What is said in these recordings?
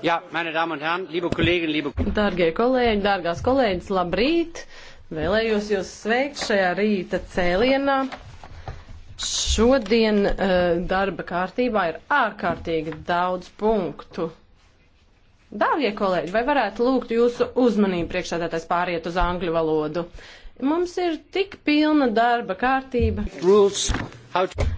Jā, meine Damen un Herren, liebe Kollegen, liebe Dargie kolēģi, dārgās kolēģis, labrīt! Vēlējos jūs sveikt šajā rīta cēlienā. Šodien uh, darba kārtībā ir ārkārtīgi daudz punktu. Dārgie kolēģi, vai varētu lūgt jūsu uzmanību priekšādātais pāriet uz angļu valodu? Mums ir tik pilna darba kārtība. Rules, how to...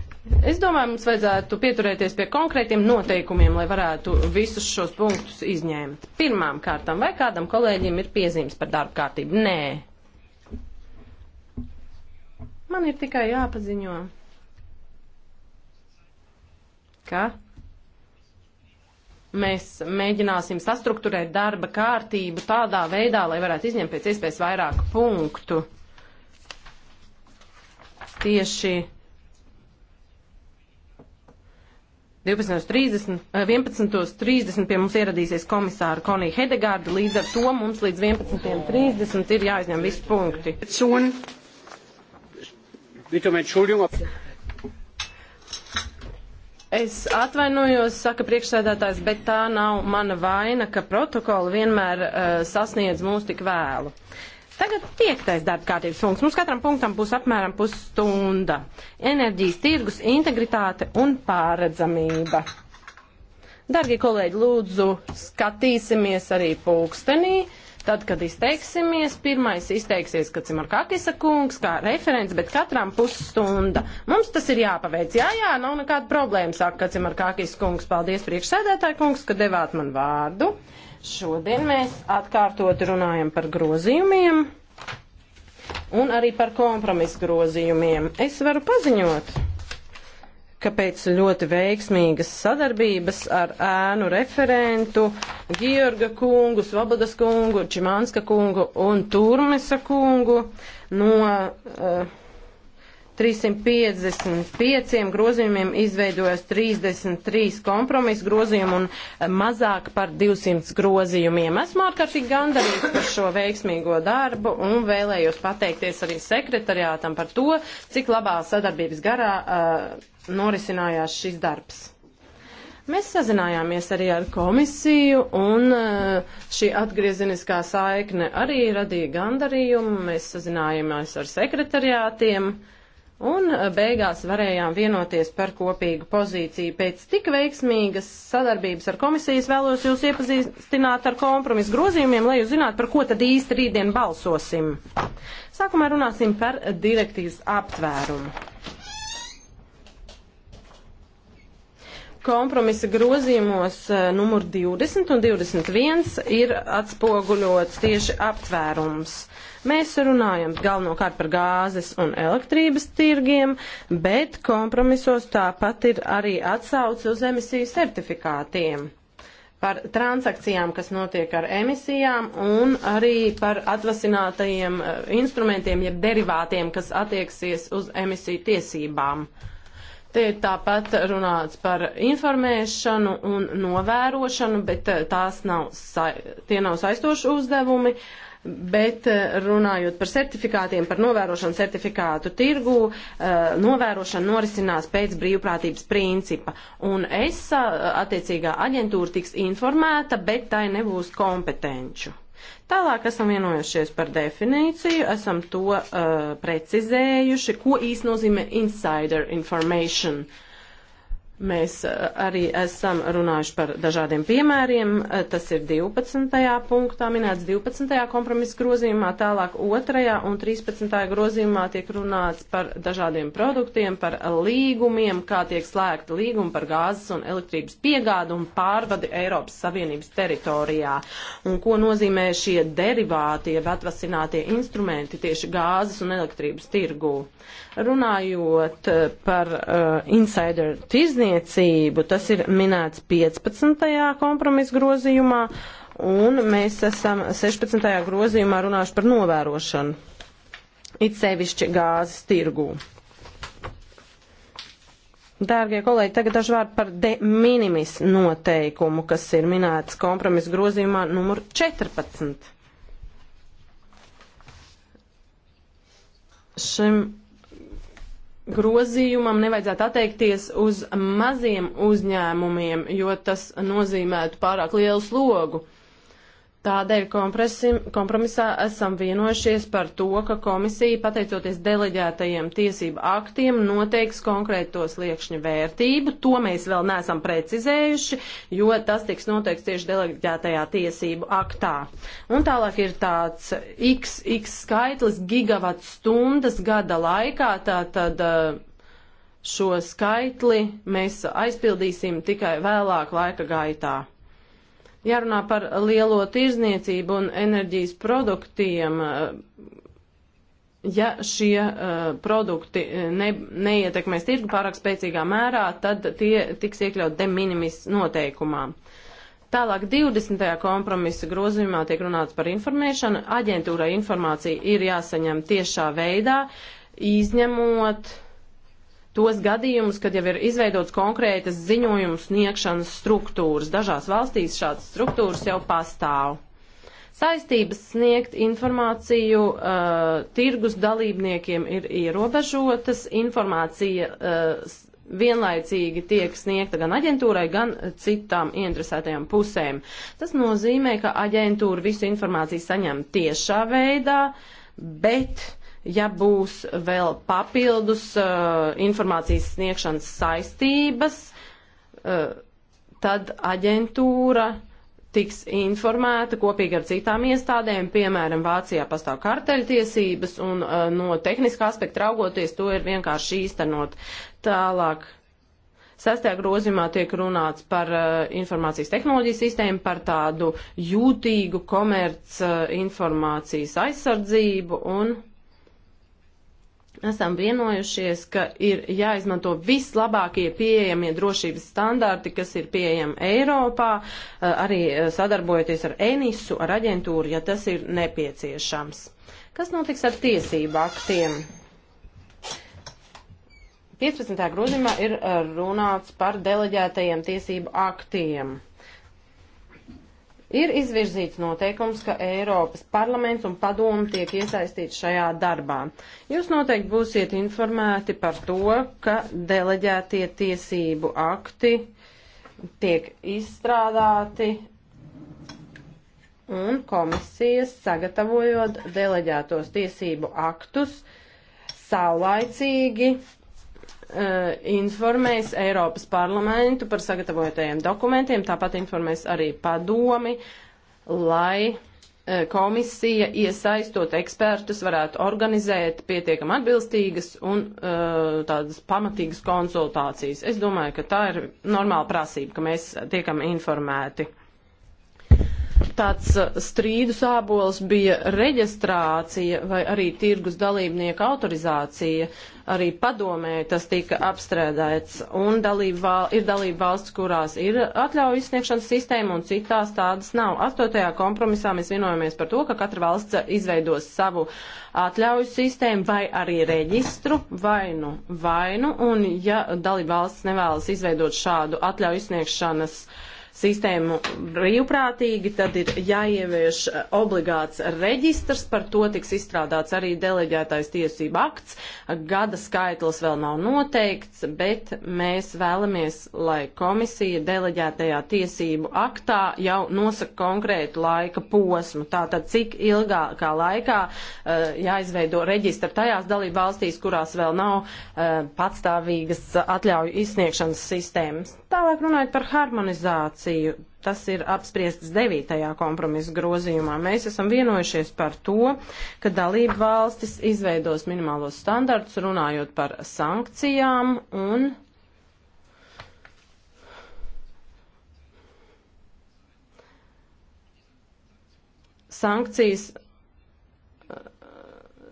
Es domāju, mums vajadzētu pieturēties pie konkrētiem noteikumiem, lai varētu visus šos punktus izņēmt. Pirmām kārtām, vai kādam kolēģim ir piezīmes par darba kārtību? Nē. Man ir tikai jāpaziņo. Ka mēs mēģināsim sastruktūrēt darba kārtību tādā veidā, lai varētu izņemt pēc iespējas vairāk punktu. Tieši 12.30, 11.30 eh, pie mums ieradīsies komisāra Konija Hedegārda, līdz ar to mums līdz 11.30 ir jāizņem visi punkti. Um es atvainojos, saka priekšsēdētājs, bet tā nav mana vaina, ka protokoli vienmēr uh, sasniedz mūs tik vēlu. Uh, Tagad piektais darba kārtības punkts. Mums katram punktam būs apmēram pusstunda. Enerģijas tirgus, integritāte un pārredzamība. Dargie kolēģi, lūdzu, skatīsimies arī pulkstenī. Tad, kad izteiksimies, pirmais izteiksies, kad Cimarkakisa kungs, kā referents, bet katram pusstunda. Mums tas ir jāpaveic. Jā, jā, nav nekāda problēma, saka Cimarkakis kungs. Paldies priekšsēdētāji kungs, ka devāt man vārdu. Uh, Šodien mēs atkārtot runājam par grozījumiem un arī par kompromisu grozījumiem. Es varu paziņot, ka pēc ļoti veiksmīgas sadarbības ar ēnu referentu Georga kungu, Svabadas kungu, Čimanska kungu un Turmesa kungu no. Uh, 355 grozījumiem izveidojas 33 kompromisu grozījumi un e, mazāk par 200 grozījumiem. Esmu ārkārtīgi gandarīts par šo veiksmīgo darbu un vēlējos pateikties arī sekretariātam par to, cik labā sadarbības garā uh, norisinājās šis darbs. Mēs sazinājāmies arī ar komisiju, un e, šī atgriezeniskā saikne arī radīja gandarījumu. Mēs sazinājāmies ar sekretariātiem. Uh, Un eh, beigās varējām vienoties par kopīgu pozīciju. Pēc tik veiksmīgas sadarbības ar komisijas vēlos jūs iepazīstināt ar kompromisu grozījumiem, lai jūs zinātu, par ko tad īsti rītdien balsosim. Sākumā runāsim par direktīvas aptvērumu. kompromisa grozījumos eh, numur 20 un 21 ir atspoguļots tieši aptvērums. Uh, Mēs runājam galvenokārt par gāzes un elektrības tirgiem, bet kompromisos tāpat ir arī atsauce uz emisiju certifikātiem par transakcijām, kas notiek ar emisijām, un arī par atvasinātajiem eh, instrumentiem, jeb derivātiem, kas attieksies uz emisiju tiesībām. Te ir tāpat runāts par informēšanu un novērošanu, bet eh, tās nav, tie nav saistoši uzdevumi. Uh, bet eh, runājot par certifikātiem, par novērošanu certifikātu tirgu, eh, novērošana norisinās pēc brīvprātības principa. Un es, eh, attiecīgā aģentūra, tiks informēta, bet tai nebūs kompetenču. Tālāk esam vienojušies par definīciju, esam to uh, precizējuši, ko īsti nozīmē insider information. Uh, Mēs eh, arī esam runājuši par dažādiem piemēriem. Eh, tas ir 12. punktā minēts 12. kompromisa grozījumā, tālāk 2. un 13. grozījumā tiek runāts par dažādiem produktiem, par līgumiem, kā tiek slēgta līguma par gāzes un elektrības piegādu un pārvadi Eiropas Savienības teritorijā. Un ko nozīmē šie derivāti, jeb atvasinātie instrumenti tieši gāzes un elektrības tirgū. Runājot eh, par uh, insider tirzniecību, tas ir minēts 15. kompromisa grozījumā, un mēs esam 16. grozījumā runājuši par novērošanu, it sevišķi gāzes tirgū. Dārgie kolēģi, tagad daži vārdi par de minimis noteikumu, kas ir minēts kompromisa grozījumā numur 14. Šim grozījumam nevajadzētu atteikties uz maziem uzņēmumiem, jo tas nozīmētu pārāk lielu slogu. Tādēļ kompromisā esam vienojušies par to, ka komisija, pateicoties deleģētajiem tiesību aktiem, noteiks konkrēto sliekšņu vērtību. To mēs vēl neesam precizējuši, jo tas tiks noteikts tieši deleģētajā tiesību aktā. Un tālāk ir tāds XX skaitlis gigavat stundas gada laikā, tātad eh, šo skaitli mēs aizpildīsim tikai vēlāk laika gaitā. Jārunā par lielo tirzniecību un enerģijas produktiem. Ja šie uh, produkti eh, ne, neietekmēs tirgu pārāk spēcīgā mērā, tad tie tiks iekļaut de minimis noteikumā. Tālāk 20. kompromisa grozījumā tiek runāts par informēšanu. Aģentūrai informācija ir jāsaņem tiešā veidā, izņemot uh, tos gadījumus, kad jau ir izveidots konkrētas ziņojumu sniegšanas struktūras. Dažās valstīs šādas struktūras jau pastāv. Saistības sniegt informāciju uh, tirgus dalībniekiem ir ierobežotas, informācija uh, vienlaicīgi tiek sniegta gan aģentūrai, gan citām interesētajām pusēm. Tas nozīmē, ka aģentūra visu informāciju saņem tiešā veidā, bet ja būs vēl papildus uh, informācijas sniegšanas saistības, uh, tad aģentūra tiks informēta kopīgi ar citām iestādēm, piemēram, Vācijā pastāv karteļtiesības, un uh, no tehniskā aspekta raugoties to ir vienkārši īstenot tālāk. Sastajā grozījumā tiek runāts par uh, informācijas tehnoloģiju sistēmu, par tādu jūtīgu komerc uh, informācijas aizsardzību un esam vienojušies, ka ir jāizmanto vislabākie pieejamie drošības standarti, kas ir pieejami Eiropā, eh, arī eh, sadarbojoties ar ENISu, ar aģentūru, ja tas ir nepieciešams. Kas notiks ar tiesību aktiem? 15. grozījumā ir eh, runāts par deleģētajiem tiesību aktiem. Ir izvirzīts noteikums, ka Eiropas parlaments un padomu tiek iesaistīts šajā darbā. Jūs noteikti būsiet informēti par to, ka deleģētie tiesību akti tiek izstrādāti un komisijas sagatavojot deleģētos tiesību aktus saulaicīgi Uh, informēs Eiropas parlamentu par sagatavotajiem dokumentiem, tāpat informēs arī padomi, lai uh, komisija iesaistot ekspertus varētu organizēt pietiekam atbilstīgas un uh, tādas pamatīgas konsultācijas. Es domāju, ka tā ir normāla prasība, ka mēs tiekam informēti tāds uh, strīdu sābols bija reģistrācija vai arī tirgus dalībnieku autorizācija. Arī padomē tas tika apstrēdēts. Un dalība, val, ir dalība valsts, kurās ir atļauju izsniegšanas sistēma un citās tādas nav. Astotajā kompromisā mēs vienojamies par to, ka katra valsts izveidos savu atļauju sistēmu vai arī reģistru vainu vainu. Un ja dalība valsts nevēlas izveidot šādu atļauju izsniegšanas sistēmu, sistēmu brīvprātīgi, tad ir jāievieš eh, obligāts reģistrs, par to tiks izstrādāts arī deleģētais tiesība akts. Gada skaitlis vēl nav noteikts, bet mēs vēlamies, lai komisija deleģētajā tiesību aktā jau nosaka konkrētu laika posmu. Tātad, cik ilgākā laikā uh, jāizveido reģistra tajās dalību valstīs, kurās vēl nav uh, patstāvīgas atļauju izsniegšanas sistēmas. Tālāk runājot par harmonizāciju migrāciju. Tas ir apspriests 9. kompromisa grozījumā. Mēs esam vienojušies par to, ka dalība valstis izveidos minimālos standartus runājot par sankcijām un sankcijas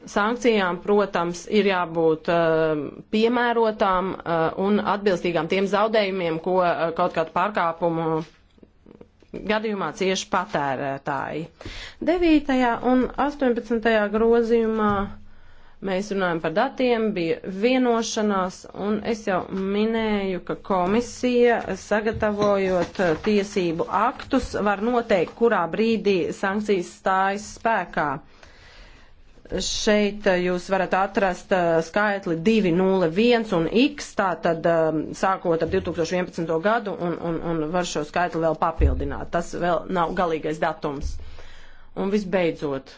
sankcijām, protams, ir jābūt uh, piemērotām uh, un atbilstīgām tiem zaudējumiem, ko uh, kaut kādu pārkāpumu gadījumā cieši patērētāji. 9. un 18. grozījumā mēs runājam par datiem, bija vienošanās, un es jau minēju, ka komisija, sagatavojot eh, tiesību aktus, var noteikt, kurā brīdī sankcijas stājas spēkā. Šeit eh, jūs varat atrast eh, skaitli 201 un x, tā tad eh, sākot ar 2011. gadu, un, un, un var šo skaitli vēl papildināt. Tas vēl nav galīgais datums. Un visbeidzot,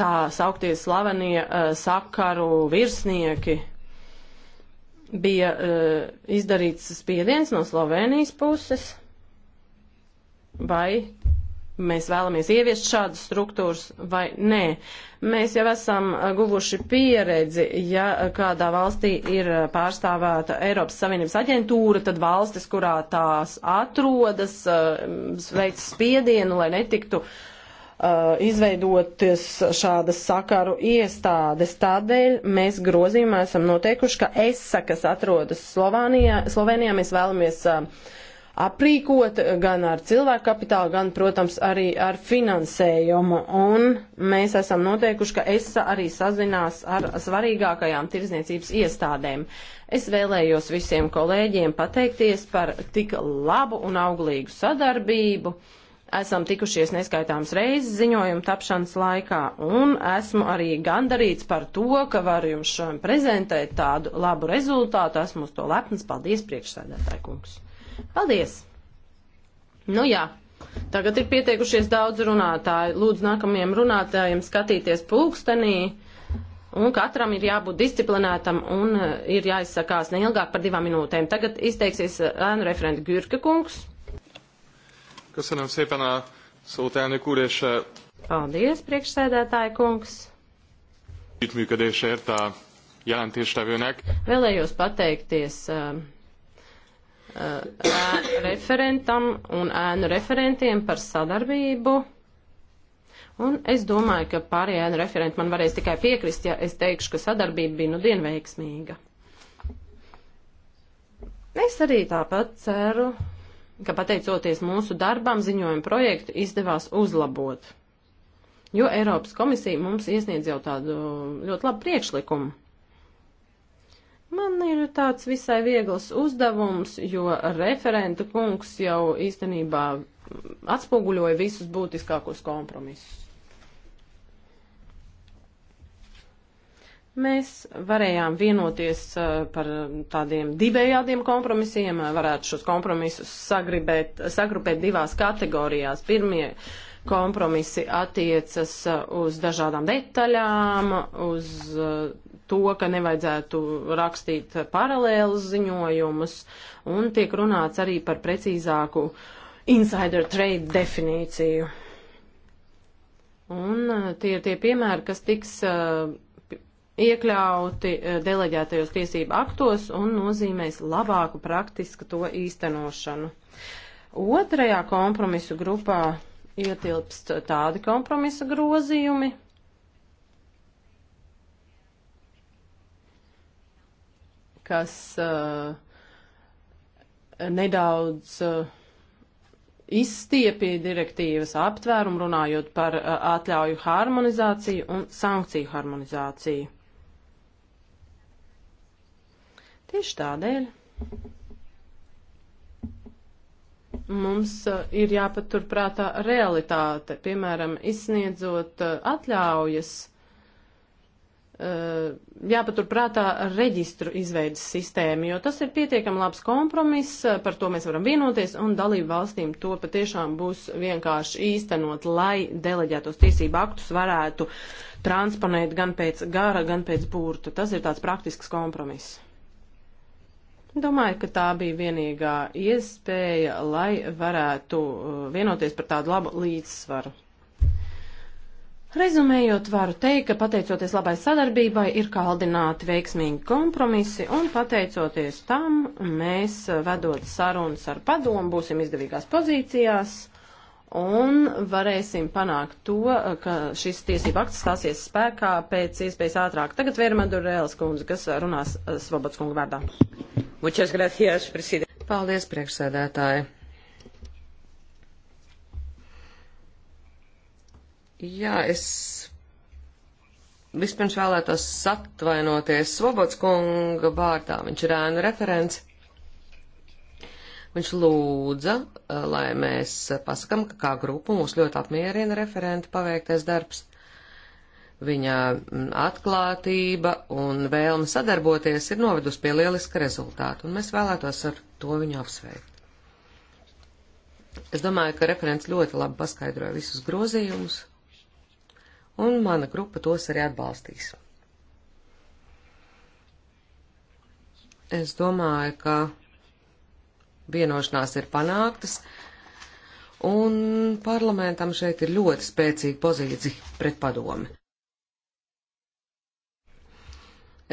tā sauktie slavenie sakaru virsnieki bija izdarīts spiediens no Slovenijas puses, vai mēs vēlamies ieviest šādas struktūras vai nē. Mēs jau esam uh, guvuši pieredzi, ja uh, kādā valstī ir uh, pārstāvēta Eiropas Savienības aģentūra, tad valstis, kurā tās atrodas, veic spiedienu, lai netiktu uh, izveidoties šādas sakaru iestādes. Tādēļ mēs grozījumā esam noteikuši, ka ESA, kas atrodas Slovānijā, Slovenijā, mēs vēlamies uh, aprīkot gan ar cilvēku kapitālu, gan, protams, arī ar finansējumu. Un mēs esam noteikuši, ka ESA arī sazinās ar svarīgākajām tirzniecības iestādēm. Es vēlējos visiem kolēģiem pateikties par tik labu un auglīgu sadarbību. Esam tikušies neskaitāms reizes ziņojuma tapšanas laikā, un esmu arī gandarīts par to, ka varu jums prezentēt tādu labu rezultātu. Esmu uz to lepns. Paldies, priekšsēdētāji kungs! Paldies! Nu jā, tagad ir pieteikušies daudz runātāju. Lūdzu nākamajiem runātājiem skatīties pulkstenī. Un katram ir jābūt disciplinētam un eh, ir jāizsakās neilgāk par divām minūtēm. Tagad izteiksies eh, ēnu referenta Gürka kungs. Köszönöm szépen a szót, elnök úr, és... Eh, Paldies, priekšsēdētāja kungs. Működésért a jelentéstevőnek. Vēlējos pateikties uh, referentam un ēnu referentiem par sadarbību. Un es domāju, ka pārējie ēnu referenti man varēs tikai piekrist, ja es teikšu, ka sadarbība bija nu dien veiksmīga. Es arī tāpat ceru, ka pateicoties mūsu darbam ziņojumu projektu izdevās uzlabot. Jo Eiropas komisija mums iesniedz jau tādu ļoti labu priekšlikumu. Man ir tāds visai viegls uzdevums, jo referenta kungs jau īstenībā atspoguļoja visus būtiskākos kompromisus. Mēs varējām vienoties uh, par tādiem divējādiem kompromisiem, uh, varētu šos kompromisus sagribēt, sagrupēt divās kategorijās. Pirmie kompromisi attiecas uh, uz dažādām detaļām, uz to, ka nevajadzētu rakstīt paralēlus ziņojumus, un tiek runāts arī par precīzāku insider trade definīciju. Un uh, tie ir tie piemēri, kas tiks uh, iekļauti uh, deleģētajos tiesību aktos un nozīmēs labāku praktisku to īstenošanu. Otrajā kompromisu grupā ietilpst tādi kompromisa grozījumi, kas uh, nedaudz uh, izstiepīja direktīvas aptvērumu, runājot par uh, atļauju harmonizāciju un sankciju harmonizāciju. Tieši tādēļ mums ir jāpaturprātā realitāte, piemēram, izsniedzot atļaujas Eh, jāpaturprātā reģistru izveidas sistēma, jo tas ir pietiekami labs kompromiss, eh, par to mēs varam vienoties, un dalību valstīm to patiešām būs vienkārši īstenot, lai deleģētos tiesību aktus varētu transponēt gan pēc gara, gan pēc burta. Tas ir tāds praktisks kompromiss. Domāju, ka tā bija vienīgā iespēja, lai varētu eh, vienoties par tādu labu līdzsvaru. Rezumējot, varu teikt, ka pateicoties labai sadarbībai ir kaldināti veiksmīgi kompromisi un pateicoties tam mēs vedot sarunas ar padomu būsim izdevīgās pozīcijās un varēsim panākt to, ka šis tiesība akts stāsies spēkā pēc iespējas ātrāk. Tagad Vērmadu Rēles kundze, kas runās eh, Svobats kungu vārdā. Muchas gracias, presidente. Paldies, priekšsēdētāji. Jā, es vispirms vēlētos atvainoties Svobods kunga vārdā. Viņš ir ēnu referents. Viņš lūdza, eh, lai mēs pasakam, ka kā grupu mūs ļoti apmierina referenta paveiktais darbs. Viņa mm, atklātība un vēlme sadarboties ir novedusi pie lieliska rezultāta, un mēs vēlētos ar to viņu apsveikt. Es domāju, ka referents ļoti labi paskaidroja visus grozījumus, un mana grupa tos arī atbalstīs. Es domāju, ka vienošanās ir panāktas, un parlamentam šeit ir ļoti spēcīga pozīcija pret padomi.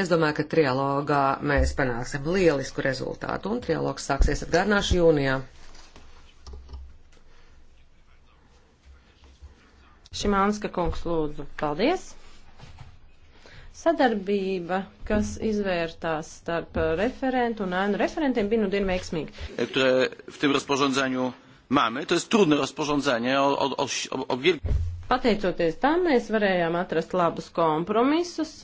Es domāju, ka trialogā mēs panāksim lielisku rezultātu, un trialogs sāksies atgādināšu jūnijā. Šimanska kungs lūdzu. Paldies! Sadarbība, kas izvērtās starp referentu un ēnu referentiem, bija nu dienu veiksmīga. E, które w tym rozporządzeniu mamy, to jest trudne rozporządzenie o, o, o, o wielkim. Pateicoties tam, mēs varējām atrast labus kompromisus.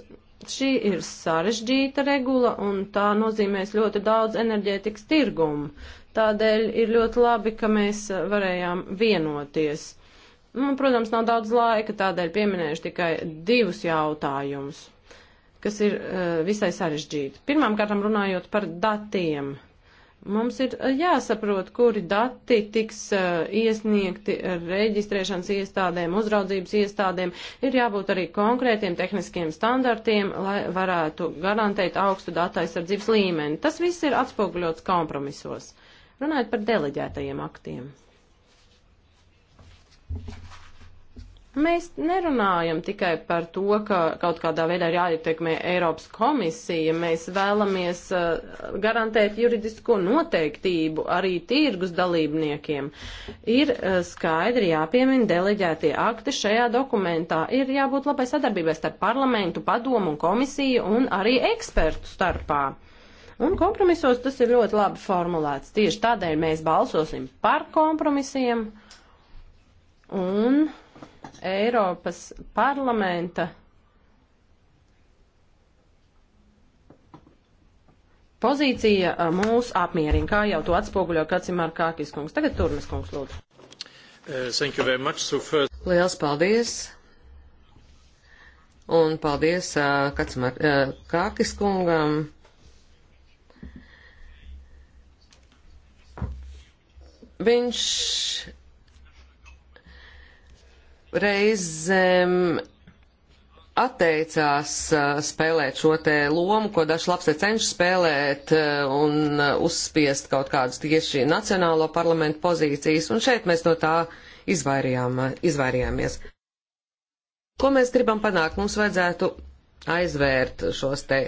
Šī ir sarežģīta regula un tā nozīmēs ļoti daudz enerģētikas tirgumu. Tādēļ ir ļoti labi, ka mēs varējām vienoties. Man, protams, nav daudz laika, tādēļ pieminēšu tikai divus jautājumus, kas ir uh, visai sarežģīti. Pirmkārt, runājot par datiem. Mums ir eh, jāsaprot, kuri dati tiks uh, iesniegti reģistrēšanas iestādēm, uzraudzības iestādēm. Ir jābūt arī konkrētiem tehniskiem standartiem, lai varētu garantēt augstu datu aizsardzības līmeni. Tas viss ir atspoguļots kompromisos. Runājot par deleģētajiem aktiem. Mēs nerunājam tikai par to, ka kaut kādā veidā ir jāietekmē Eiropas komisija. Mēs vēlamies uh, garantēt juridisko noteiktību arī tirgus dalībniekiem. Ir uh, skaidri jāpiemina deleģētie akti šajā dokumentā. Ir jābūt labai sadarbībai starp parlamentu, padomu un komisiju un arī ekspertu starpā. Un kompromisos tas ir ļoti labi formulēts. Tieši tādēļ mēs balsosim par kompromisiem un Eiropas parlamenta pozīcija uh, mūs apmierina, kā jau to atspoguļo Kacimār Kākis kungs. Tagad Turmes kungs lūdzu. Uh, so first... Liels paldies! Un paldies uh, Kacimār uh, Kākis kungam. Viņš reizēm atteicās uh, spēlēt šo te lomu, ko dažs labs te cenšas spēlēt uh, un uh, uzspiest kaut kādus tieši nacionālo parlamentu pozīcijas, un šeit mēs no tā izvairījām, izvairījāmies. Ko mēs gribam panākt? Mums vajadzētu aizvērt šos te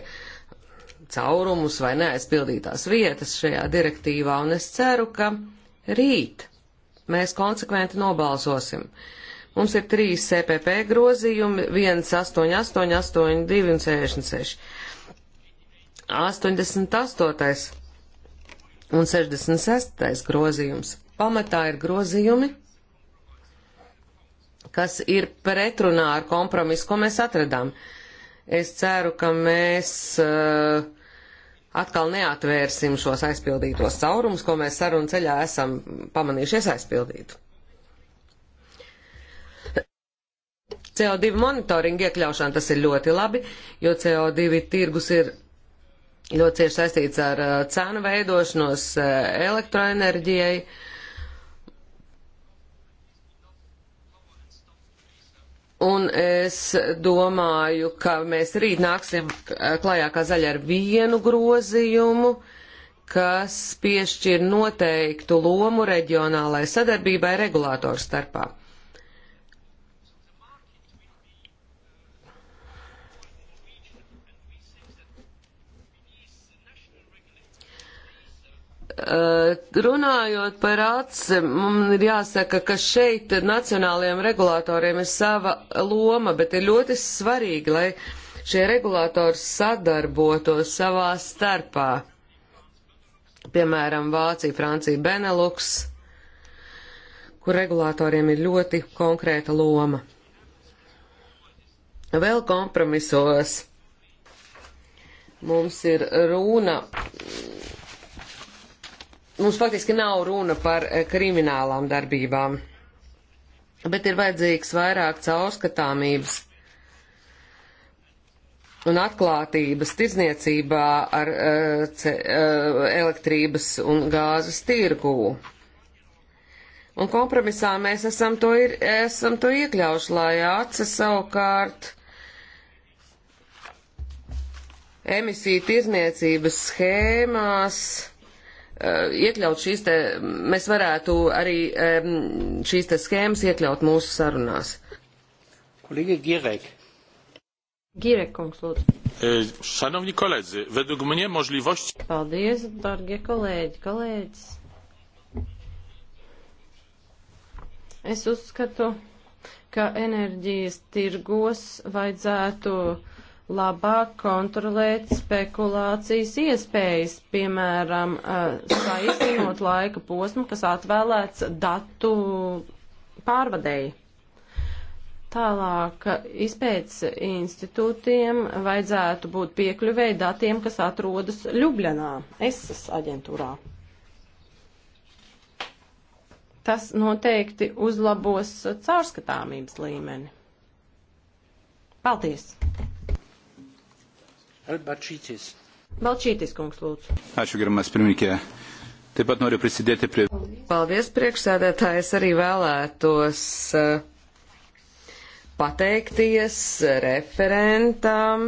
caurumus vai neaizpildītās vietas šajā direktīvā, un es ceru, ka rīt mēs konsekventi nobalsosim. Uh, Mums ir trīs CPP e grozījumi, 1, 8, 8, 8, 2 un 66. 88. un 66. grozījums. Pamatā ir grozījumi, kas ir pretrunā ar kompromisu, ko mēs atradām. Es ceru, ka mēs uh, atkal neatvērsim šos aizpildītos caurumus, ko mēs sarunu ceļā esam pamanījuši aizpildīt. CO2 monitoringa iekļaušana tas ir ļoti labi, jo CO2 tirgus ir ļoti cieši saistīts ar uh, cenu veidošanos uh, elektroenerģijai. Un es domāju, ka mēs rīt nāksim klajā kā zaļa ar vienu grozījumu, kas piešķir noteiktu lomu reģionālai sadarbībai regulātoru starpā. Eh, runājot par ACE, man ir jāsaka, ka šeit nacionālajiem regulātoriem ir sava loma, bet ir ļoti svarīgi, lai šie regulātori sadarbotos savā starpā. Piemēram, Vācija, Francija, Benelux, kur regulātoriem ir ļoti konkrēta loma. Vēl kompromisos mums ir runa mums faktiski nav runa par eh, kriminālām darbībām, bet ir vajadzīgs vairāk caurskatāmības un atklātības tirzniecībā ar uh, ce, uh, elektrības un gāzes tirgū. Un kompromisā mēs esam to, ir, esam to iekļauši, lai acis savukārt emisiju tirzniecības schēmās Eh, iekļaut šīs te, mēs varētu arī šīs te schēmas iekļaut mūsu sarunās. Kolēģi Girek. Girek, kungs, lūdzu. Šanovni e, kolēdzi, vedug mnie možlivošķi. Paldies, dargie kolēģi, kolēģis. Es uzskatu, ka enerģijas tirgos vajadzētu uh, labāk kontrolēt spekulācijas iespējas, piemēram, saīsinot eh, laika posmu, kas atvēlēts datu pārvadēji. Tālāk izpētes institūtiem vajadzētu būt piekļuvēji datiem, kas atrodas Ljubljanā, ESAS aģentūrā. Tas noteikti uzlabos caurskatāmības līmeni. Paldies! Balčytis. Balčytis, kungs, lūdzu. Ačiū, gerbiamas pirmininkė. Taip pat noriu prisidėti prie. Paldies, priekšsēdētājs, arī vēlētos eh, pateikties referentam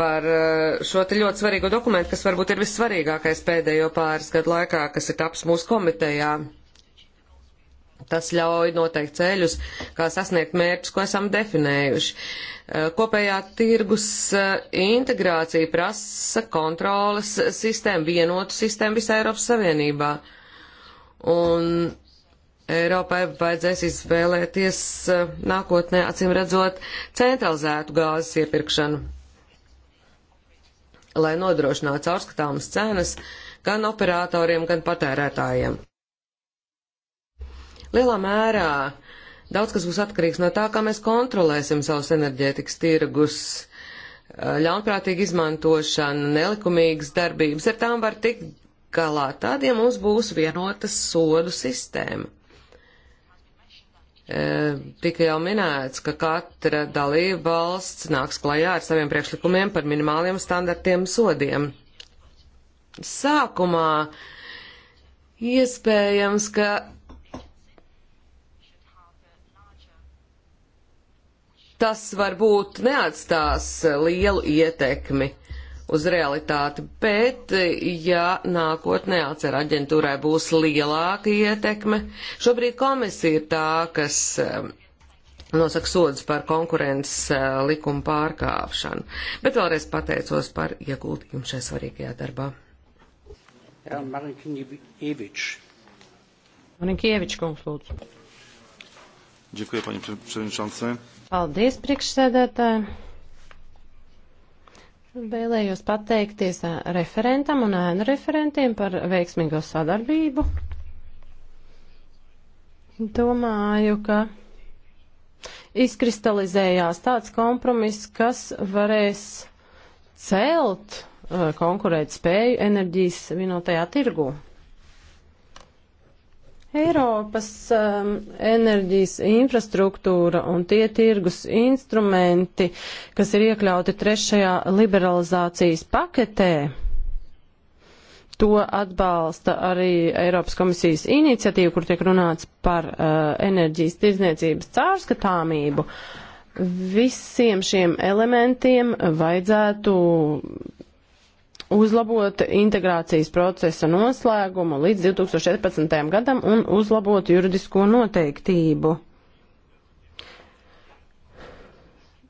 par eh, šo te ļoti svarīgo dokumentu, kas varbūt ir vissvarīgākais pēdējo pāris gadu laikā, kas ir taps mūsu komitejā. Tas ļauj noteikt ceļus, kā sasniegt mērķus, ko esam definējuši. Eh, kopējā tirgus eh, integrācija prasa kontrolas sistēmu, vienotu sistēmu visā Eiropas Savienībā. Un Eiropai vajadzēs izvēlēties eh, nākotnē, acīm redzot, centralizētu gāzes iepirkšanu, lai nodrošinātu caurskatāmas cenas gan operatoriem, gan patērētājiem. Lielā mērā daudz kas būs atkarīgs no tā, kā mēs kontrolēsim savus enerģētikas tirgus. Eh, ļaunprātīga izmantošana, nelikumīgas darbības, ar tām var tikt galā tad, ja mums būs vienotas sodu sistēma. E, tika jau minēts, ka katra dalība valsts nāks klajā ar saviem priekšlikumiem par minimāliem standartiem sodiem. Sākumā iespējams, ka tas varbūt neatstās lielu ietekmi uz realitāti, bet ja nākotnē atcer aģentūrai būs lielāka ietekme, šobrīd komisija ir tā, kas um, nosaka sodus par konkurences uh, likuma pārkāpšanu. Bet vēlreiz pateicos par ieguldījumu šajā svarīgajā darbā. Jā, Marinkievičs. Marinkievičs, kungs, lūdzu. Dziekuja, paņem, priekšsēdētājs. Paldies, priekšsēdētāji. Vēlējos pateikties referentam un ēnu referentiem par veiksmīgo sadarbību. Domāju, ka izkristalizējās tāds kompromiss, kas varēs celt konkurēt spēju enerģijas vienotajā tirgū. Eiropas um, enerģijas infrastruktūra un tie tirgus instrumenti, kas ir iekļauti trešajā liberalizācijas paketē, to atbalsta arī Eiropas komisijas iniciatīva, kur tiek runāts par uh, enerģijas tirdzniecības cārskatāmību. Visiem šiem elementiem vajadzētu uzlabot integrācijas procesa noslēgumu līdz 2014. gadam un uzlabot juridisko noteiktību.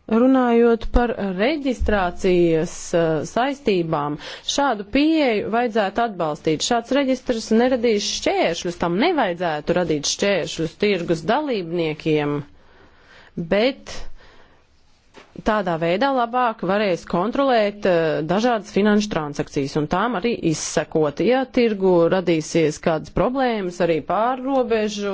Runājot par reģistrācijas uh, saistībām, šādu pieeju vajadzētu atbalstīt. Šāds reģistrs neradīs šķēršļus, tam nevajadzētu radīt šķēršļus tirgus dalībniekiem, bet uh, tādā veidā labāk varēs kontrolēt uh, dažādas finanšu transakcijas un tām arī izsekot. Ja tirgu radīsies kādas problēmas arī pārrobežu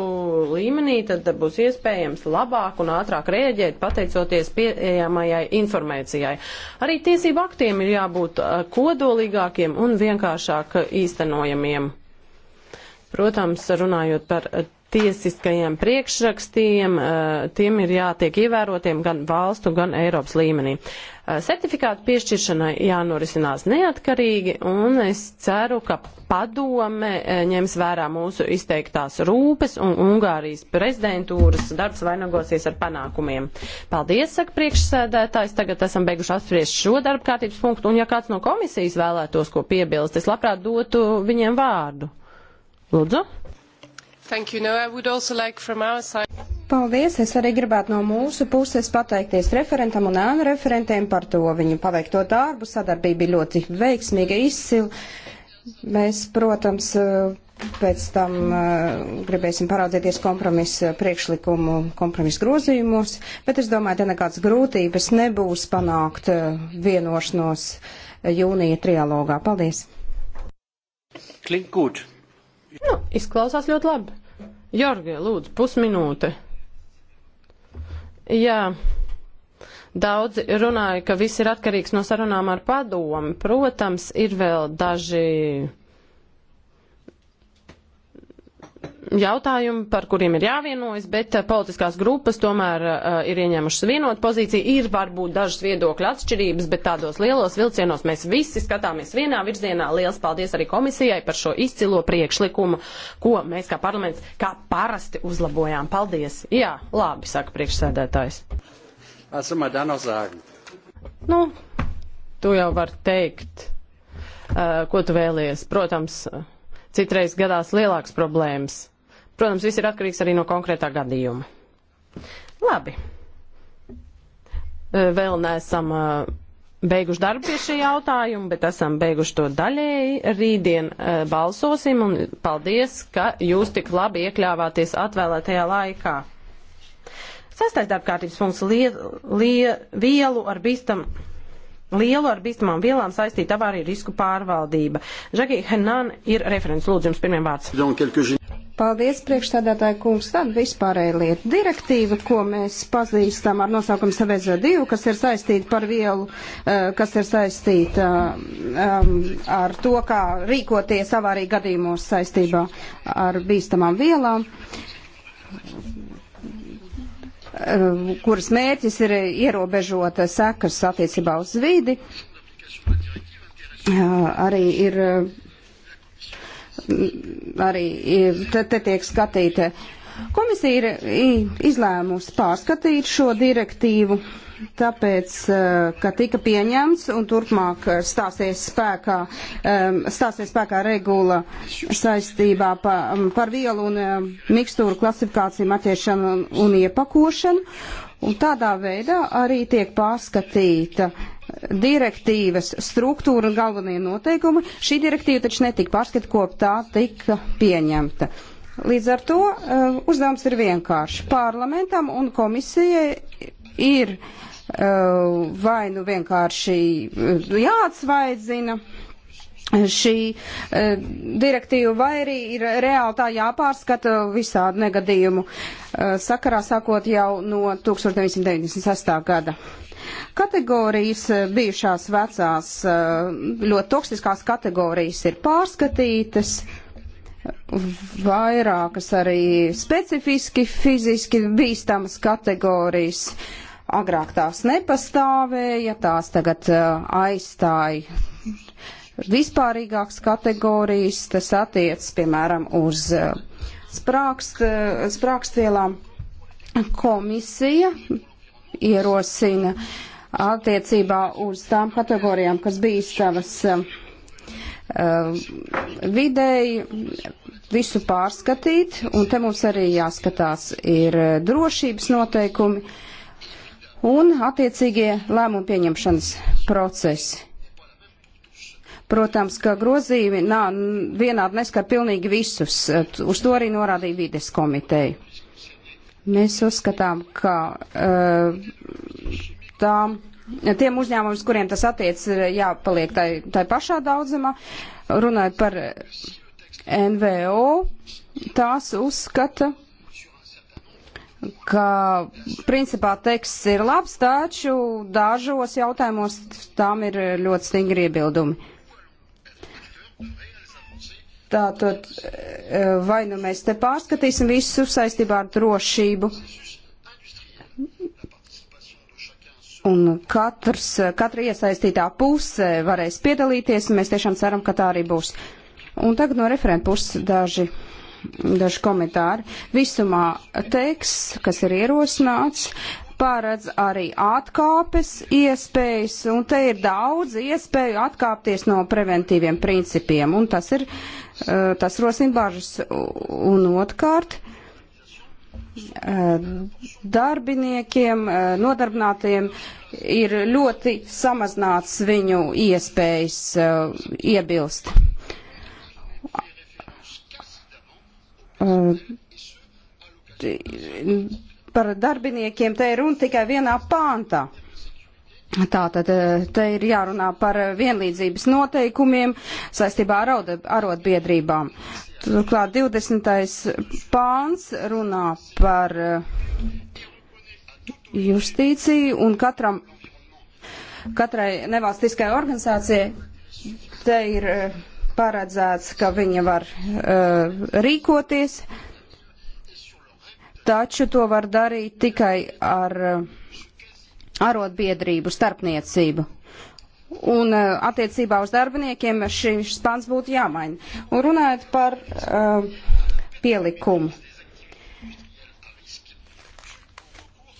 līmenī, tad būs iespējams labāk un ātrāk rēģēt pateicoties pieejamajai informācijai. Arī tiesību aktiem ir jābūt uh, kodolīgākiem un vienkāršāk īstenojamiem. Protams, runājot par tiesiskajiem priekšrakstiem, eh, tiem ir jātiek ievērotiem gan valstu, gan Eiropas līmenī. Eh, certifikātu piešķiršanai jānorisinās neatkarīgi, un es ceru, ka padome eh, ņems vērā mūsu izteiktās rūpes, un Ungārijas prezidentūras darbs vainagosies ar panākumiem. Paldies, saka priekšsēdētājs, tagad esam beiguši apspriest šo darba kārtības punktu, un ja kāds no komisijas vēlētos ko piebilst, es labprāt dotu viņiem vārdu. Lūdzu. Thank you. No, I would also like from our side. Paldies! Es arī gribētu no mūsu puses pateikties referentam un ēnu referentiem par to viņu paveikto darbu. Sadarbība bija ļoti veiksmīga, izcila. Mēs, protams, pēc tam eh, gribēsim paraudzēties kompromisu priekšlikumu, kompromisu grozījumus, bet es domāju, te nekādas grūtības nebūs panākt eh, vienošanos eh, jūnija trialogā. Paldies! Klingt gut. Nu, izklausās ļoti labi. Jorge, lūdzu, pusminūte. Jā. Daudzi runāja, ka viss ir atkarīgs no sarunām ar padomu. Protams, ir vēl daži jautājumi, par kuriem ir jāvienojas, bet eh, politiskās grupas tomēr uh, ir ieņēmušas vienotu pozīciju. Ir varbūt dažas viedokļa atšķirības, bet tādos lielos vilcienos mēs visi skatāmies vienā virzienā. Liels paldies arī komisijai par šo izcilo priekšlikumu, ko mēs kā parlaments kā parasti uzlabojām. Paldies! Jā, labi, saka priekšsēdētājs. Nu, tu jau var teikt, uh, ko tu vēlies. Protams, citreiz gadās lielākas problēmas. Protams, viss ir atkarīgs arī no konkrētā gadījuma. Labi. Vēl neesam beiguši darbu pie šī jautājuma, bet esam beiguši to daļēji. Rītdien balsosim un paldies, ka jūs tik labi iekļāvāties atvēlētajā laikā. Sastais darbkārtības punkts lie, lie, vielu ar bīstam lielu ar bīstamām vielām saistīta avārija risku pārvaldība. Žagī Henan ir referents. Lūdzu, jums pirmiem vārds. Paldies, priekšstādātāji kungs. Tad vispārēja lieta direktīva, ko mēs pazīstam ar nosaukumu SVZ2, kas ir saistīta par vielu, eh, kas ir saistīta eh, ar to, kā rīkoties avārija gadījumos saistībā ar bīstamām vielām Um, kuras mērķis ir ierobežot sekas attiecībā uz vidi, arī ir. Um, arī te, te tiek skatīta. Komisija ir izlēmusi pārskatīt šo direktīvu tāpēc, eh, ka tika pieņemts un turpmāk stāsies spēkā, stāsies spēkā regula saistībā pa, par vielu un mikstūru klasifikāciju, matiešanu un, un iepakošanu. Un tādā veidā arī tiek pārskatīta direktīvas struktūra un galvenie noteikumi. Šī direktīva taču netika pārskatīta, kop tā tika pieņemta. Līdz ar to eh, uzdevums ir vienkārši. Parlamentam un komisijai ir uh, vai nu vienkārši uh, jāatsvaidzina šī e, direktīva, vai arī ir reāli tā jāpārskata visādi negadījumu e, sakarā, sākot jau no 1998. gada. Kategorijas bijušās vecās, e, ļoti toksiskās kategorijas ir pārskatītas, vairākas arī specifiski fiziski bīstamas kategorijas. Agrāk tās nepastāvēja, tās tagad uh, aizstāja vispārīgākas kategorijas, tas attiec, piemēram, uz uh, sprākst, uh, sprākstvielām. Komisija ierosina attiecībā uz tām kategorijām, kas bīstamas. Uh, Um, vidēji visu pārskatīt, un te mums arī jāskatās ir uh, drošības noteikumi un attiecīgie lēmumu pieņemšanas procesi. Protams, ka grozījumi nā, vienādi neskar pilnīgi visus, uz to arī norādīja vides komiteja. Mēs uzskatām, ka uh, tām tiem uzņēmumiem, kuriem tas attiec, ir jāpaliek tai, tai pašā daudzumā. Runājot par NVO, tās uzskata, ka principā teksts ir labs, taču dažos jautājumos tām ir ļoti stingri iebildumi. Tātad, vai nu mēs te pārskatīsim visu saistībā ar drošību? un katrs, katra iesaistītā puse varēs piedalīties, un mēs tiešām ceram, ka tā arī būs. Un tagad no referenta puses daži, daži komentāri. Visumā teksts, kas ir ierosināts, paredz arī atkāpes iespējas, un te ir daudz iespēju atkāpties no preventīviem principiem, un tas ir, eh, tas rosina bažas. Un otrkārt, uh, Eh, darbiniekiem, eh, nodarbinātiem ir ļoti samazināts viņu iespējas eh, iebilst. Par darbiniekiem te ir runa tikai vienā pāntā. Tātad e, te ir jārunā par vienlīdzības noteikumiem saistībā ar arotbiedrībām. Turklāt 20. pāns runā par e, justīciju un katram, katrai nevalstiskai organizācijai te ir e, paredzēts, ka viņa var uh, rīkoties, taču to var darīt tikai ar. Uh, arotbiedrību starpniecību. Un eh, attiecībā uz darbiniekiem šis pants būtu jāmaina. Un runājot par uh, pielikumu.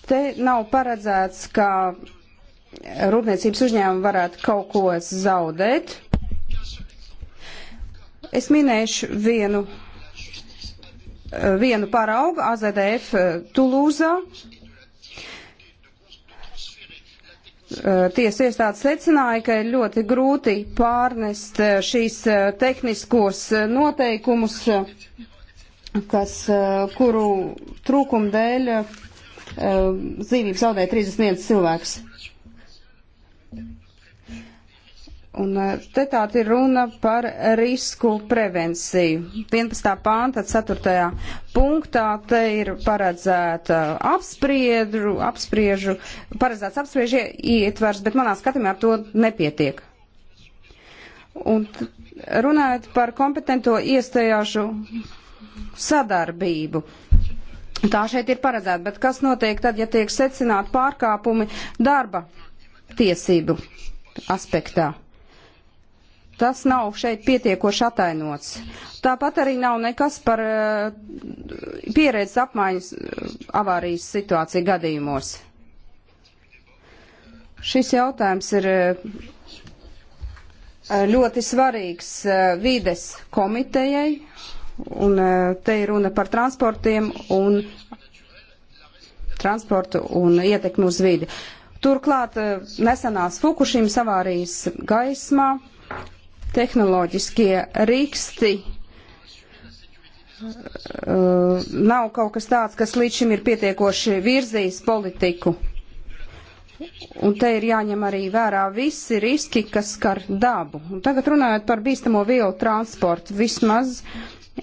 Te nav paredzēts, ka rūpniecības uzņēmumi varētu kaut ko zaudēt. Es minēšu vienu, eh, vienu paraugu AZDF Tulūzā, Tiesa iestādes secināja, ka ir ļoti grūti pārnest šīs tehniskos noteikumus, kas, kuru trūkumu dēļ dzīvību zaudēja 31 cilvēks. Un e, te tā ir runa par risku prevenciju. 11. pānta 4. punktā te ir paredzēta apspriedru, apspriežu, paredzēts apspriežu ietvers, bet manā skatījumā ar to nepietiek. Un runājot par kompetento iestāžu sadarbību. Tā šeit ir paredzēta, bet kas notiek tad, ja tiek secināti pārkāpumi darba tiesību aspektā? tas nav šeit pietiekoši atainots. Tāpat arī nav nekas par eh, pieredzes apmaiņas eh, avārijas situāciju gadījumos. Šis jautājums ir eh, ļoti svarīgs vides komitejai, un te ir runa par transportiem un transportu un ietekmi uz vidi. Turklāt nesenās Fukušīmas avārijas gaismā tehnoloģiskie rīksti uh, nav kaut kas tāds, kas līdz šim ir pietiekoši virzījis politiku. Un te ir jāņem arī vērā visi riski, kas skar dabu. Un tagad runājot par bīstamo vielu transportu, vismaz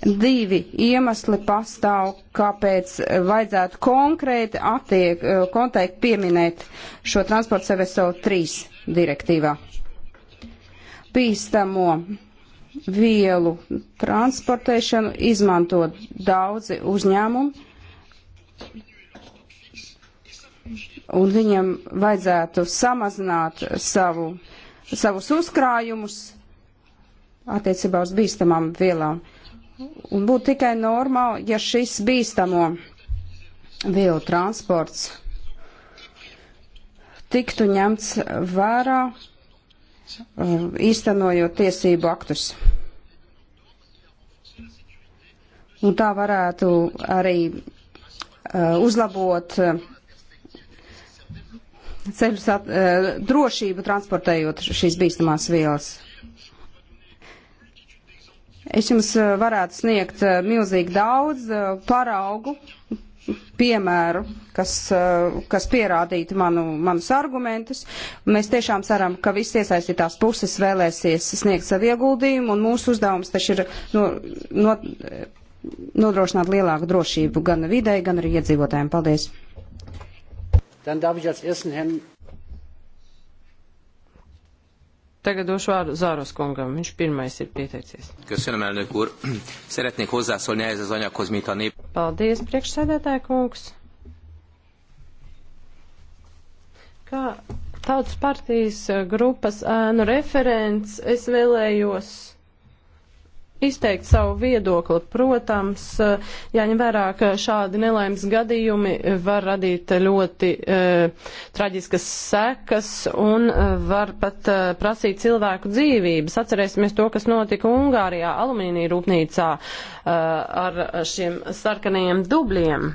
divi iemesli pastāv, kāpēc vajadzētu konkrēti attiek, uh, konteikti pieminēt šo transportu CVSO 3 direktīvā bīstamo vielu transportēšanu izmanto daudzi uzņēmumi, un viņam vajadzētu samazināt savu, savus uzkrājumus attiecībā uz bīstamām vielām. Un būtu tikai normāli, ja šis bīstamo vielu transports tiktu ņemts vērā Uh, īstenojot tiesību aktus. Un tā varētu arī uh, uzlabot uh, ceļu sat, drošību transportējot šīs bīstamās vielas. Es jums varētu sniegt milzīgi daudz paraugu, piemēru, kas, eh, kas pierādītu manu, manus argumentus. Mēs tiešām ceram, ka visas iesaistītās puses vēlēsies sniegt savu ieguldījumu, un mūsu uzdevums taču ir no, no, nodrošināt lielāku drošību gan videi, gan arī iedzīvotājiem. Paldies! Dann darf ich als ersten Herrn Tagad došu vārdu Zāros kungam, viņš pirmais ir pieteicies. Köszönöm, elnök úr. Szeretnék hozzászólni ehhez az anyaghoz, mint a nép. Paldies, priekšsēdētāja kungs. Kā tautas partijas grupas ēnu referents, es vēlējos izteikt savu viedokli. Protams, jāņem vērā, ka šādi nelaimes gadījumi var radīt ļoti uh, traģiskas sekas un uh, var pat uh, prasīt cilvēku dzīvības. Atcerēsimies to, kas notika Ungārijā alumīnija rūpnīcā ar šiem sarkanajiem dubļiem.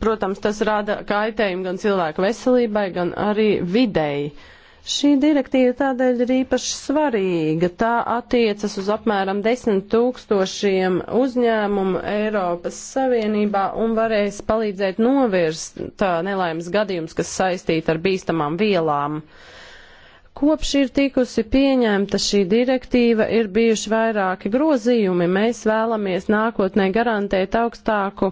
Protams, tas rada kaitējumu gan cilvēku veselībai, gan arī videi. Uh, Šī direktīva tādēļ ir īpaši svarīga. Tā attiecas uz apmēram 10 tūkstošiem uzņēmumu Eiropas Savienībā un varēs palīdzēt novirst tā nelaimes gadījums, kas saistīta ar bīstamām vielām. Uh, Kopš ir tikusi pieņemta šī direktīva, ir bijuši vairāki grozījumi. Mēs vēlamies nākotnē garantēt augstāku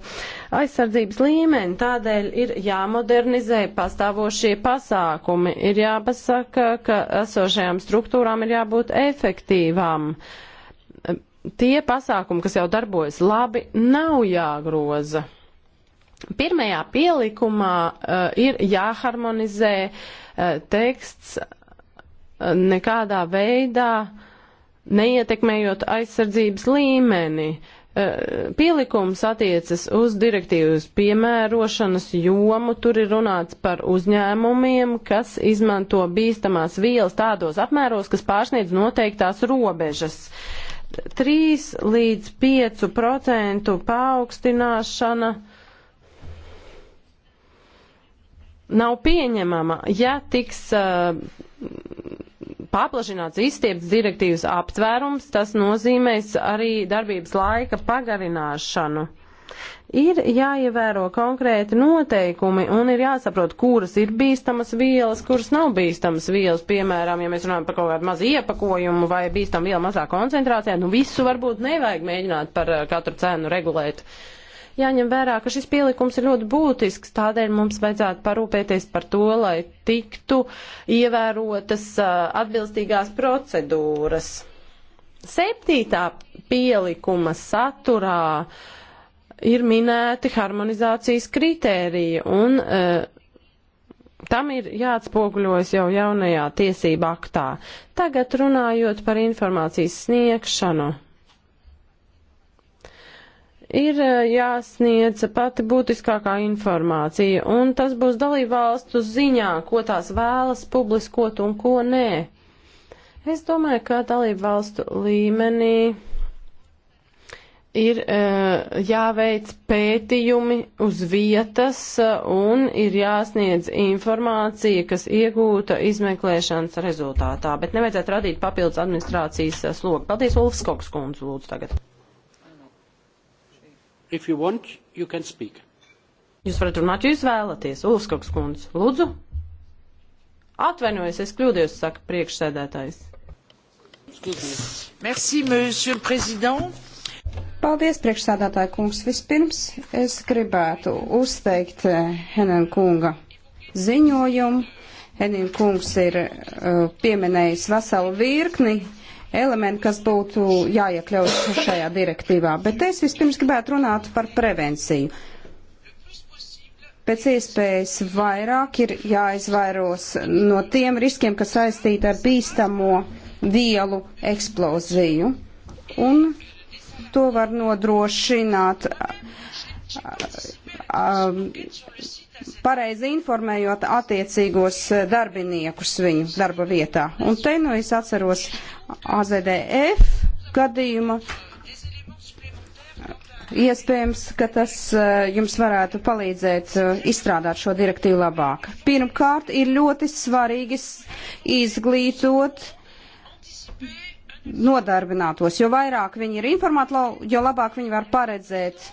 aizsardzības līmeni, tādēļ ir jāmodernizē pastāvošie pasākumi. Ir jāpasaka, ka esošajām struktūrām ir jābūt efektīvām. Tie pasākumi, kas jau darbojas labi, nav jāgroza. Pirmajā pielikumā uh, ir jāharmonizē uh, teksts nekādā veidā neietekmējot aizsardzības līmeni. E, pielikums attiecas uz direktīvas piemērošanas jomu, tur ir runāts par uzņēmumiem, kas izmanto bīstamās vielas tādos apmēros, kas pārsniedz noteiktās robežas. 3 līdz 5 procentu paaugstināšana nav pieņemama, ja tiks uh, paplašināts izstieps direktīvas aptvērums, tas nozīmēs arī darbības laika pagarināšanu. Ir jāievēro konkrēti noteikumi un ir jāsaprot, kuras ir bīstamas vielas, kuras nav bīstamas vielas. Piemēram, ja mēs runājam par kaut kādu mazu iepakojumu vai bīstamu vielu mazā koncentrācijā, nu visu varbūt nevajag mēģināt par uh, katru cenu regulēt. Uh, Jāņem vērā, ka šis pielikums ir ļoti būtisks, tādēļ mums vajadzētu parūpēties par to, lai tiktu ievērotas atbilstīgās procedūras. Septītā pielikuma saturā ir minēti harmonizācijas kritērija un uh, tam ir jāatspoguļojas jau jaunajā tiesība aktā. Tagad runājot par informācijas sniegšanu ir eh, jāsniedz pati būtiskākā informācija, un tas būs dalībvalstu ziņā, ko tās vēlas publiskot un ko nē. Es domāju, ka dalībvalstu līmenī ir eh, jāveic pētījumi uz vietas eh, un ir jāsniedz informācija, kas iegūta izmeklēšanas rezultātā, bet nevajadzētu radīt papildus administrācijas slogu. Paldies, Ulfs Koks kundze, lūdzu tagad. If you want, you can speak. Jūs varat runāt, ja jūs vēlaties. Ulfskoks kundze, lūdzu. Atvainojos, es kļūdījos, saka priekšsēdētājs. Merci, monsieur le président. Paldies, priekšsādātāja kungs. Vispirms es gribētu uzteikt eh, Henen kunga ziņojumu. Henin kungs ir uh, pieminējis veselu virkni elementi, kas būtu jāiekļaut šajā direktīvā. Bet es vispirms gribētu runāt par prevenciju. Pēc iespējas vairāk ir jāizvairos no tiem riskiem, kas saistīti ar bīstamo vielu eksploziju. Un to var nodrošināt. Um, pareizi informējot attiecīgos eh, darbiniekus viņu darba vietā. Un te nu es atceros AZDF gadījumu. Iespējams, ka tas eh, jums varētu palīdzēt eh, izstrādāt šo direktīvu labāk. Pirmkārt, ir ļoti svarīgi izglītot nodarbinātos, jo vairāk viņi ir informāti, jo labāk viņi var paredzēt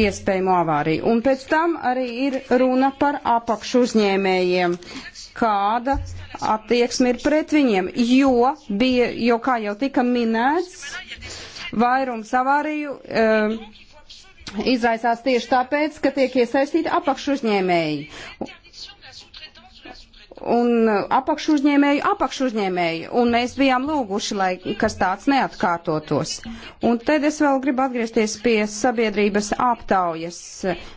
iespējamo avāriju. Un pēc tam arī ir runa par apakšu uzņēmējiem, kāda attieksme ir pret viņiem, jo bija, jo kā jau tika minēts, vairums avāriju um, izraisās tieši tāpēc, ka tiek iesaistīti apakšu uzņēmēji un apakšuzņēmēju apakšuzņēmēju, un mēs bijām lūguši, lai kas tāds neatkārtotos. Un tad es vēl gribu atgriezties pie sabiedrības aptaujas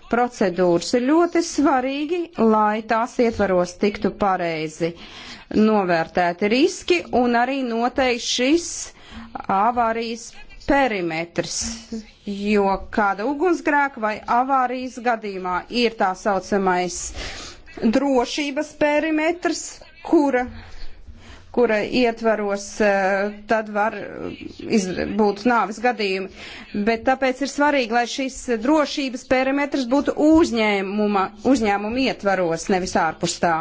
procedūras. Ir ļoti svarīgi, lai tās ietvaros tiktu pareizi novērtēti riski un arī noteikti šis avārijas perimetrs, jo kāda ugunsgrēka vai avārijas gadījumā ir tā saucamais drošības perimetrs, kura, kura ietvaros e, tad var e, iz, būt nāvis gadījumi. Bet tāpēc ir svarīgi, lai šis drošības perimetrs būtu uzņēmuma, uzņēmuma ietvaros, nevis ārpus tā.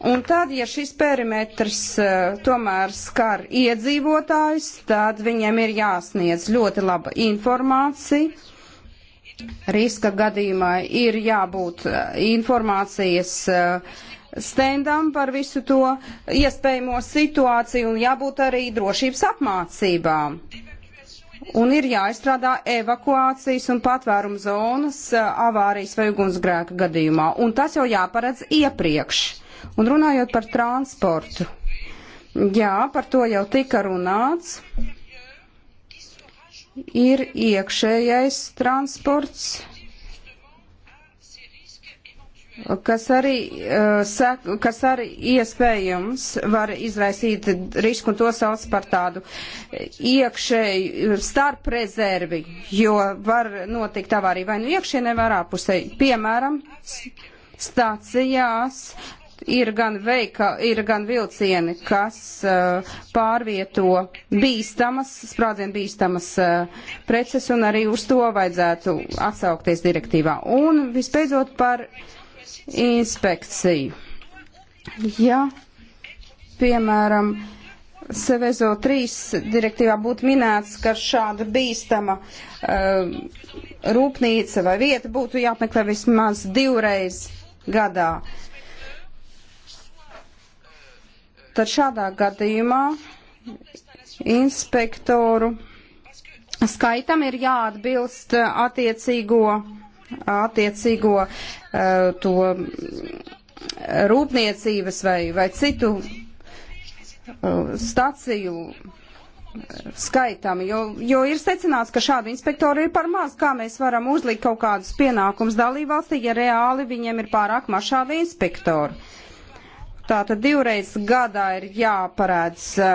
Un tad, ja šis perimetrs uh, tomēr skar iedzīvotājus, tad viņiem ir jāsniedz ļoti laba informācija riska gadījumā ir jābūt eh, informācijas eh, stendam par visu to iespējamo situāciju un jābūt arī drošības apmācībām. Un ir jāizstrādā evakuācijas un patvērumu zonas eh, avārijas vai ugunsgrēka gadījumā. Un tas jau jāparedz iepriekš. Un runājot par transportu. Jā, par to jau tika runāts ir iekšējais transports, kas arī, eh, kas arī iespējams var izraisīt risku, un to sauc par tādu iekšēju starp rezervi, jo var notikt avārija vai nu iekšienē, vai ārpusē. Piemēram, stacijās ir gan, veika, ir gan vilcieni, kas uh, pārvieto bīstamas, sprādzien bīstamas uh, preces, un arī uz to vajadzētu atsaukties direktīvā. Un vispēdzot par inspekciju. Ja, piemēram, Sevezo 3 direktīvā būtu minēts, ka šāda bīstama uh, rūpnīca vai vieta būtu jāapmeklē vismaz divreiz gadā. Tad šādā gadījumā inspektoru skaitam ir jāatbilst attiecīgo, attiecīgo eh, to eh, rūpniecības vai, vai citu eh, staciju skaitam, jo, jo ir secināts, ka šādu inspektoru ir par maz, kā mēs varam uzlikt kaut kādus pienākums dalībvalstī, ja reāli viņiem ir pārāk maz šādu inspektoru. Uh, Tātad divreiz gadā ir jāparēdz eh,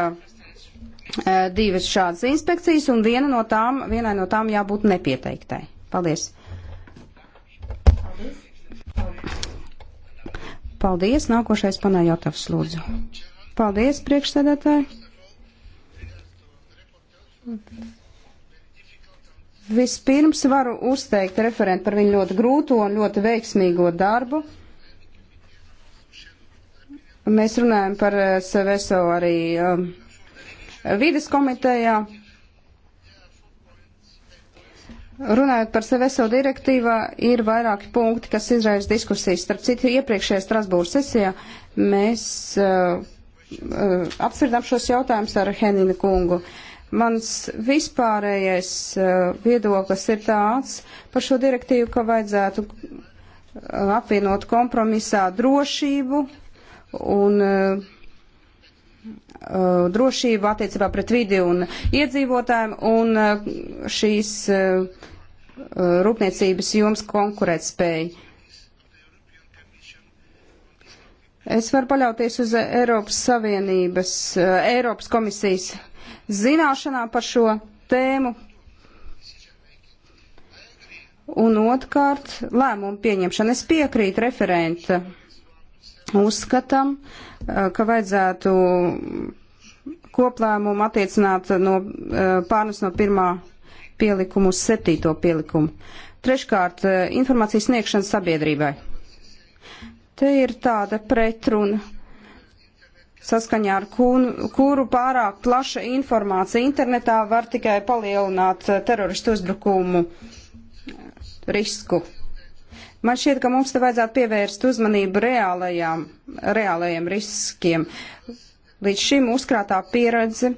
eh, divas šādas inspekcijas, un viena no tām, vienai no tām jābūt nepieteiktai. Paldies! Paldies! Paldies! Nākošais panājotavs lūdzu. Paldies, priekšsēdētāji! Vispirms varu uzteikt referentu par viņu ļoti grūto un ļoti veiksmīgo darbu. Mēs runājam par eh, SVSO arī um, vides komitejā. Runājot par SVSO direktīvā, ir vairāki punkti, kas izraisa diskusijas. Starp citu, iepriekšējā Strasbūras sesijā mēs uh, eh, uh, eh, apsvirdām šos jautājumus ar Henina kungu. Mans vispārējais uh, viedoklis ir tāds par šo direktīvu, ka vajadzētu apvienot kompromisā drošību un uh, drošību attiecībā pret vidi un iedzīvotājiem un uh, šīs uh, rūpniecības jums konkurētspēju. Es varu paļauties uz Eiropas Savienības, Eiropas komisijas zināšanām par šo tēmu. Un otrkārt, lēmumu pieņemšana. Es piekrītu referenta Uzskatām, eh, ka vajadzētu koplēmumu attiecināt no eh, pārnes no pirmā pielikumu uz septīto pielikumu. Treškārt, eh, informācijas sniegšana sabiedrībai. Te ir tāda pretruna, saskaņā ar kuru, kuru pārāk plaša informācija internetā var tikai palielināt teroristu uzbrukumu risku. Man šķiet, ka mums te vajadzētu pievērst uzmanību reālajām, reālajiem riskiem. Līdz šim uzkrātā pieredze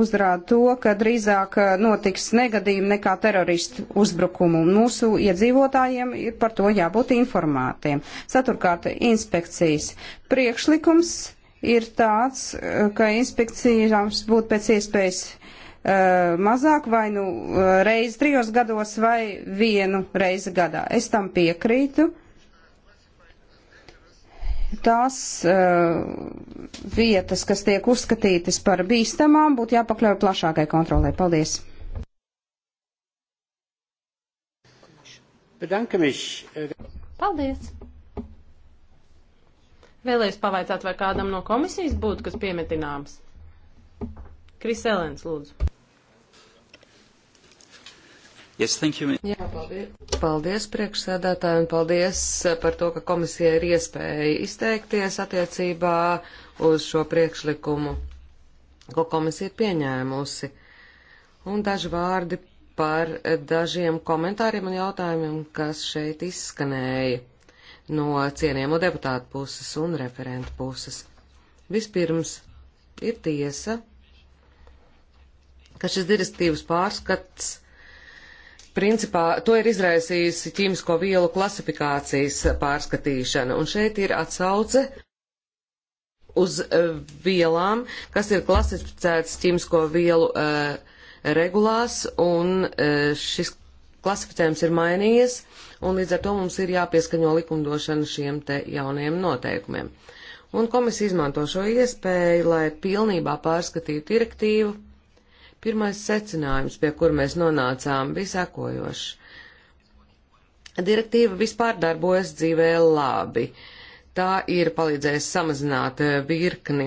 uzrāda to, ka drīzāk uh, notiks negadījumi nekā teroristu uzbrukumu. Mūsu iedzīvotājiem ir par to jābūt informētiem. Ceturkārt, inspekcijas priekšlikums ir tāds, uh, ka inspekcijām būtu pēc iespējas Eh, mazāk vai nu eh, reizi trijos gados vai vienu reizi gadā. Es tam piekrītu. Tās uh, vietas, kas tiek uzskatītas par bīstamām, būtu jāpakļauj plašākai kontrolē. Paldies! Paldies! Vēlējos pavaicāt, vai kādam no komisijas būtu kas piemetināms? Kriselēns, lūdzu. Yes, thank you. Jā, paldies. Paldies priekšsēdētāji un paldies par to, ka komisija ir iespēja izteikties attiecībā uz šo priekšlikumu, ko komisija ir pieņēmusi. Un daži vārdi par dažiem komentāriem un jautājumiem, kas šeit izskanēja no cienījamo deputātu puses un referentu puses. Vispirms ir tiesa, ka šis direktīvas pārskats principā to ir izraisījusi ķīmisko vielu klasifikācijas pārskatīšana, un šeit ir atsauce uz eh, vielām, kas ir klasificētas ķīmisko vielu uh, regulās, un uh, šis klasificējums ir mainījies, un līdz ar to mums ir jāpieskaņo likumdošana šiem te jaunajiem noteikumiem. Un komisija izmanto šo iespēju, lai pilnībā pārskatītu direktīvu Pirmais secinājums, pie kur mēs nonācām, bija sekojošs. Direktīva vispār darbojas dzīvē labi. Tā ir palīdzējusi samazināt eh, virkni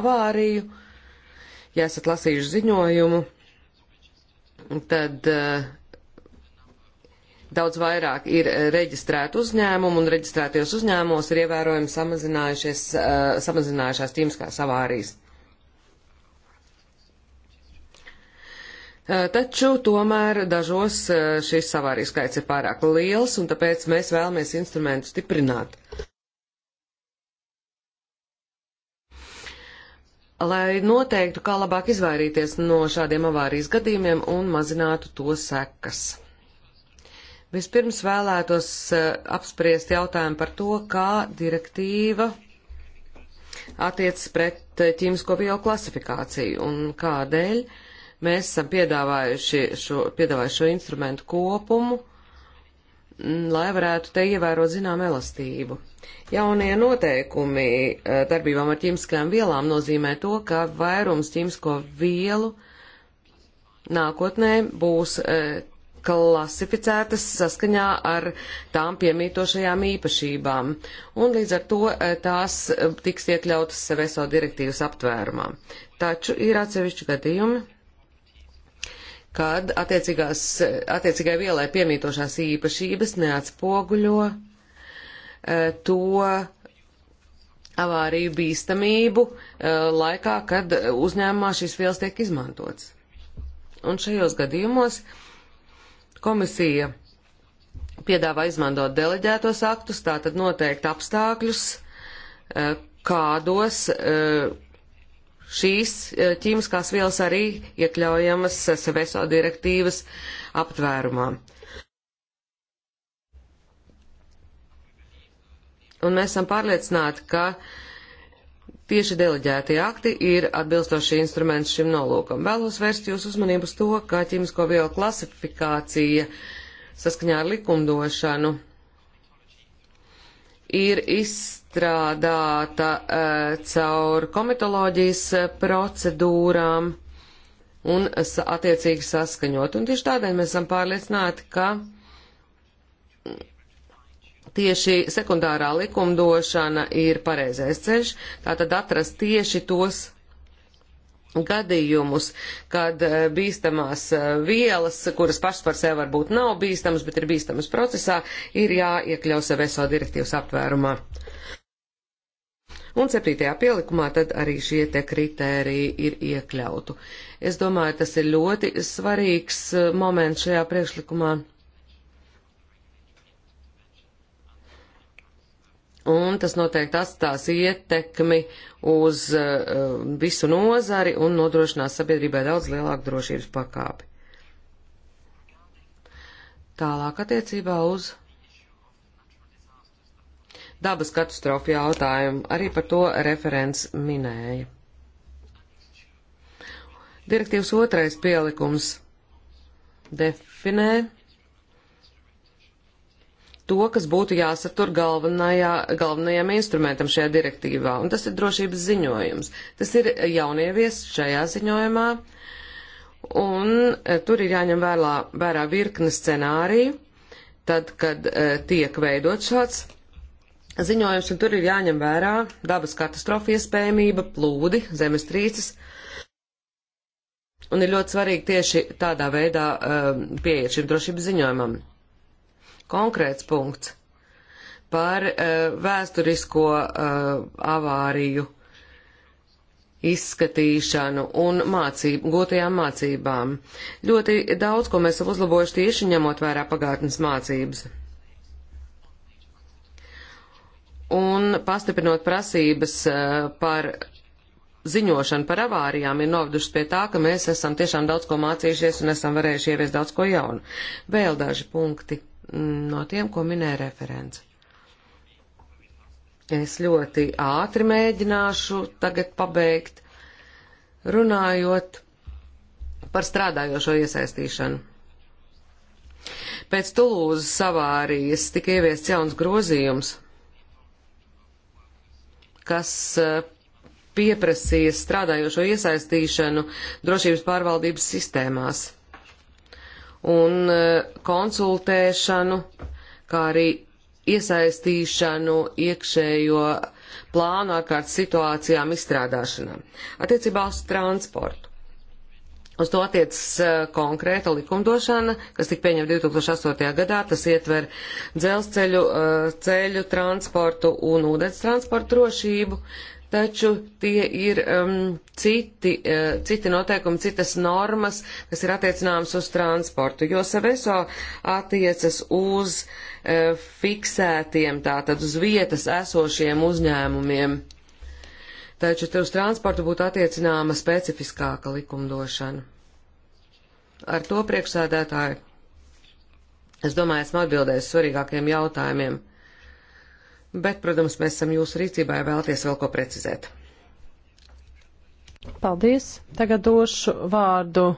avāriju. Ja esat lasījuši ziņojumu, tad eh, daudz vairāk ir eh, reģistrēti uzņēmumi, un reģistrētajos uzņēmumos ir ievērojami samazinājušies, samazinājušās tīmiskās avārijas. Eh, taču tomēr dažos eh, šis savārijas skaits ir pārāk liels, un tāpēc mēs vēlamies instrumentu stiprināt. Lai noteiktu, kā labāk izvairīties no šādiem avārijas gadījumiem un mazinātu to sekas. Vispirms vēlētos eh, apspriest jautājumu par to, kā direktīva attiecas pret ķīmisko vielu klasifikāciju un kādēļ uh, Mēs esam piedāvājuši šo, piedāvājuši šo instrumentu kopumu, mm, lai varētu te ievērot zinām elastību. Jaunie noteikumi eh, darbībām ar ķīmiskajām vielām nozīmē to, ka vairums ķīmisko vielu nākotnē būs eh, klasificētas saskaņā ar tām piemītošajām īpašībām, un līdz ar to eh, tās tiks iekļautas SVSO direktīvas aptvērumā. Taču ir atsevišķi gadījumi, kad attiecīgai vielai piemītošās īpašības neatspoguļo eh, to avāriju bīstamību eh, laikā, kad uzņēmumā šīs vielas tiek izmantots. Un šajos gadījumos komisija piedāvā izmantot deleģētos aktus, tātad noteikti apstākļus, eh, kādos šīs eh, ķīmiskās vielas arī iekļaujamas SVSO direktīvas aptvērumā. Un mēs esam pārliecināti, ka tieši deleģētie akti ir atbilstoši instruments šim nolūkam. Vēlos vērst jūs uzmanību uz to, kā ķīmisko vielu klasifikācija saskaņā ar likumdošanu ir izstāstīta izstrādāta eh, caur komitoloģijas eh, procedūrām un attiecīgi saskaņot. Un tieši tādēļ mēs esam pārliecināti, ka tieši sekundārā likumdošana ir pareizais ceļš, tātad atrast tieši tos gadījumus, kad eh, bīstamās vielas, kuras pašas par sevi varbūt nav bīstamas, bet ir bīstamas procesā, ir jāiekļaus ESO direktīvas aptvērumā un 7. pielikumā tad arī šie te kritēriji ir iekļautu. Es domāju, tas ir ļoti svarīgs eh, moments šajā priekšlikumā. Un tas noteikti atstās ietekmi uz uh, visu nozari un nodrošinās sabiedrībai daudz lielāku drošības pakāpi. Tālāk attiecībā uz dabas katastrofu jautājumu. Arī par to referents minēja. Direktīvas otrais pielikums definē to, kas būtu jāsatur galvenajā, galvenajam instrumentam šajā direktīvā, un tas ir drošības ziņojums. Tas ir jaunievies šajā ziņojumā, un e, tur ir jāņem vērā, vērā virkne scenāriju, tad, kad e, tiek veidot šāds ziņojums, un tur ir jāņem vērā dabas katastrofa iespējamība, plūdi, zemestrīces. Un ir ļoti svarīgi tieši tādā veidā um, pieiet šim drošības ziņojumam. Konkrēts punkts par uh, vēsturisko uh, avāriju izskatīšanu un mācību, gūtajām mācībām. Ļoti daudz, ko mēs esam uzlabojuši tieši ņemot vērā pagātnes mācības un pastiprinot prasības eh, par ziņošanu par avārijām ir novedušas pie tā, ka mēs esam tiešām daudz ko mācījušies un esam varējuši ieviest daudz ko jaunu. Vēl daži punkti mm, no tiem, ko minēja referents. Es ļoti ātri mēģināšu tagad pabeigt, runājot par strādājošo iesaistīšanu. Pēc Tulūzas avārijas tika ieviests jauns grozījums, kas eh, pieprasīja strādājošo iesaistīšanu drošības pārvaldības sistēmās un eh, konsultēšanu, kā arī iesaistīšanu iekšējo plānu ārkārtas situācijām izstrādāšanā. Attiecībā uz transportu. Uz to attiecas uh, konkrēta likumdošana, kas tika pieņemta 2008. gadā. Tas ietver dzelzceļu, uh, ceļu transportu un ūdens transportu drošību, taču tie ir um, citi, uh, citi noteikumi, citas normas, kas ir attiecināmas uz transportu, jo SVSO attiecas uz uh, fiksētiem, tātad uz vietas esošiem uzņēmumiem. Uh, taču uz transportu būtu attiecināma specifiskāka likumdošana. Ar to priekšsēdētāju es domāju, esmu atbildējis svarīgākiem jautājumiem, bet, protams, mēs esam jūsu rīcībā, ja vēlaties vēl ko precizēt. Paldies. Tagad došu vārdu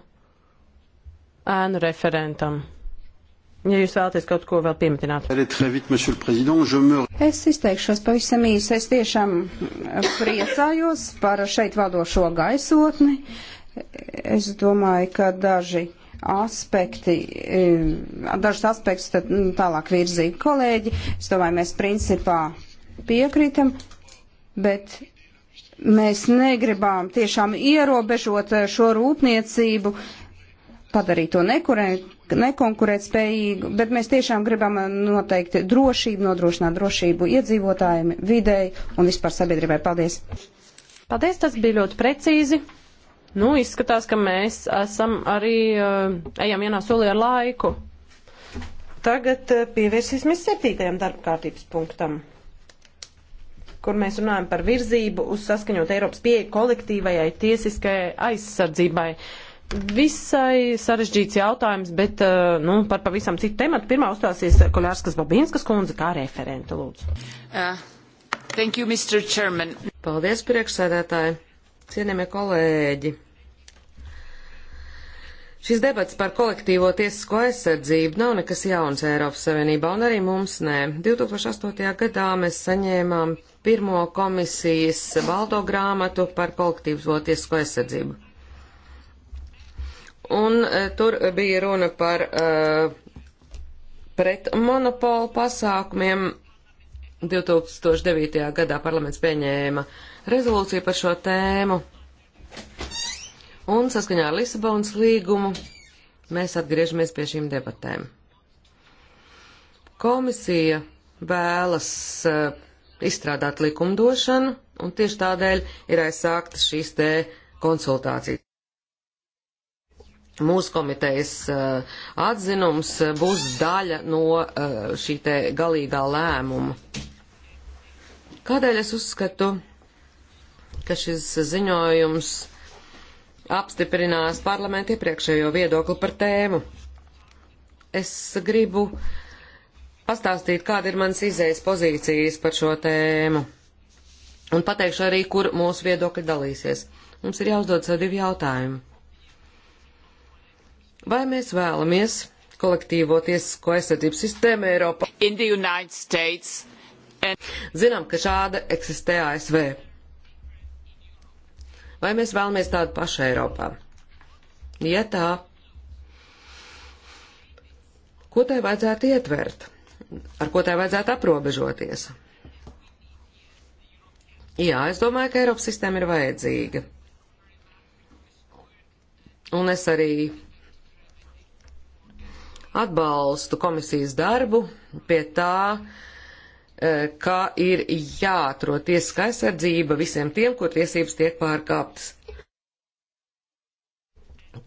ēnu referentam. Ja jūs vēlaties kaut ko vēl piemetināt. Es izteikšos pavisam īsi. Es tiešām priecājos par šeit vadošo gaisotni. Es domāju, ka daži aspekti, eh, dažus aspektus tad mm, tālāk virzīja kolēģi. Es domāju, mēs principā piekrītam, bet mēs negribām tiešām ierobežot eh, šo rūpniecību padarīt to nekonkurēt spējīgu, bet mēs tiešām gribam eh, noteikti drošību, nodrošināt drošību iedzīvotājiem, videi un vispār sabiedrībai. Paldies! Paldies, tas bija ļoti precīzi. Nu, izskatās, ka mēs esam arī uh, ejam vienā solī ar laiku. Tagad uh, pievērsīsimies septītajam darbkārtības punktam kur mēs runājam par virzību uz saskaņot Eiropas pieeja kolektīvajai tiesiskajai aizsardzībai. Uh, visai sarežģīts jautājums, bet eh, nu, par pavisam citu tematu. Pirmā uzstāsies Koļārskas Babīnskas kundze kā referente, lūdzu. Uh, thank you, Mr. Chairman. Paldies, priekšsēdētāji. Cienījamie kolēģi. Šis debats par kolektīvo tiesisko aizsardzību nav nekas jauns Eiropas Savienībā, un arī mums nē. 2008. gadā mēs saņēmām pirmo komisijas balto grāmatu par kolektīvo tiesisko aizsardzību. Un e, tur bija runa par e, pretmonopolu pasākumiem. 2009. gadā parlaments pieņēma rezolūciju par šo tēmu. Un saskaņā ar Lisabonas līgumu mēs atgriežamies pie šīm debatēm. Komisija vēlas uh, izstrādāt likumdošanu, un tieši tādēļ ir aizsāktas šīs te konsultācijas mūsu komitejas uh, atzinums eh, būs daļa no uh, šī te galīgā lēmuma. Kādēļ es uzskatu, ka šis ziņojums apstiprinās parlamentu iepriekšējo viedokli par tēmu? Es gribu pastāstīt, kāda ir mans izējas pozīcijas par šo tēmu. Un pateikšu arī, kur mūsu viedokļi dalīsies. Mums ir jāuzdod sev divi jautājumi Vai mēs vēlamies kolektīvo tiesisko aizsardzību sistēmu Eiropā? And... Zinām, ka šāda eksistē ASV. Vai mēs vēlamies tādu pašu Eiropā? Ja tā, ko tai vajadzētu ietvert? Ar ko tai vajadzētu aprobežoties? Jā, es domāju, ka Eiropas sistēma ir vajadzīga. Un es arī atbalstu komisijas darbu pie tā, e, ka ir jāatrod tiesiskā aizsardzība visiem tiem, kur tiesības tiek pārkāptas.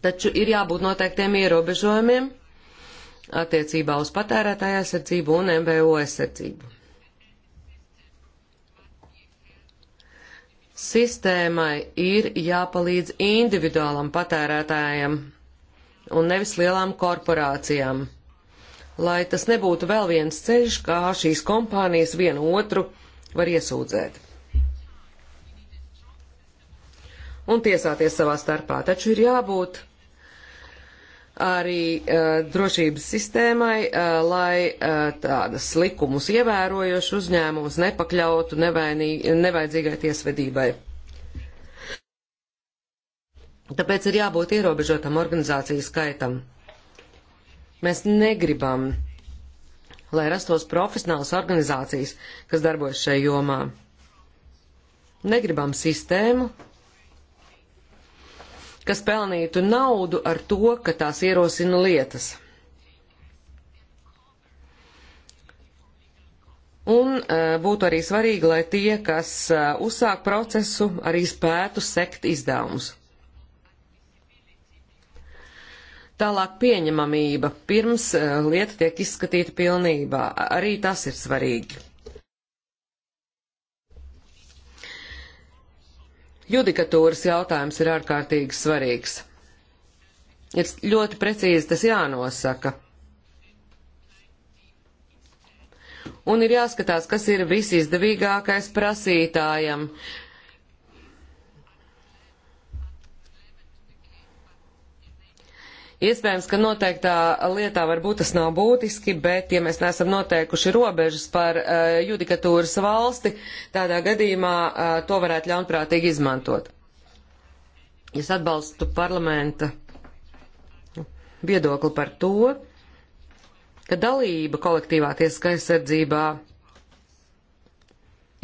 Taču ir jābūt noteiktiem ierobežojumiem attiecībā uz patērētāja aizsardzību un MVO aizsardzību. Sistēmai ir jāpalīdz individuālam patērētājam un nevis lielām korporācijām. Lai tas nebūtu vēl viens ceļš, kā šīs kompānijas vienu otru var iesūdzēt un tiesāties savā starpā. Taču ir jābūt arī uh, drošības sistēmai, uh, lai uh, tādas likumus ievērojošas uzņēmumus nepakļautu nevainī, nevajadzīgai tiesvedībai. Tāpēc ir jābūt ierobežotam organizāciju skaitam. Mēs negribam, lai rastos profesionāls organizācijas, kas darbojas šajā jomā. Negribam sistēmu, kas pelnītu naudu ar to, ka tās ierosina lietas. Un uh, būtu arī svarīgi, lai tie, kas uh, uzsāk procesu, arī spētu sekt izdevumus. Tālāk pieņemamība pirms eh, lieta tiek izskatīta pilnībā. Arī tas ir svarīgi. Judikatūras jautājums ir ārkārtīgi svarīgs. Ir ļoti precīzi tas jānosaka. Un ir jāskatās, kas ir visizdevīgākais prasītājam, uh, Iespējams, ka noteiktā lietā varbūt tas nav būtiski, bet ja mēs neesam noteikuši robežas par uh, judikatūras valsti, tādā gadījumā uh, to varētu ļaunprātīgi izmantot. Es atbalstu parlamenta viedokli par to, ka dalība kolektīvā tiesiskā aizsardzībā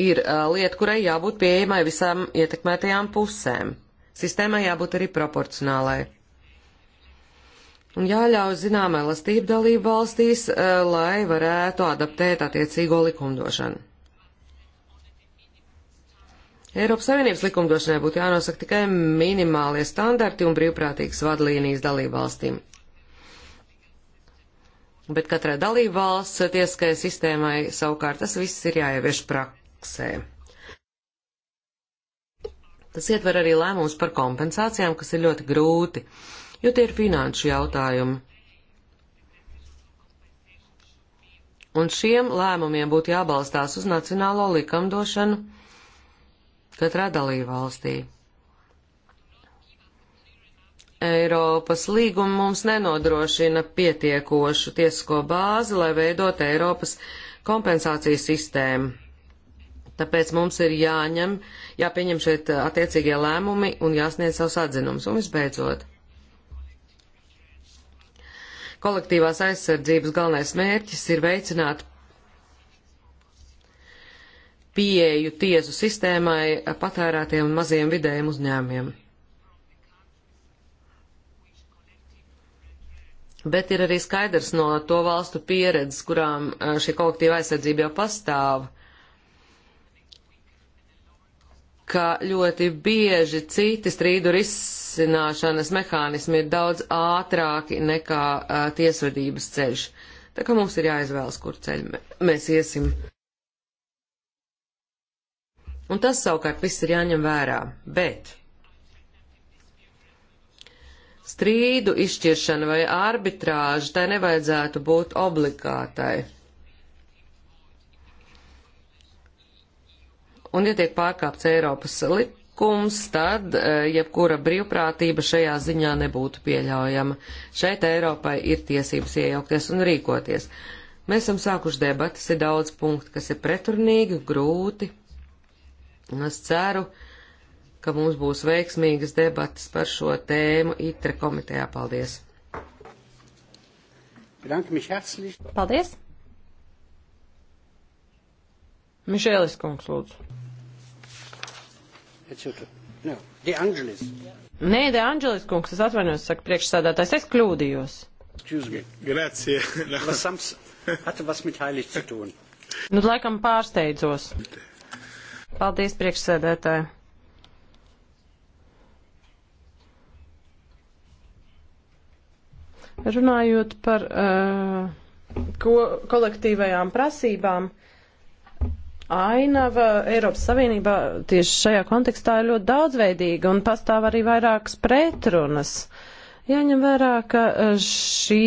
ir uh, lieta, kurai jābūt pieejamai visām ietekmētajām pusēm. Sistēmai jābūt arī proporcionālai un jāļauj zināma elastība dalību valstīs, eh, lai varētu adaptēt attiecīgo likumdošanu. Eiropas Savienības likumdošanai būtu jānosaka tikai minimālie standarti un brīvprātīgas vadlīnijas dalību valstīm. Bet katrai dalību valsts tieskai sistēmai savukārt tas viss ir jāievieš praksē. Tas ietver arī lēmumus par kompensācijām, kas ir ļoti grūti jo tie ir finanšu jautājumi. Un šiem lēmumiem būtu jābalstās uz nacionālo likumdošanu katrā dalībvalstī. Eiropas līguma mums nenodrošina pietiekošu tiesisko bāzi, lai veidot Eiropas kompensācijas sistēmu. Tāpēc mums ir jāņem, jāpieņem šeit attiecīgie lēmumi un jāsniedz savs atzinums. Un visbeidzot, Kolektīvās aizsardzības galvenais mērķis ir veicināt pieeju tiesu sistēmai patērētiem un maziem vidējiem uzņēmiem. Bet ir arī skaidrs no to valstu pieredzes, kurām eh, šī kolektīva aizsardzība jau pastāv, uh, ka ļoti bieži citi strīdu risināšanas mehānismi ir daudz ātrāki nekā uh, tiesvedības ceļš. Tā kā mums ir jāizvēlas, kur ceļu mēs iesim. Un tas savukārt viss ir jāņem vērā, bet strīdu izšķiršana vai arbitrāža tai nevajadzētu būt obligātai Un, ja tiek pārkāpts Eiropas likums, tad e, jebkura brīvprātība šajā ziņā nebūtu pieļaujama. Šeit Eiropai ir tiesības iejaukties un rīkoties. Mēs esam sākuši debatas, ir daudz punktu, kas ir pretrunīgi, grūti. Un es ceru, ka mums būs veiksmīgas debatas par šo tēmu ITRE komitejā. Paldies! Paldies! Mišēlis kungs, lūdzu. No, De Angelis. Nē, De Angelis kungs, es atvainojos, saka priekšsādātājs, es kļūdījos. Grazie. was sams, hatte was mit heilig zu tun. Nu, laikam pārsteidzos. Paldies, priekšsēdētāji. Runājot par uh, ko, kolektīvajām prasībām, uh, ainava Eiropas Savienībā tieši šajā kontekstā ir ļoti daudzveidīga un pastāv arī vairākas pretrunas. Jāņem vērā, ka eh, šī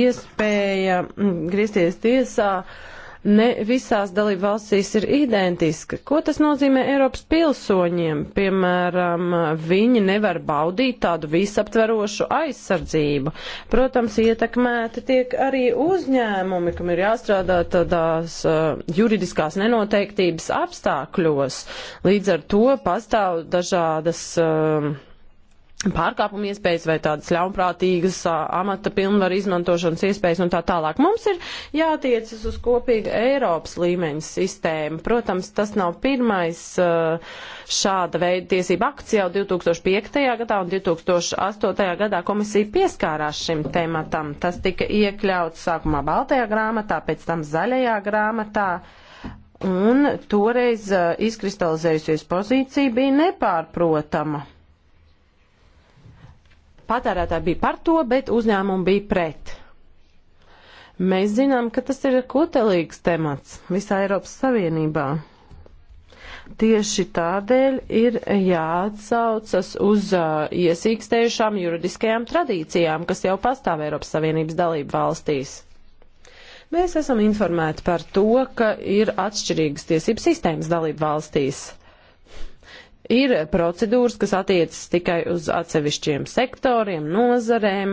iespēja mm, griezties tiesā uh, ne visās dalību valstīs ir identiska. Ko tas nozīmē Eiropas pilsoņiem? Piemēram, viņi nevar baudīt tādu visaptverošu aizsardzību. Protams, ietekmēti tiek arī uzņēmumi, kam ir jāstrādā tādās uh, juridiskās nenoteiktības apstākļos. Līdz ar to pastāv dažādas. Uh, pārkāpuma iespējas vai tādas ļaunprātīgas amata pilnvaru izmantošanas iespējas un tā tālāk. Mums ir jātiecas uz kopīgu Eiropas līmeņa sistēmu. Protams, tas nav pirmais šāda veida tiesība akts jau 2005. gadā un 2008. gadā komisija pieskārās šim tematam. Tas tika iekļauts sākumā Baltajā grāmatā, pēc tam Zaļajā grāmatā. Un toreiz uh, izkristalizējusies pozīcija bija nepārprotama. Patērētāji bija par to, bet uzņēmumi bija pret. Mēs zinām, ka tas ir kotelīgs temats visā Eiropas Savienībā. Tieši tādēļ ir jāatsaucas uz uh, iesīkstējušām juridiskajām tradīcijām, kas jau pastāv Eiropas Savienības dalību valstīs. Mēs esam informēti par to, ka ir atšķirīgas tiesību sistēmas dalību valstīs. Uh, Ir procedūras, kas attiecas tikai uz atsevišķiem sektoriem, nozarēm,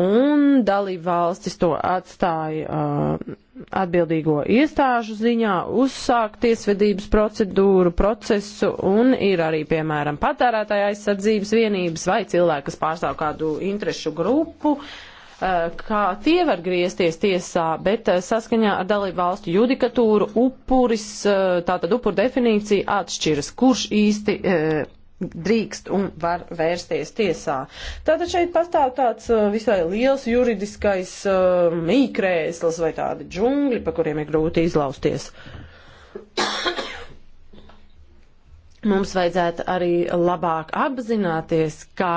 un dalība valstis to atstāja uh, atbildīgo iestāžu ziņā uzsākt tiesvedības procedūru, procesu, un ir arī, piemēram, patērētāja aizsardzības vienības vai cilvēki, kas pārstāv kādu interešu grupu, uh, Eh, kā tie var griezties tiesā, bet eh, saskaņā ar dalību valstu judikatūru upuris, eh, tātad upur definīcija atšķiras, kurš īsti drīkst un var vērsties tiesā. Tātad šeit pastāv tāds visai liels juridiskais mīkrēsls vai tādi džungļi, pa kuriem ir grūti izlausties mums vajadzētu arī labāk apzināties, kā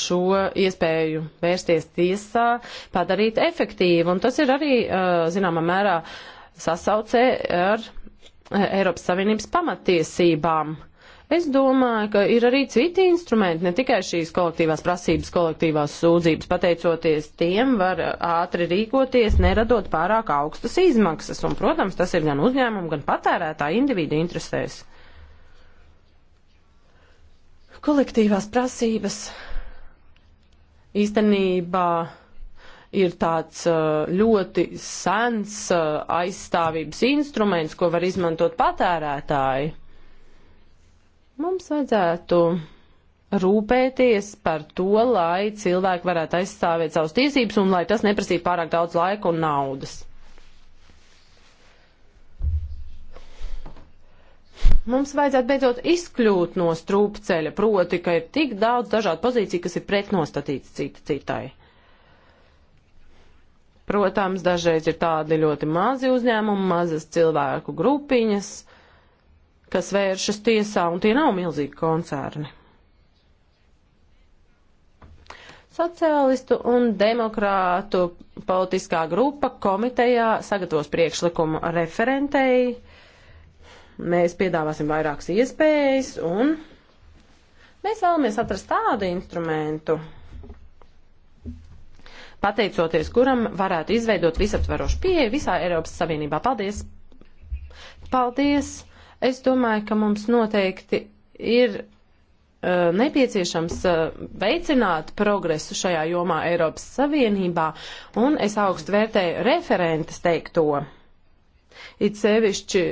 šo iespēju vērsties tiesā padarīt efektīvu. Un tas ir arī, zināmā mērā, sasaucē ar Eiropas Savienības pamatiesībām. Es domāju, ka ir arī citi instrumenti, ne tikai šīs kolektīvās prasības, kolektīvās sūdzības. Pateicoties tiem, var ātri rīkoties, neradot pārāk augstas izmaksas. Un, protams, tas ir gan uzņēmumu, gan patērētāju individu interesēs. Kolektīvās prasības īstenībā ir tāds uh, ļoti sens uh, aizstāvības instruments, ko var izmantot patērētāji. Mums vajadzētu rūpēties par to, lai cilvēki varētu aizstāvēt savus tiesības un lai tas neprasītu pārāk daudz laika un naudas. Mums vajadzētu beidzot izkļūt no strūpceļa, proti, ka ir tik daudz dažādu pozīciju, kas ir pretnostatīts cita citai. Protams, dažreiz ir tādi ļoti mazi uzņēmumi, mazas cilvēku grupiņas, kas vēršas tiesā, un tie nav milzīgi koncerni. Sociālistu un demokrātu politiskā grupa komitejā sagatavos priekšlikumu referentei Mēs piedāvāsim vairākas iespējas un mēs vēlamies atrast tādu instrumentu, pateicoties kuram varētu izveidot visaptverošu pieeju visā Eiropas Savienībā. Paldies! Paldies! Es domāju, ka mums noteikti ir uh, nepieciešams uh, veicināt progresu šajā jomā Eiropas Savienībā, un es augstu vērtēju referentes teikto. It sevišķi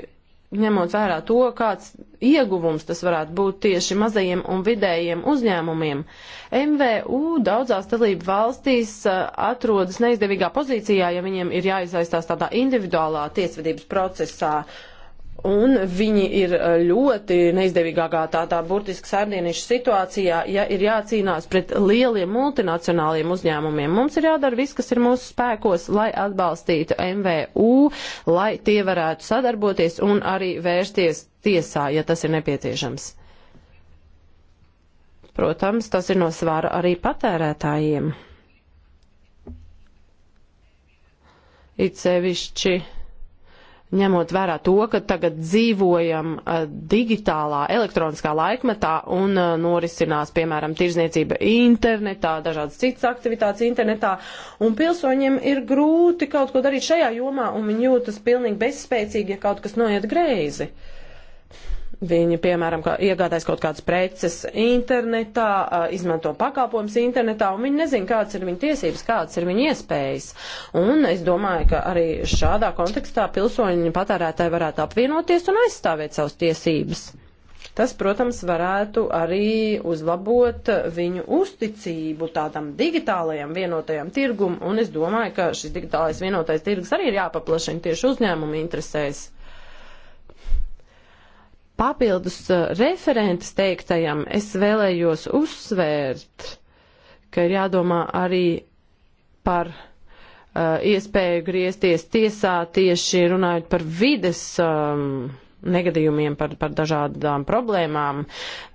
ņemot vērā to, kāds ieguvums tas varētu būt tieši mazajiem un vidējiem uzņēmumiem. MVU daudzās dalību valstīs uh, atrodas neizdevīgā pozīcijā, ja viņiem ir jāizaistās tādā individuālā tiesvedības procesā. Uh, Un viņi ir e, ļoti neizdevīgākā tādā burtiski sardieniešu situācijā, ja ir jācīnās pret lieliem multinacionāliem uzņēmumiem. Mums ir jādara viss, kas ir mūsu spēkos, lai atbalstītu MVU, lai tie varētu sadarboties un arī vērsties tiesā, ja tas ir nepieciešams. Protams, tas ir no svāra arī patērētājiem. It sevišķi ņemot vērā to, ka tagad dzīvojam digitālā, elektroniskā laikmetā un norisinās, piemēram, tirzniecība internetā, dažādas citas aktivitātes internetā, un pilsoņiem ir grūti kaut ko darīt šajā jomā, un viņi jūtas pilnīgi bezspēcīgi, ja kaut kas noiet greizi. Uh, Viņi, piemēram, ka iegādājas kaut kādas preces internetā, izmanto pakalpojumus internetā, un viņi nezina, kādas ir viņa tiesības, kādas ir viņa iespējas. Un es domāju, ka arī šādā kontekstā pilsoņi patērētāji varētu apvienoties un aizstāvēt savas tiesības. Tas, protams, varētu arī uzlabot viņu uzticību tādam digitālajam vienotajam tirgum, un es domāju, ka šis digitālais vienotais tirgs arī ir jāpaplašina tieši uzņēmumu interesēs. Papildus uh, referentes teiktajam es vēlējos uzsvērt, ka ir jādomā arī par uh, iespēju griezties tiesā tieši runājot par vides um, negadījumiem, par, par dažādām problēmām.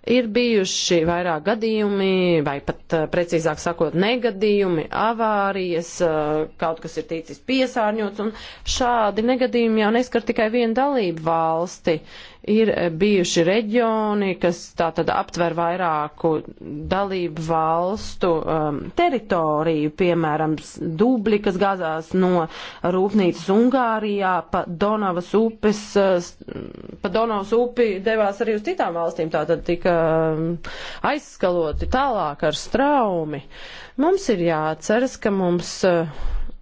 Ir bijuši vairāk gadījumi, vai pat uh, precīzāk sakot, negadījumi, avārijas, uh, kaut kas ir ticis piesārņots, un šādi negadījumi jau neskar tikai vienu dalību valsti. Uh, Ir e, bijuši reģioni, kas tātad aptver vairāku dalību valstu um, teritoriju, piemēram, dubļi, kas gazās no rūpnīcas Ungārijā, pa Donavas upes, e, pa Donavas upi devās arī uz citām valstīm, tātad tika um, aizskaloti tālāk ar straumi. Mums ir jāatceras, ka mums uh,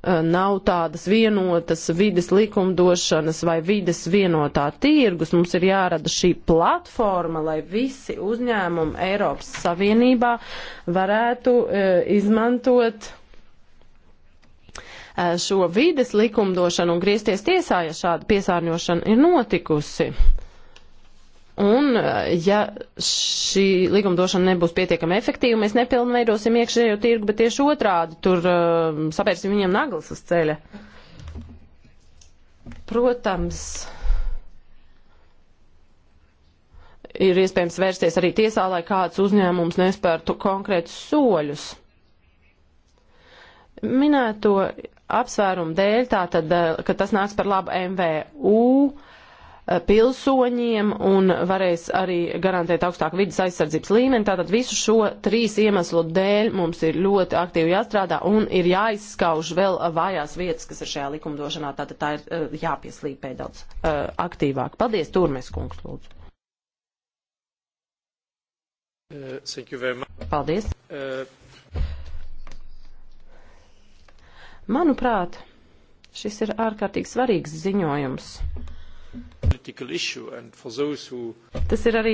Uh, nav tādas vienotas vides likumdošanas vai vides vienotā tirgus. Mums ir jārada šī platforma, lai visi uzņēmumi Eiropas Savienībā varētu uh, izmantot uh, šo vides likumdošanu un griezties tiesā, ja šāda piesārņošana ir notikusi. Un, eh, ja šī likumdošana nebūs pietiekami efektīva, mēs nepilnveidosim iekšējo tirgu, bet tieši otrādi tur uh, sapērsim viņiem naglas uz ceļa. Protams, ir iespējams vērsties arī tiesā, lai kāds uzņēmums nespērtu konkrētus soļus. Minēto apsvērumu dēļ, tātad, eh, ka tas nāks par labu MVU, uh, pilsoņiem un varēs arī garantēt augstāku vidas aizsardzības līmeni. Tātad visu šo trīs iemeslu dēļ mums ir ļoti aktīvi jāstrādā un ir jāizskauž vēl vājās vietas, kas ir šajā likumdošanā. Tātad tā ir eh, jāpieslīpē daudz eh, aktīvāk. Paldies, Turmes kungs, lūdzu. Uh, Paldies. Uh, Manuprāt, šis ir ārkārtīgi svarīgs ziņojums. Tas ir arī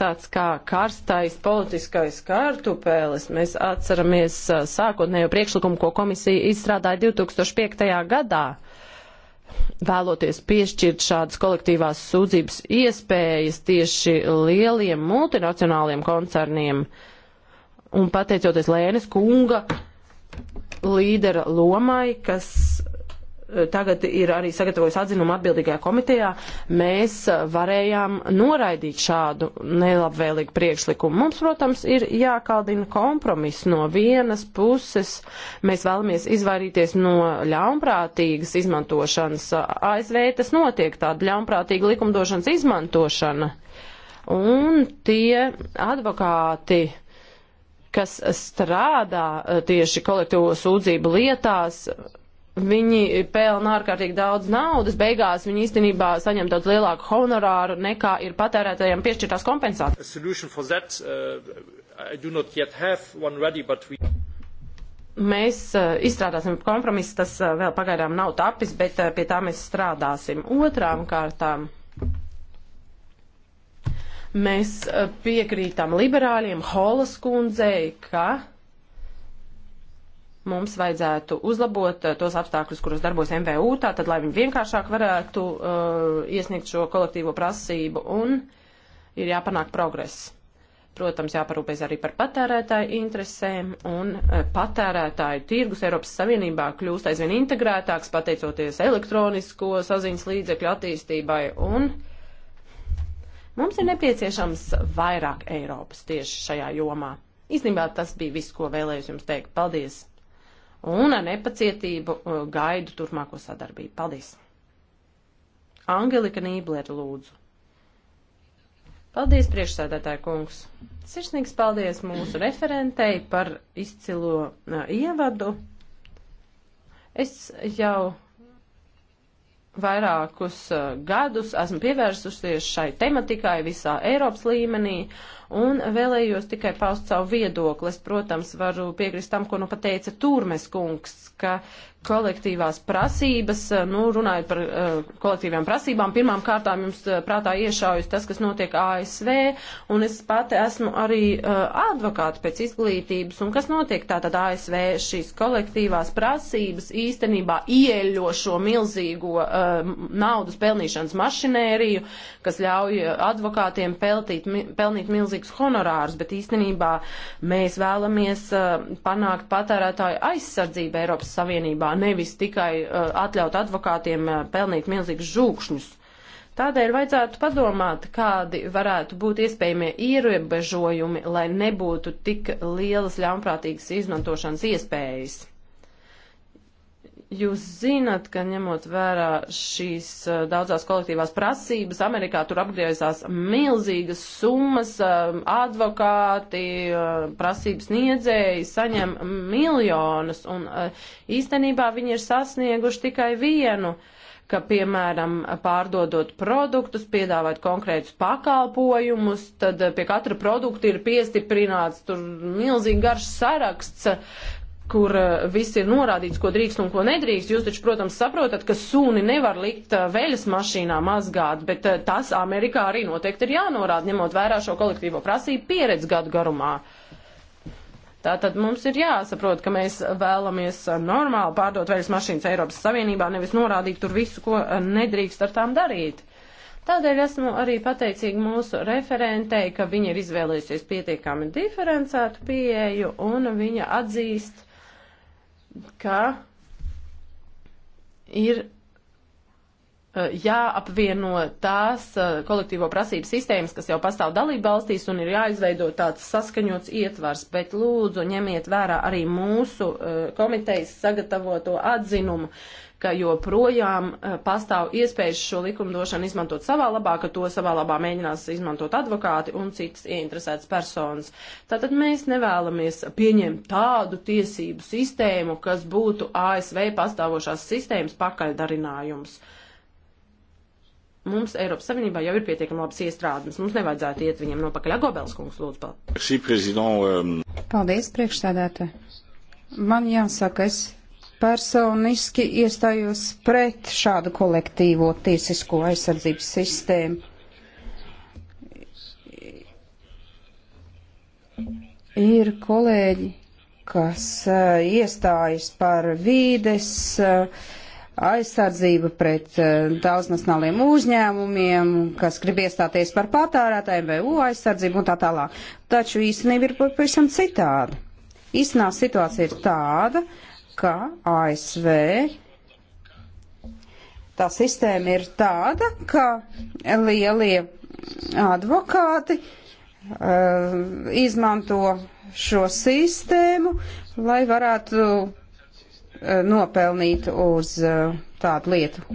tāds kā karstais politiskais kārtupēlis. Mēs atceramies uh, sākotnējo priekšlikumu, ko komisija izstrādāja 2005. gadā vēloties piešķirt šādas kolektīvās sūdzības iespējas tieši lieliem multinacionāliem koncerniem. Un pateicoties Lēnes kunga līdera lomai, kas tagad ir arī sagatavojis atzinumu atbildīgajā komitejā, mēs varējām noraidīt šādu nelabvēlīgu priekšlikumu. Mums, protams, ir jākaldina kompromiss no vienas puses. Mēs vēlamies izvairīties no ļaunprātīgas izmantošanas. ASV tas notiek, tāda ļaunprātīga likumdošanas izmantošana. Un tie advokāti kas strādā eh, tieši kolektīvo sūdzību lietās, viņi pelna ārkārtīgi daudz naudas, beigās viņi īstenībā saņem daudz lielāku honorāru nekā ir patērētājiem piešķirtās kompensācijas. Uh, we... Mēs uh, izstrādāsim kompromisu, tas uh, vēl pagaidām nav tapis, bet uh, pie tā mēs strādāsim. Otrām kārtām mēs uh, piekrītam liberāļiem Holas kundzei, ka mums vajadzētu uzlabot uh, tos apstākļus, kuros darbos MVU, tātad, lai viņi vienkāršāk varētu uh, iesniegt šo kolektīvo prasību un ir jāpanāk progress. Protams, jāparūpēs arī par patērētāju interesēm un uh, patērētāju tirgus Eiropas Savienībā kļūst aizvien integrētāks pateicoties elektronisko saziņas līdzekļu attīstībai un mums ir nepieciešams vairāk Eiropas tieši šajā jomā. Īstenībā tas bija viss, ko vēlējos jums teikt. Paldies! un ar nepacietību uh, gaidu turpmāko sadarbību. Paldies! Angelika Nīblera lūdzu. Paldies, priekšsēdētāja kungs. Sirsnīgs paldies mūsu referentei par izcilo uh, ievadu. Es jau vairākus uh, gadus esmu pievērsusies šai tematikai visā Eiropas līmenī, un vēlējos tikai paust savu viedokli. Es, protams, varu piekrist tam, ko nu pateica Turmes kungs, ka kolektīvās prasības, nu, runājot par uh, kolektīvām prasībām, pirmām kārtām jums eh, prātā iešaujas tas, kas notiek ASV, un es pati esmu arī uh, eh, advokāti pēc izglītības, un kas notiek tātad ASV šīs kolektīvās prasības īstenībā ieļo šo milzīgo uh, naudas pelnīšanas mašinēriju, kas ļauj advokātiem peltīt, mi, pelnīt milzīgu milzīgus honorārus, bet īstenībā mēs vēlamies eh, panākt patērētāju aizsardzību Eiropas Savienībā, nevis tikai eh, atļaut advokātiem eh, pelnīt milzīgus žūkšņus. Tādēļ vajadzētu padomāt, kādi varētu būt iespējamie ierobežojumi, lai nebūtu tik lielas ļaunprātīgas izmantošanas iespējas. Jūs zinat, ka ņemot vērā šīs eh, daudzās kolektīvās prasības, Amerikā tur apgriezās milzīgas summas, eh, advokāti, eh, prasības niedzēji saņem miljonus, un īstenībā viņi ir sasnieguši tikai vienu ka, piemēram, pārdodot produktus, piedāvāt konkrētus pakalpojumus, tad pie katra produkta ir piestiprināts tur milzīgi garš saraksts, kur eh, viss ir norādīts, ko drīkst un ko nedrīkst. Jūs taču, protams, saprotat, ka sūni nevar likt eh, veļas mašīnā mazgāt, bet eh, tas Amerikā arī noteikti ir jānorāda, ņemot vērā šo kolektīvo prasību pieredzi gadu garumā. Tātad mums ir jāsaprot, ka mēs vēlamies normāli pārdot veļas mašīnas Eiropas Savienībā, nevis norādīt tur visu, ko nedrīkst ar tām darīt. Tādēļ esmu arī pateicīga mūsu referentei, ka viņa ir izvēlējusies pietiekami diferencētu pieeju un viņa atzīst, ka ir e, jāapvieno tās e, kolektīvo prasību sistēmas, kas jau pastāv dalība valstīs, un ir jāizveido tāds saskaņots ietvars, bet lūdzu ņemiet vērā arī mūsu e, komitejas sagatavoto atzinumu. Uh, ka joprojām e, pastāv iespējas šo likumdošanu izmantot savā labā, ka to savā labā mēģinās izmantot advokāti un citas ieinteresētas personas. Tātad mēs nevēlamies pieņemt tādu tiesību sistēmu, kas būtu ASV pastāvošās sistēmas pakaļdarinājums mums Eiropas Savienībā jau ir pietiekami labas iestrādes. Mums nevajadzētu iet viņam nopakaļ. Agobels kungs, lūdzu. Euh, paldies, priekšsēdētāji. Man jāsaka, es personiski iestājos pret šādu kolektīvo tiesisko aizsardzības sistēmu. Ir kolēģi, kas uh, iestājas par vīdes uh, aizsardzību pret uh, daudznacionāliem uzņēmumiem, kas grib iestāties par patērētājiem, VU aizsardzību un tā tālāk. Taču īstenība ir pavisam citāda. Īstenā situācija ir tāda, uh, ka ASV tā sistēma ir tāda, ka lielie advokāti uh, izmanto šo sistēmu, lai varētu uh, nopelnīt uz uh, tādu lietu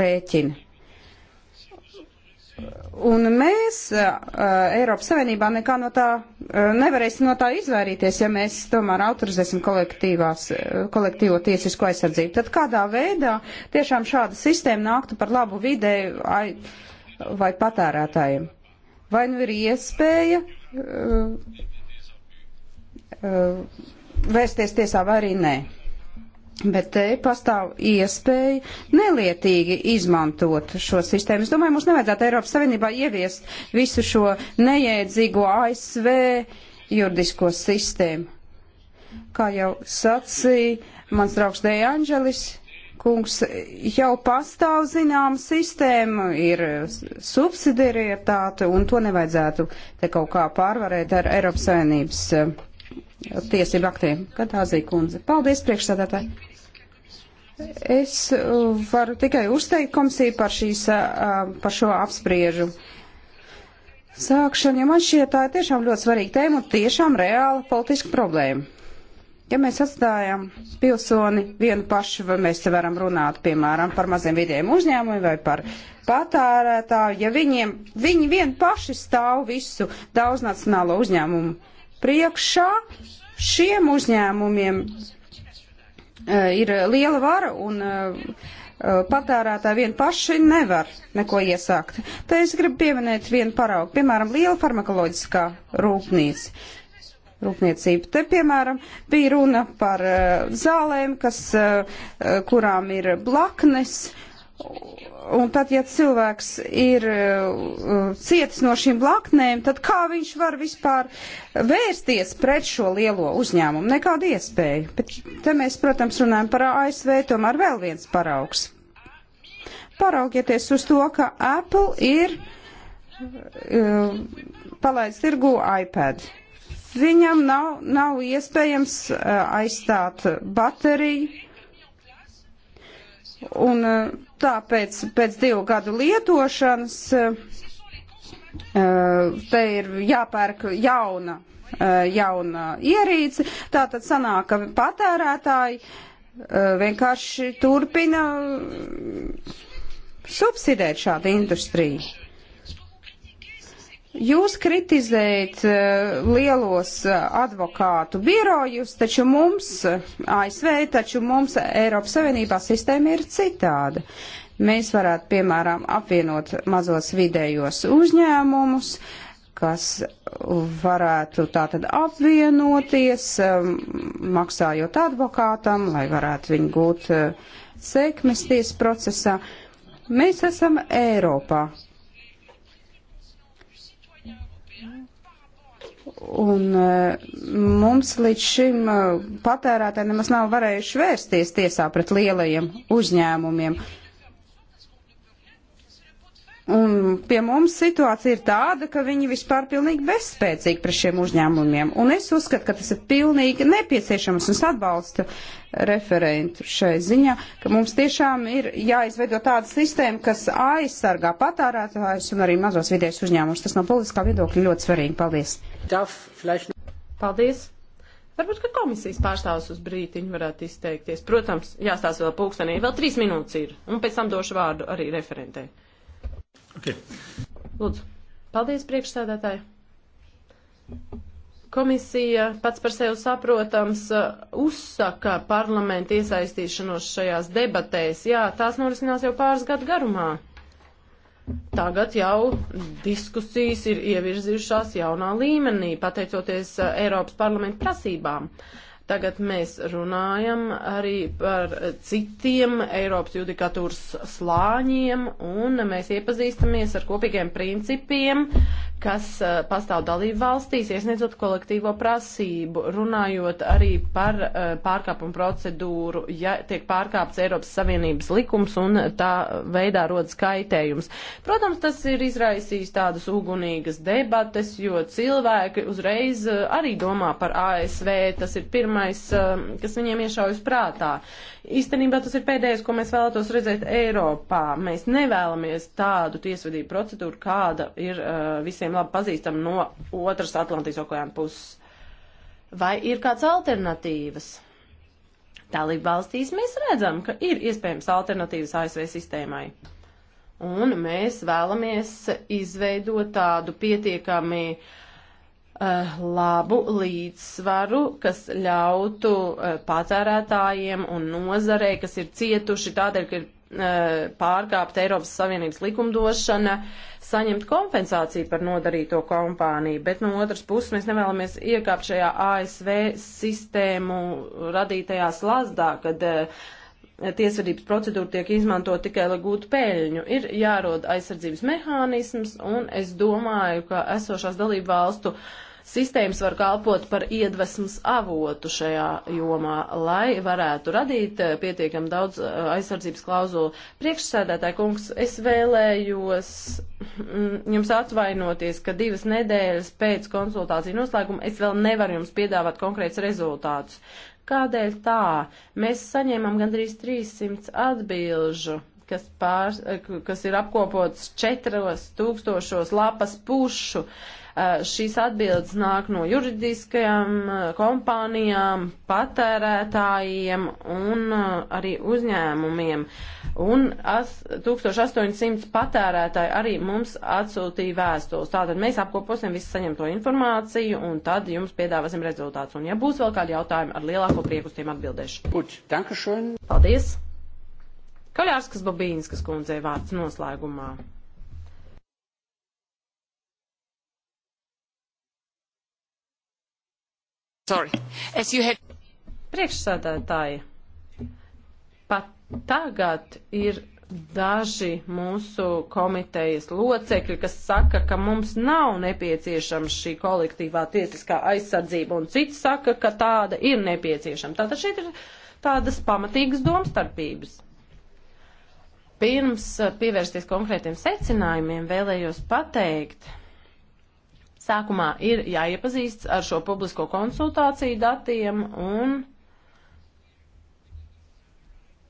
rēķinu. Un mēs Eiropas Savienībā nekā no tā nevarēsim no tā izvairīties, ja mēs tomēr autorizēsim kolektīvo tiesisko aizsardzību. Tad kādā veidā tiešām šāda sistēma nāktu par labu videi vai patērētājiem? Vai nu ir iespēja uh, uh, vērsties tiesā vai arī nē? Bet te pastāv iespēja nelietīgi izmantot šo sistēmu. Es domāju, mums nevajadzētu Eiropas Savienībā ieviest visu šo neiedzīgo ASV juridisko sistēmu. Kā jau sacīja mans draugs Dēja Anģelis, kungs jau pastāv zinām sistēma, ir subsidiarietāte, un to nevajadzētu te kaut kā pārvarēt ar Eiropas Savienības tiesību aktiem. Kadāzija kundze. Paldies, priekšsēdētāji. Es uh, varu tikai uzteikt komisiju par, šīs, uh, uh, par šo apspriežu. Sākšana, ja man šķiet tā ir tiešām ļoti svarīga tēma un tiešām reāla politiska problēma. Ja mēs atstājam pilsoni vienu pašu, vai mēs te varam runāt, piemēram, par maziem vidiem uzņēmumiem vai par patērētāju, ja viņiem, viņi vien paši stāv visu daudznacionālo uzņēmumu priekšā šiem uzņēmumiem e, ir liela vara un e, e, patērētāji vien paši nevar neko iesākt. Te es gribu pieminēt vienu paraugu, piemēram, liela farmakoloģiskā rūpnīca. Rūpniecība. Te, piemēram, bija runa par uh, zālēm, kas, uh, kurām ir blaknes, uh, Un tad, ja cilvēks ir uh, cietis no šīm blaknēm, tad kā viņš var vispār vērsties pret šo lielo uzņēmumu? Nekāda iespēja. Bet te mēs, protams, runājam par ASV, tomēr vēl viens paraugs. Paraugieties uz to, ka Apple ir uh, palaidis tirgu iPad. Viņam nav, nav iespējams uh, aizstāt bateriju Un eh, tāpēc pēc divu gadu lietošanas eh, te ir jāpērk jauna, eh, jauna ierīce. Tātad sanāk, ka patērētāji vienkārši turpina subsidēt šādu industriju. Jūs kritizējat uh, lielos uh, advokātu birojus, taču mums, uh, eh, ASV, taču mums Eiropas Savienībā sistēma ir citāda. Mēs varētu, piemēram, apvienot mazos vidējos uzņēmumus, kas varētu tātad apvienoties, um, maksājot advokātam, lai varētu viņu gūt sekmes tiesas procesā. Mēs esam Eiropā. Un e, mums līdz šim e, patērētāji nemaz nav varējuši vērsties tiesā pret lielajiem uzņēmumiem. Uh, Un pie mums situācija ir tāda, ka viņi vispār pilnīgi bezspēcīgi pret šiem uzņēmumiem. Un es uzskatu, ka tas ir pilnīgi nepieciešams un atbalsta referentu šai ziņā, ka mums tiešām ir jāizveido tāda sistēma, kas aizsargā patārētājus un arī mazos vidējos uzņēmumus. Tas no politiskā viedokļa ļoti svarīgi. Paldies! Paldies! Varbūt, ka komisijas pārstāvs uz brītiņu varētu izteikties. Protams, jāstāsta vēl pulkstenī. Vēl trīs minūtes ir, un pēc tam došu vārdu arī referentei. Okay. Lūdzu. Paldies, priekšsēdētāji. Komisija pats par sevi saprotams uh, uzsaka parlamentu iesaistīšanos šajās debatēs. Jā, tās norisinās jau pāris gadu garumā. Tagad jau diskusijas ir ievirzījušās jaunā līmenī, pateicoties uh, Eiropas parlamentu prasībām. Uh, Tagad mēs runājam arī par citiem Eiropas judikatūras slāņiem, un mēs iepazīstamies ar kopīgiem principiem, kas eh, pastāv dalību valstīs, iesniedzot kolektīvo prasību, runājot arī par eh, pārkāpumu procedūru, ja tiek pārkāpts Eiropas Savienības likums un tā veidā rodas kaitējums. Protams, tas ir izraisījis tādas ugunīgas debates, jo cilvēki uzreiz eh, arī domā par ASV. Tas ir pirmā pirmais, um, kas viņiem iešaujas prātā. Īstenībā tas ir pēdējais, ko mēs vēlētos redzēt Eiropā. Mēs nevēlamies tādu tiesvedību procedūru, kāda ir uh, visiem labi pazīstama no otras Atlantijas okeāna puses. Vai ir kāds alternatīvas? Dalību valstīs mēs redzam, ka ir iespējams alternatīvas ASV sistēmai. Un mēs vēlamies izveidot tādu pietiekami uh, Eh, labu līdzsvaru, kas ļautu eh, patērētājiem un nozarei, kas ir cietuši tādēļ, ka ir eh, pārkāpta Eiropas Savienības likumdošana, saņemt kompensāciju par nodarīto kompāniju. Bet no otras puses mēs nevēlamies iekāpt šajā ASV sistēmu radītajā slazdā, kad uh, tiesvedības procedūra tiek izmantot tikai, lai gūtu peļņu. Ir jārod aizsardzības mehānisms, un es domāju, ka esošās dalību valstu sistēmas var kalpot par iedvesmas avotu šajā jomā, lai varētu radīt eh, pietiekam daudz eh, aizsardzības klauzulu. Priekšsēdētāji kungs, es vēlējos mm, jums atvainoties, ka divas nedēļas pēc konsultāciju noslēguma es vēl nevaru jums piedāvāt konkrēts rezultātus. Kādēļ tā? Mēs saņēmām gandrīz 300 atbilžu, kas, pār, kas ir apkopots 4000 lapas pušu. Uh, Eh, šīs atbildes nāk no juridiskajām eh, kompānijām, patērētājiem un eh, arī uzņēmumiem. Un 1800 patērētāji arī mums atsūtīja vēstules. Tātad mēs apkoposim visu saņemto informāciju un tad jums piedāvāsim rezultātus. Un ja būs vēl kādi jautājumi, ar lielāko prieku uz tiem atbildēšu. Gut, danke schön. Paldies! Kaļārskas Babīnskas kundzei vārds noslēgumā. Had... Priekšsēdētāji, pat tagad ir daži mūsu komitejas locekļi, kas saka, ka mums nav nepieciešama šī kolektīvā tiesiskā aizsardzība, un citi saka, ka tāda ir nepieciešama. Tātad šeit ir tādas pamatīgas domstarpības. Pirms pievērsties konkrētiem secinājumiem, vēlējos pateikt, Sākumā ir jāiepazīsts ar šo publisko konsultāciju datiem un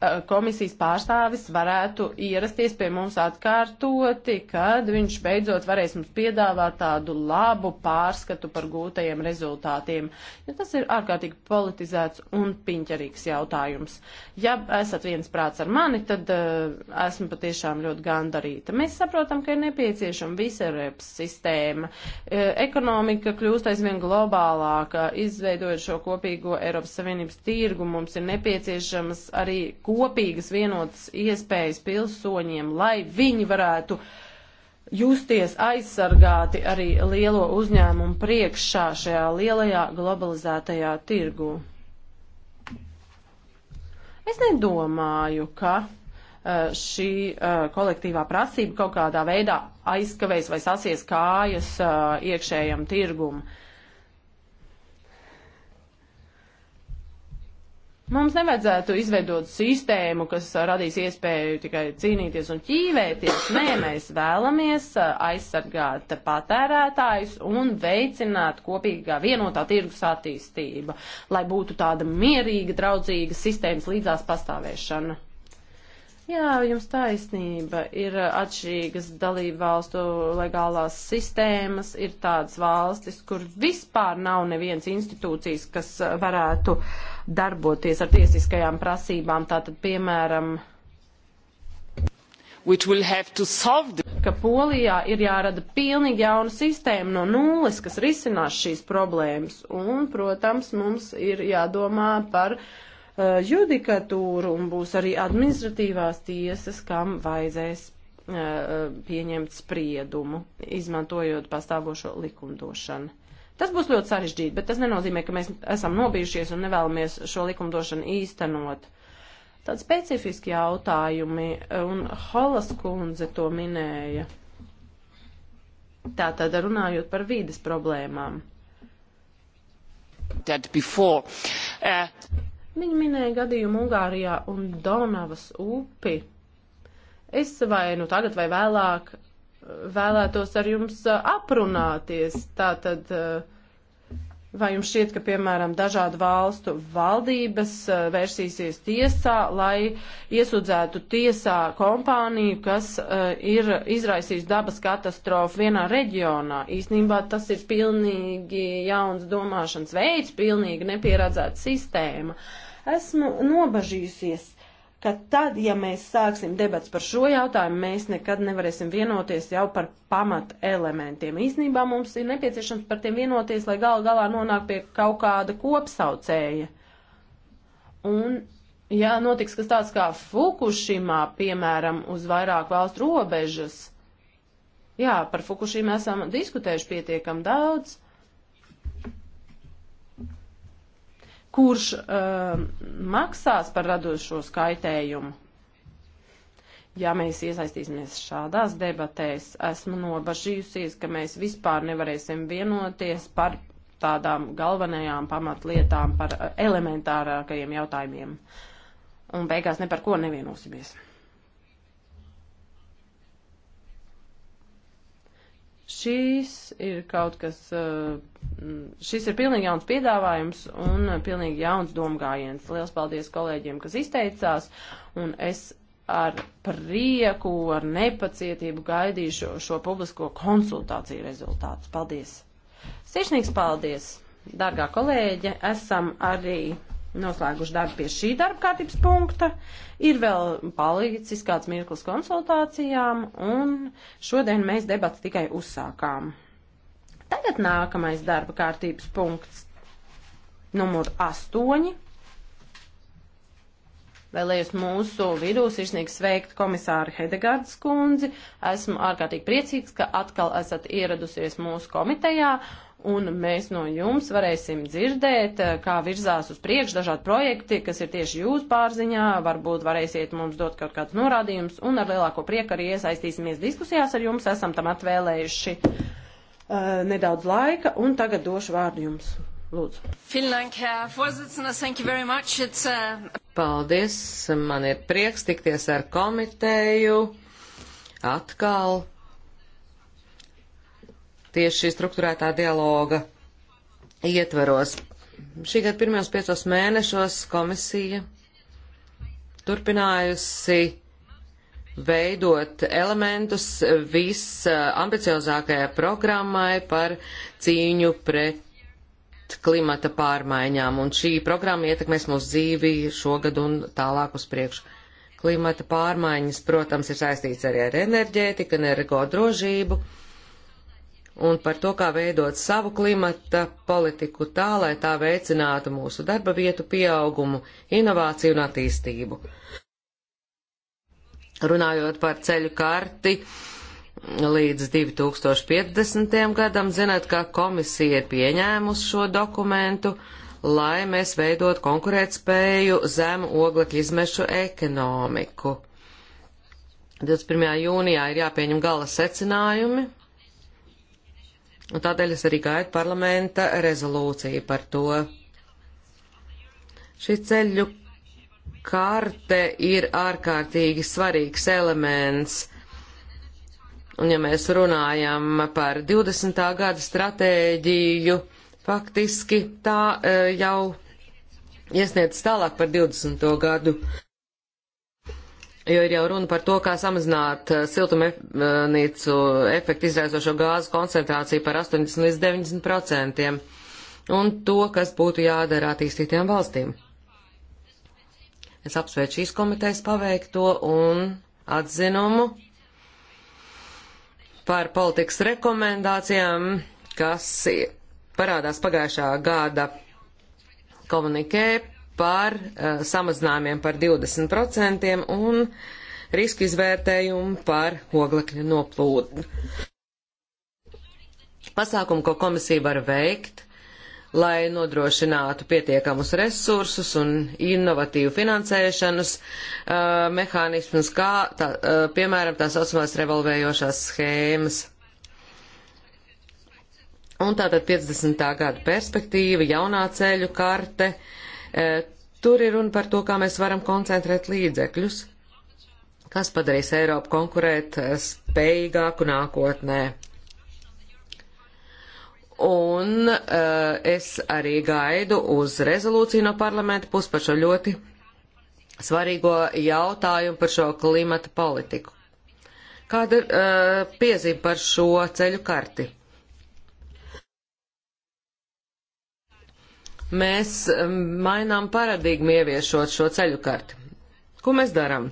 Eh, komisijas pārstāvis varētu ierasties pie mums atkārtoti, kad viņš beidzot varēs mums piedāvāt tādu labu pārskatu par gūtajiem rezultātiem, jo ja tas ir ārkārtīgi politizēts un piņķerīgs jautājums. Ja esat viens prāts ar mani, tad uh, esmu patiešām ļoti gandarīta. Mēs saprotam, ka ir nepieciešama viserēps sistēma. Uh, ekonomika kļūst aizvien globālāka, izveidojot šo kopīgo Eiropas Savienības tirgu, mums ir nepieciešamas arī kopīgas kopīgas vienotas iespējas pilsoņiem, lai viņi varētu justies aizsargāti arī lielo uzņēmumu priekšā šajā lielajā globalizētajā tirgu. Es nedomāju, ka eh, šī eh, kolektīvā prasība kaut kādā veidā aizkavēs vai sasies kājas eh, iekšējam tirgumam Mums nevajadzētu izveidot sistēmu, kas radīs iespēju tikai cīnīties un ķīvēties. Nē, mēs vēlamies uh, aizsargāt patērētājus un veicināt kopīgā vienotā tirgus attīstību, lai būtu tāda mierīga, draudzīga sistēmas līdzās pastāvēšana. Jā, jums taisnība. Ir atšķirīgas dalību valstu legālās sistēmas, ir tādas valstis, kur vispār nav nevienas institūcijas, kas varētu darboties ar tiesiskajām prasībām. Tātad, piemēram, ka Polijā ir jārada pilnīgi jauna sistēma no nulles, kas risinās šīs problēmas. Un, protams, mums ir jādomā par uh, uh, judikatūru un būs arī administratīvās tiesas, kam vajadzēs uh, pieņemt spriedumu, izmantojot pastāvošo likumdošanu. Tas būs ļoti sarežģīti, bet tas nenozīmē, ka mēs esam nobijušies un nevēlamies šo likumdošanu īstenot. Tādi specifiski jautājumi, un Holas kundze to minēja. Tātad runājot par vīdes problēmām. Before, uh... Viņa minēja gadījumu Ungārijā un Donavas upi. Es vai nu tagad vai vēlāk eh, vēlētos ar jums eh, aprunāties. Tātad. Uh, Vai jums šķiet, ka, piemēram, dažādu valstu valdības eh, vērsīsies tiesā, lai iesūdzētu tiesā kompāniju, kas uh, ir izraisījusi dabas katastrofu vienā reģionā? Īsnībā tas ir pilnīgi jauns domāšanas veids, pilnīgi nepieredzēta sistēma. Esmu nobažījusies ka tad, ja mēs sāksim debats par šo jautājumu, mēs nekad nevarēsim vienoties jau par pamat elementiem. Īsnībā mums ir nepieciešams par tiem vienoties, lai gal galā nonāk pie kaut kāda kopsaucēja. Un ja notiks kas tāds kā Fukushimā, piemēram, uz vairāk valstu robežas, jā, par Fukushimu esam diskutējuši pietiekam daudz, kurš uh, maksās par radošo skaitējumu. Ja mēs iesaistīsimies šādās debatēs, esmu nobažījusies, ka mēs vispār nevarēsim vienoties par tādām galvenajām pamatlietām, par uh, elementārākajiem jautājumiem. Un beigās ne par ko nevienosimies. Šīs ir kaut kas, eh, šis ir pilnīgi jauns piedāvājums un eh, pilnīgi jauns domgājiens. Liels paldies kolēģiem, kas izteicās, un es ar prieku, ar nepacietību gaidīšu šo publisko konsultāciju rezultātus. Paldies! Sirsnīgs paldies! Dārgā kolēģe, esam arī noslēguši darbu pie šī darba kārtības punkta. Ir vēl palicis kāds mirklis konsultācijām, un šodien mēs debats tikai uzsākām. Tagad nākamais darba kārtības punkts numur 8. Vēlējos mūsu vidū sirsnīgi sveikt komisāru Hedegārdas kundzi. Esmu ārkārtīgi priecīgs, ka atkal esat ieradusies mūsu komitejā un mēs no jums varēsim dzirdēt, eh, kā virzās uz priekšu dažādi projekti, kas ir tieši jūsu pārziņā, varbūt varēsiet mums dot kaut kādus norādījumus, un ar lielāko prieku arī iesaistīsimies diskusijās ar jums, esam tam atvēlējuši uh, nedaudz laika, un tagad došu vārdu jums. Lūdzu. Uh, Paldies, man ir prieks tikties ar komiteju atkal tieši šī struktūrētā dialoga ietveros. Šī gada pirmajos piecos mēnešos komisija turpinājusi veidot elementus visambiciozākajai programmai par cīņu pret klimata pārmaiņām, un šī programma ietekmēs mūsu dzīvi šogad un tālāk uz priekšu. Klimata pārmaiņas, protams, ir saistīts arī ar enerģētiku, energo drošību. Ar un par to, kā veidot savu klimata politiku tā, lai tā veicinātu mūsu darba vietu pieaugumu, inovāciju un attīstību. Runājot par ceļu karti līdz 2050. gadam, zinat, ka komisija ir pieņēmusi šo dokumentu, lai mēs veidot konkurētspēju zemu oglekļa izmešu ekonomiku. 21. jūnijā ir jāpieņem gala secinājumi, Un tādēļ es arī gaidu parlamenta rezolūciju par to. Šī ceļu karte ir ārkārtīgi svarīgs elements. Un ja mēs runājam par 20. gada stratēģiju, faktiski tā eh, jau iesniedz tālāk par 20. gadu. Jo ir jau runa par to, kā samazināt eh, siltumnīcu efektu izraisošo gāzu koncentrāciju par 80 līdz 90 procentiem un to, kas būtu jādara attīstītiem valstīm. Es apsveicu šīs komitejas paveikto un atzinumu par politikas rekomendācijām, kas parādās pagājušā gada komunikē par uh, samazinājumiem par 20% un risku izvērtējumu par oglekļa noplūdu. Pasākumu, ko komisija var veikt, lai nodrošinātu pietiekamus resursus un innovatīvu finansēšanas uh, mehānismus, kā, tā, uh, piemēram, tās osmās revolvējošās schēmas. Un tātad 50. gada perspektīva, jaunā ceļu karte, uh, E, tur ir runa par to, kā mēs varam koncentrēt līdzekļus, kas padarīs Eiropu konkurēt e, spējīgāku nākotnē. Un uh, es arī gaidu uz rezolūciju no parlamenta puses par šo ļoti svarīgo jautājumu par šo klimata politiku. Kāda ir uh, piezīme par šo ceļu karti? Mēs mainām paradigmu ieviešot šo ceļu karti. Ko mēs darām?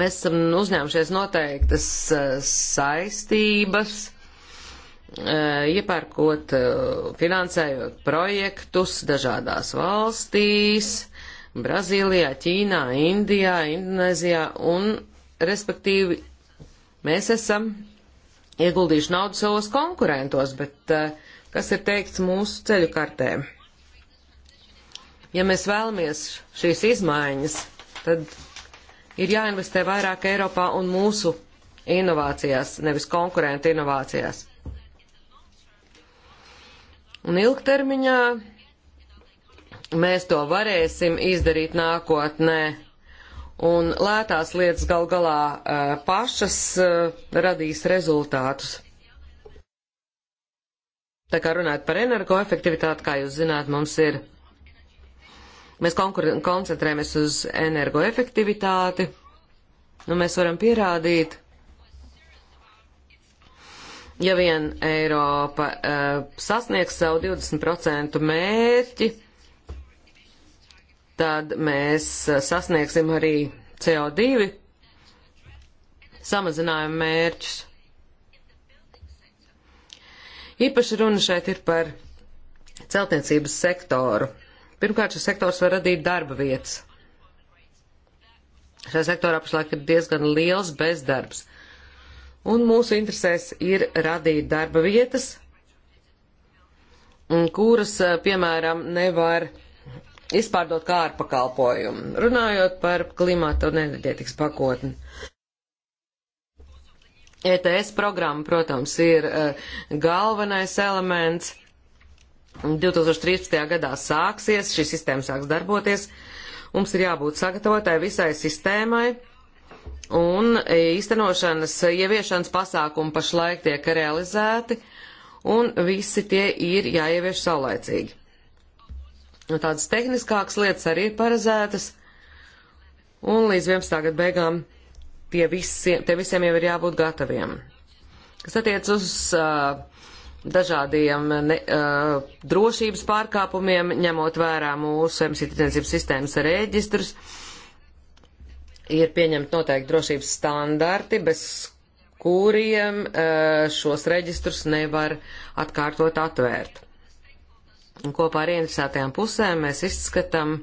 Mēs esam uzņēmušies noteiktas e, saistības e, iepērkot, e, finansējot projektus dažādās valstīs, Brazīlijā, Ķīnā, Indijā, Indonēzijā, un, respektīvi, mēs esam ieguldījuši naudu savos konkurentos, bet uh, kas ir teikts mūsu ceļu kartē. Ja mēs vēlamies šīs izmaiņas, tad ir jāinvestē vairāk Eiropā un mūsu inovācijās, nevis konkurentu inovācijās. Un ilgtermiņā mēs to varēsim izdarīt nākotnē. Un lētās lietas gal galā eh, pašas eh, radīs rezultātus. Tā kā runājot par energoefektivitāti, kā jūs zināt, mums ir, mēs koncentrējamies uz energoefektivitāti, un nu, mēs varam pierādīt, ja vien Eiropa uh, sasniegs savu 20% mērķi, tad mēs eh, sasniegsim arī CO2 samazinājumu mērķus. Īpaši runa šeit ir par celtniecības sektoru. Pirmkārt, šis sektors var radīt darba vietas. Šajā sektorā pašlaik ir diezgan liels bezdarbs. Un mūsu interesēs ir radīt darba vietas, kuras, eh, piemēram, nevar izpārdot kā ārpakalpojumu. Runājot par klimata un enerģētikas pakotni. ETS programma, protams, ir eh, galvenais elements. 2013. gadā sāksies, šī sistēma sāks darboties. Mums ir jābūt sagatavotāji visai sistēmai, un īstenošanas ieviešanas pasākumi pašlaik tiek realizēti, un visi tie ir jāievieš saulēcīgi. Tādas tehniskākas lietas arī ir paredzētas, un līdz 11. gadu beigām tie visiem, tie visiem jau ir jābūt gataviem. Kas attiec uz uh, dažādiem ne, uh, drošības pārkāpumiem, ņemot vērā mūsu emisiju tirdzniecības sistēmas reģistrus, ir pieņemti noteikti drošības standarti, bez kuriem uh, šos reģistrus nevar atkārtot atvērt. Un kopā ar ieinteresētajām pusēm mēs izskatām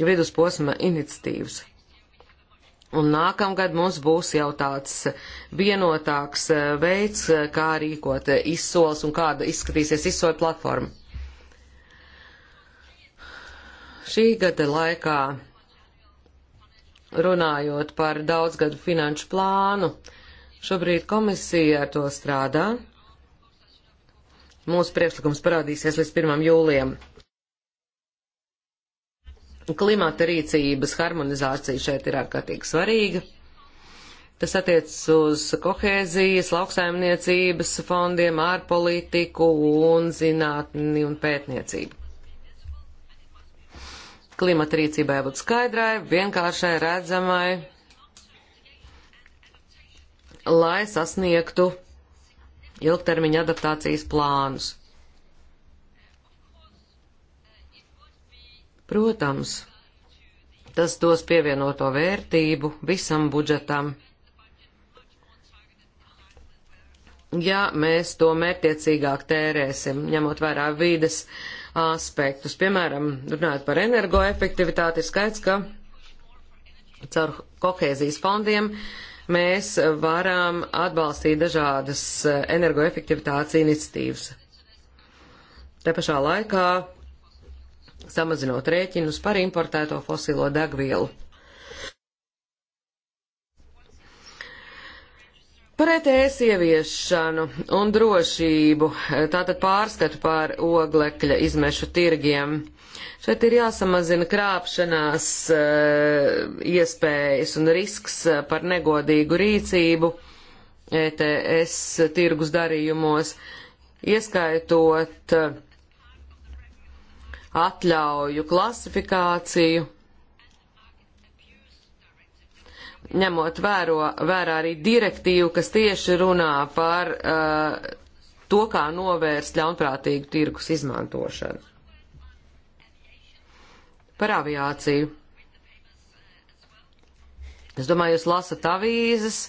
vidusposma iniciatīvas. Un nākamgad mums būs jau tāds vienotāks eh, veids, eh, kā rīkot izsoles un kāda izskatīsies izsoļu platforma. Šī gada laikā, runājot par daudzgadu finanšu plānu, šobrīd komisija ar to strādā. Mūsu priekšlikums parādīsies līdz 1. jūlijam. Klimata rīcības harmonizācija šeit ir ārkārtīgi svarīga. Tas attiecas uz kohēzijas, lauksaimniecības fondiem, ārpolitiku un zinātni un pētniecību. Klimata rīcībai būtu skaidrai, vienkāršai, redzamai, lai sasniegtu ilgtermiņa adaptācijas plānus. Protams, tas dos pievienoto vērtību visam budžetam. Ja mēs to mērķiecīgāk tērēsim, ņemot vērā vīdes aspektus, piemēram, runājot par energoefektivitāti, ir skaidrs, ka caur kohēzijas fondiem mēs varam atbalstīt dažādas energoefektivitātes iniciatīvas. Te pašā laikā samazinot rēķinus par importēto fosilo degvielu. Par ETS ieviešanu un drošību, tātad pārskatu pār oglekļa izmešu tirgiem. Šeit ir jāsamazina krāpšanās eh, iespējas un risks eh, par negodīgu rīcību ETS tirgus darījumos, ieskaitot eh, atļauju klasifikāciju, ņemot vēro, vērā arī direktīvu, kas tieši runā par uh, to, kā novērst ļaunprātīgu tirgus izmantošanu. Par aviāciju. Es domāju, jūs lasat avīzes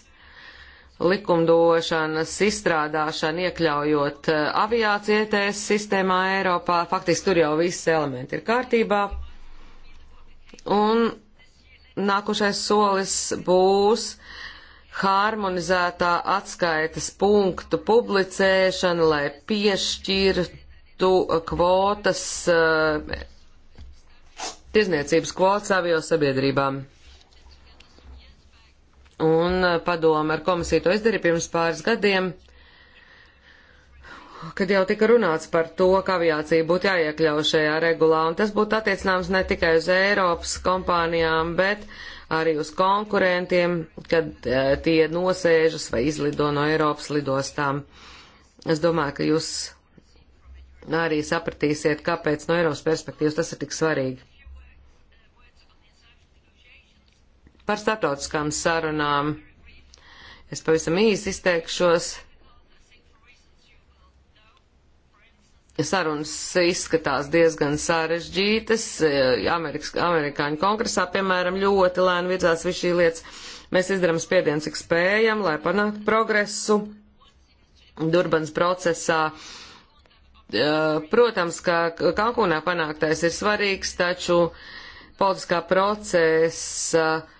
likumdošanas izstrādāšana, iekļaujot eh, aviācija ETS sistēmā Eiropā. Faktiski tur jau viss elementi ir kārtībā. Un nākošais solis būs harmonizētā atskaitas punktu publicēšana, lai piešķirtu kvotas, eh, tirzniecības kvotas avio sabiedrībām un eh, padoma ar komisiju to izdarīja pirms pāris gadiem, kad jau tika runāts par to, ka aviācija būtu jāiekļauj šajā regulā, un tas būtu attiecināms ne tikai uz Eiropas kompānijām, bet arī uz konkurentiem, kad uh, tie nosēžas vai izlido no Eiropas lidostām. Es domāju, ka jūs arī sapratīsiet, kāpēc no Eiropas perspektīvas tas ir tik svarīgi. par starptautiskām sarunām. Es pavisam īsi izteikšos. Sarunas izskatās diezgan sarežģītas. Amerikas, amerikāņu kongresā, piemēram, ļoti lēni virzās viss šī lietas. Mēs izdarām spiedienu, cik spējam, lai panāktu progresu. Durbans procesā. Protams, ka Kankūnā panāktais ir svarīgs, taču politiskā procesa uh,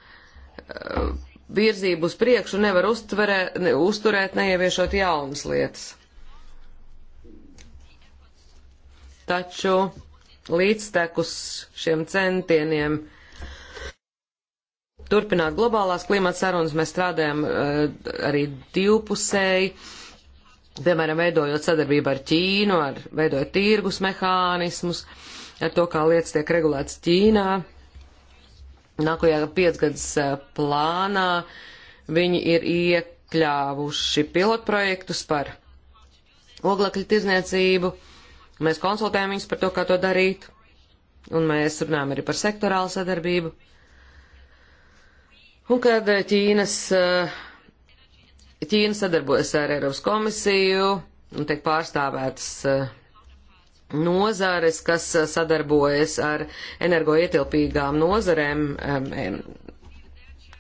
virzību uz priekšu nevar uztverē, ne, uzturēt, neieviešot jaunas lietas. Taču līdztekus šiem centieniem turpināt globālās klimata sarunas mēs strādājam eh, arī divpusēji, piemēram, veidojot sadarbību ar Ķīnu, ar, veidojot tirgus mehānismus, ar to, kā lietas tiek regulētas Ķīnā nākajā piecgadas plānā viņi ir iekļāvuši pilotprojektus par oglekļa tirzniecību. Mēs konsultējam viņus par to, kā to darīt, un mēs runājam arī par sektorālu sadarbību. Un kad Ķīnas, Ķīna sadarbojas ar Eiropas komisiju un tiek pārstāvētas nozares, kas eh, sadarbojas ar energoietilpīgām nozarēm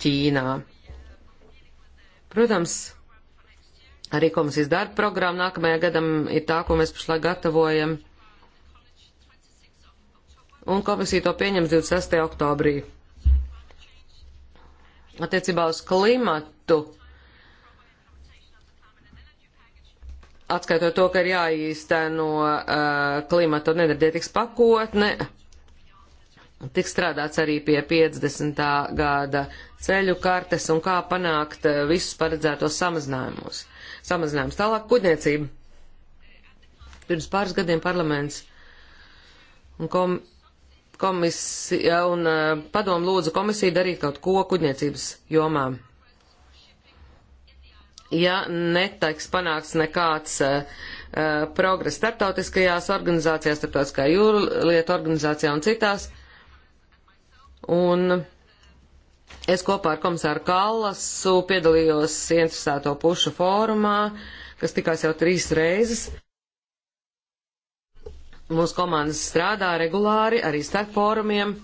Ķīnā. Protams, arī komisijas darba programma nākamajā gadam ir tā, ko mēs pašlaik gatavojam. Un komisija to pieņems 26. oktobrī. Attiecībā uz klimatu atskaitot to, ka ir jāīsteno uh, klimata un enerģētikas pakotne, tiks strādāts arī pie 50. gada ceļu kartes un kā panākt uh, visus paredzētos samazinājumus. Samazinājums tālāk kuģniecība. Pirms pāris gadiem parlaments un kom komisija un uh, padomu lūdzu komisiju darīt kaut ko kuģniecības jomām ja netaiks panāks nekāds uh, progress starptautiskajās organizācijās, starptautiskā jūrlietu organizācijā un citās. Un es kopā ar komisāru Kallasu piedalījos interesēto pušu fórumā, kas tikās jau trīs reizes. Mūsu komandas strādā regulāri arī starp fórumiem.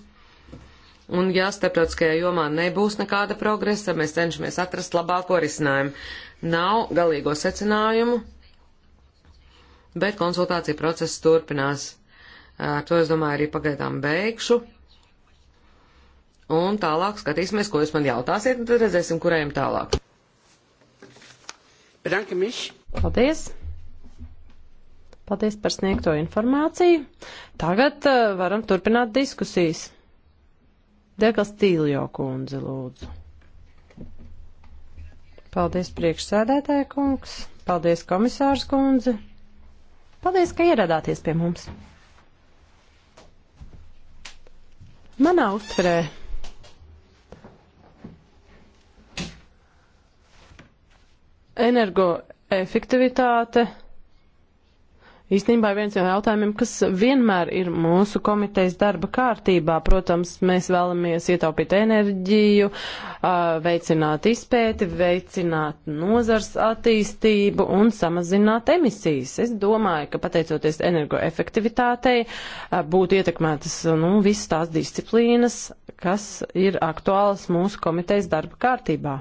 Un ja starptautiskajā jomā nebūs nekāda progresa, mēs cenšamies atrast labāko risinājumu. Nav galīgo secinājumu, bet konsultācija process turpinās. Ar to, es domāju, arī pagaidām beigšu. Un tālāk skatīsimies, ko jūs man jautāsiet, un tad redzēsim, kurējiem tālāk. Paldies! Paldies par sniegto informāciju. Tagad uh, varam turpināt diskusijas. Dekas Tīljo kundze, lūdzu. Paldies priekšsēdētāja kungs, paldies komisārs kundze, paldies, ka ieradāties pie mums. Manā uztverē energoefektivitāte īstenībā viens no jautājumiem, kas vienmēr ir mūsu komitejas darba kārtībā. Protams, mēs vēlamies ietaupīt enerģiju, veicināt izpēti, veicināt nozars attīstību un samazināt emisijas. Es domāju, ka pateicoties energoefektivitātei būtu ietekmētas nu, visas tās disciplīnas, kas ir aktuālas mūsu komitejas darba kārtībā.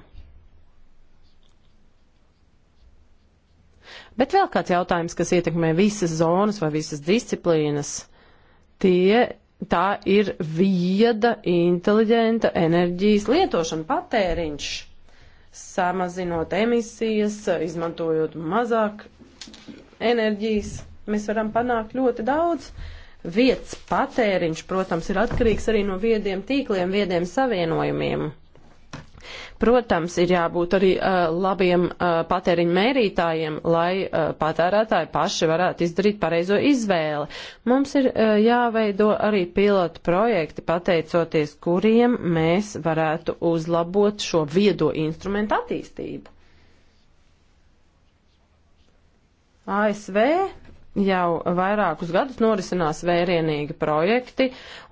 Bet vēl kāds jautājums, kas ietekmē visas zonas vai visas disciplīnas, tie, tā ir vieda, inteliģenta enerģijas lietošana, patēriņš, samazinot emisijas, izmantojot mazāk enerģijas. Mēs varam panākt ļoti daudz. Vietas patēriņš, protams, ir atkarīgs arī no viediem tīkliem, viediem savienojumiem. Protams, ir jābūt arī uh, labiem uh, patēriņu mērītājiem, lai uh, patērētāji paši varētu izdarīt pareizo izvēli. Mums ir uh, jāveido arī pilotu projekti, pateicoties kuriem mēs varētu uzlabot šo viedo instrumentu attīstību. ASV jau vairākus gadus norisinās vērienīgi projekti,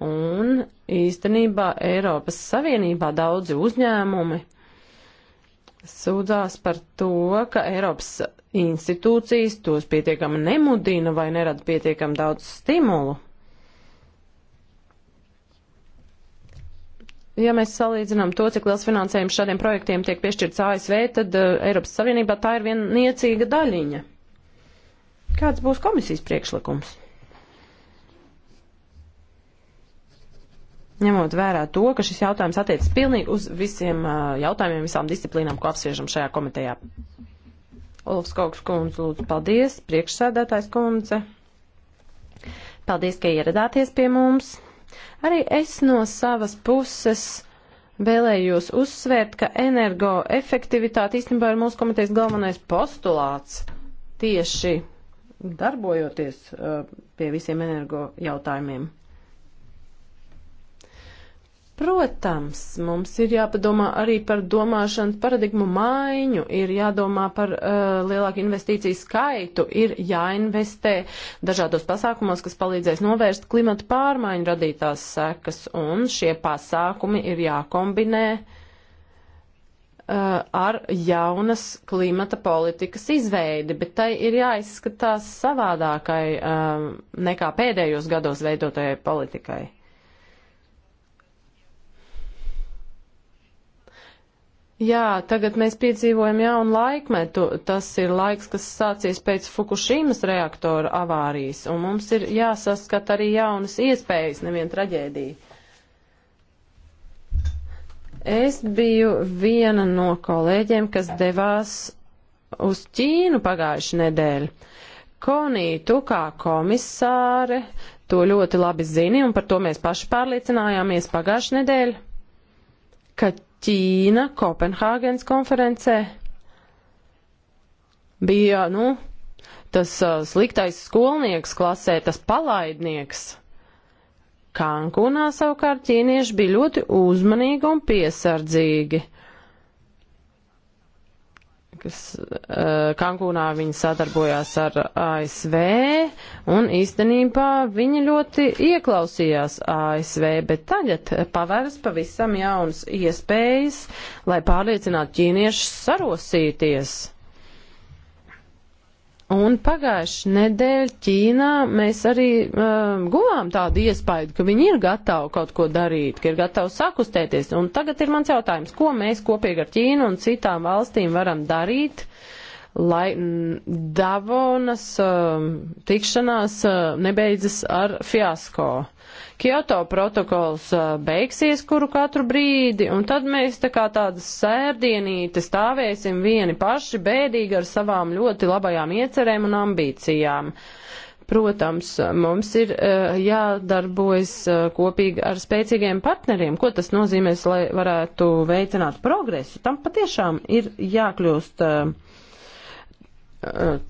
un īstenībā Eiropas Savienībā daudzi uzņēmumi sūdzās par to, ka Eiropas institūcijas tos pietiekami nemudina vai nerada pietiekami daudz stimulu. ja mēs salīdzinām to, cik liels finansējums šādiem projektiem tiek piešķirts ASV, tad uh, Eiropas Savienībā tā ir viena niecīga daļiņa. Kāds būs komisijas priekšlikums? Ņemot vērā to, ka šis jautājums attiecas pilnīgi uz visiem uh, jautājumiem, visām disciplīnām, ko apsviežam šajā komitejā. Olofs Koks kundze, lūdzu, paldies, priekšsēdētājs kundze. Paldies, ka ieradāties pie mums. Arī es no savas puses vēlējos uzsvērt, ka energoefektivitāte īstenībā ir mūsu komitejas galvenais postulāts. Tieši darbojoties uh, pie visiem energo jautājumiem. Protams, mums ir jāpadomā arī par domāšanas paradigmu maiņu, ir jādomā par uh, lielāku investīciju skaitu, ir jāinvestē dažādos pasākumos, kas palīdzēs novērst klimata pārmaiņu radītās sekas, un šie pasākumi ir jākombinē uh, Uh, ar jaunas klimata politikas izveidi, bet tai ir jāizskatās savādākai um, nekā pēdējos gados veidotajai politikai. Jā, tagad mēs piedzīvojam jaunu laikmetu. Tas ir laiks, kas sācies pēc Fukushimas reaktora avārijas, un mums ir jāsaskata arī jaunas iespējas, nevien traģēdija. Es biju viena no kolēģiem, kas devās uz Ķīnu pagājuši nedēļu. Konī, tu kā komisāre, to ļoti labi zini, un par to mēs paši pārliecinājāmies pagājuši nedēļu, ka Ķīna Kopenhāgens konferencē bija, nu, tas uh, sliktais skolnieks klasē, tas palaidnieks. Kankūnā savukārt ķīnieši bija ļoti uzmanīgi un piesardzīgi. Kas, uh, eh, Kankūnā viņi sadarbojās ar ASV un īstenībā viņi ļoti ieklausījās ASV, bet tagad pavērs pavisam jaunas iespējas, lai pārliecinātu ķīniešus sarosīties. Un pagājuši nedēļ Ķīnā mēs arī uh, guvām tādu iespaidu, ka viņi ir gatavi kaut ko darīt, ka ir gatavi sakustēties. Un tagad ir mans jautājums, ko mēs kopīgi ar Ķīnu un citām valstīm varam darīt, lai Davonas uh, tikšanās uh, nebeidzas ar fiasko? Kyoto protokols eh, beigsies kuru katru brīdi, un tad mēs tā kā tādas sērdienīti stāvēsim vieni paši bēdīgi ar savām ļoti labajām iecerēm un ambīcijām. Protams, mums ir uh, jādarbojas uh, kopīgi ar spēcīgiem partneriem. Ko tas nozīmēs, lai varētu veicināt progresu? Tam patiešām ir jākļūst uh,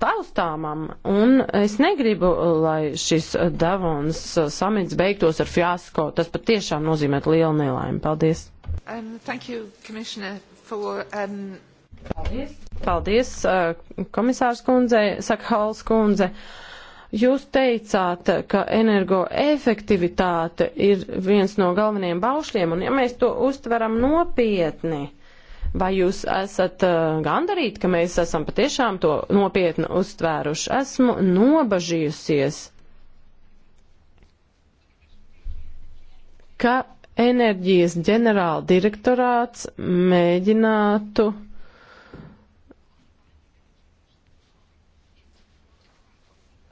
taustāmam, un es negribu, lai šis Davons samits beigtos ar fiasko. Tas pat tiešām nozīmē lielu nelaimi. Paldies! Um, thank you, Commissioner, for, um... Paldies! Paldies, uh, komisārs kundze, saka Hals kundze. Jūs teicāt, ka energoefektivitāte ir viens no galvenajiem baušļiem, un ja mēs to uztveram nopietni, Vai jūs esat uh, gandarīti, ka mēs esam patiešām to nopietni uztvēruši? Esmu nobažījusies, ka enerģijas ģenerāla direktorāts mēģinātu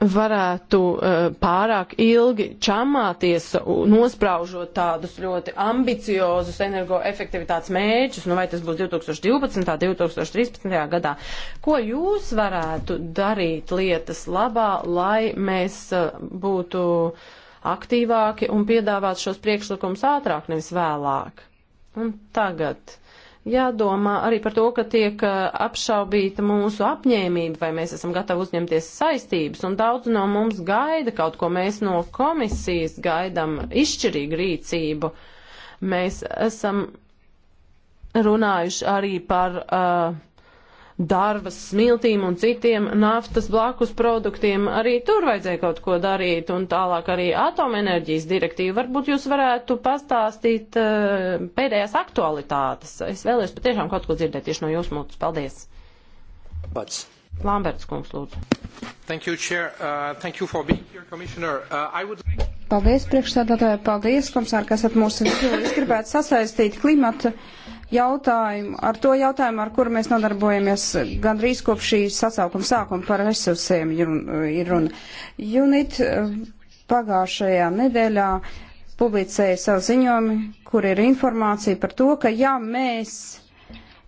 varētu uh, pārāk ilgi čamāties, nospraužot tādus ļoti ambiciozus energoefektivitātes mēģus, nu vai tas būs 2012. 2013. gadā. Ko jūs varētu darīt lietas labā, lai mēs uh, būtu aktīvāki un piedāvāt šos priekšlikumus ātrāk, nevis vēlāk? Un tagad jādomā arī par to, ka tiek uh, apšaubīta mūsu apņēmība, vai mēs esam gatavi uzņemties saistības, un daudz no mums gaida kaut ko, mēs no komisijas gaidam izšķirīgu rīcību. Mēs esam runājuši arī par uh, darbas smiltīm un citiem naftas blakus produktiem. Arī tur vajadzēja kaut ko darīt, un tālāk arī atomenerģijas direktīva. Varbūt jūs varētu pastāstīt uh, pēdējās aktualitātes. Es vēlējos patiešām kaut ko dzirdēt tieši no jūsu mūtas. Paldies! Pats. Lamberts kungs, lūdzu. Thank you, Chair. Uh, thank you for being here, Commissioner. Uh, I would like... Paldies, priekšsēdētāji, paldies, komisār, ka esat mūsu vidū. Es gribētu sasaistīt klimatu. Uh, jautājumu, ar to jautājumu, ar kuru mēs nodarbojamies gandrīz kopš šī sasaukuma sākuma par resursiem ir runa. UNIT eh, pagājušajā nedēļā publicēja savu ziņojumu, kur ir informācija par to, ka ja mēs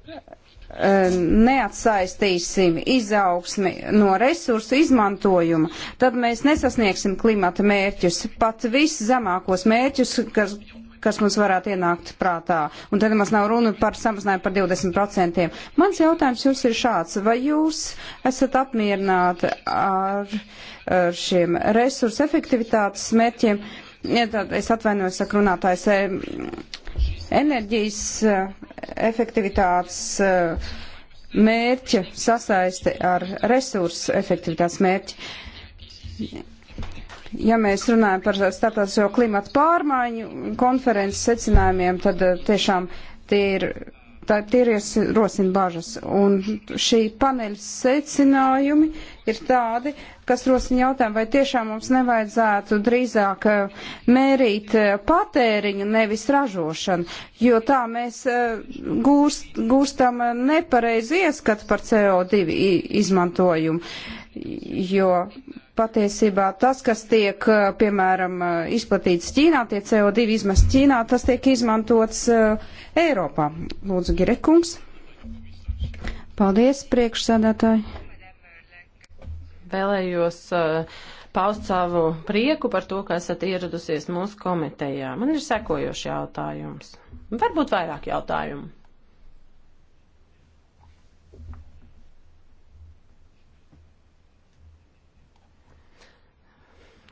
eh, neatsaistīsim izaugsmi no resursu izmantojuma, tad mēs nesasniegsim klimata mērķus, pat viszemākos mērķus, kas, kas mums varētu ienākt prātā. Un tad mums nav runa par samazinājumu par 20%. Mans jautājums jums ir šāds. Vai jūs esat apmierināti ar, ar šiem resursu efektivitātes mērķiem? Ja, tad es atvainojos, saka runātājs, enerģijas eh, efektivitātes eh, mērķa sasaisti ar resursu efektivitātes mērķi ja mēs runājam par starptautisko klimatu pārmaiņu konferences secinājumiem, tad eh, tiešām tie ir, tā, tie ir rosina bažas. Un šī paneļa secinājumi ir tādi, kas rosina jautājumu, vai tiešām mums nevajadzētu drīzāk eh, mērīt eh, patēriņu, nevis ražošanu, jo tā mēs gūst, gūstam nepareizi ieskatu par CO2 izmantojumu, jo Patiesībā tas, kas tiek, eh, piemēram, eh, izplatīts Ķīnā, tie CO2 izmest Ķīnā, tas tiek izmantots eh, Eiropā. Lūdzu, Girekums. Paldies, priekšsēdētāji. Vēlējos uh, paust savu prieku par to, ka esat ieradusies mūsu komitejā. Man ir sekojoši jautājums. Varbūt vairāk jautājumu.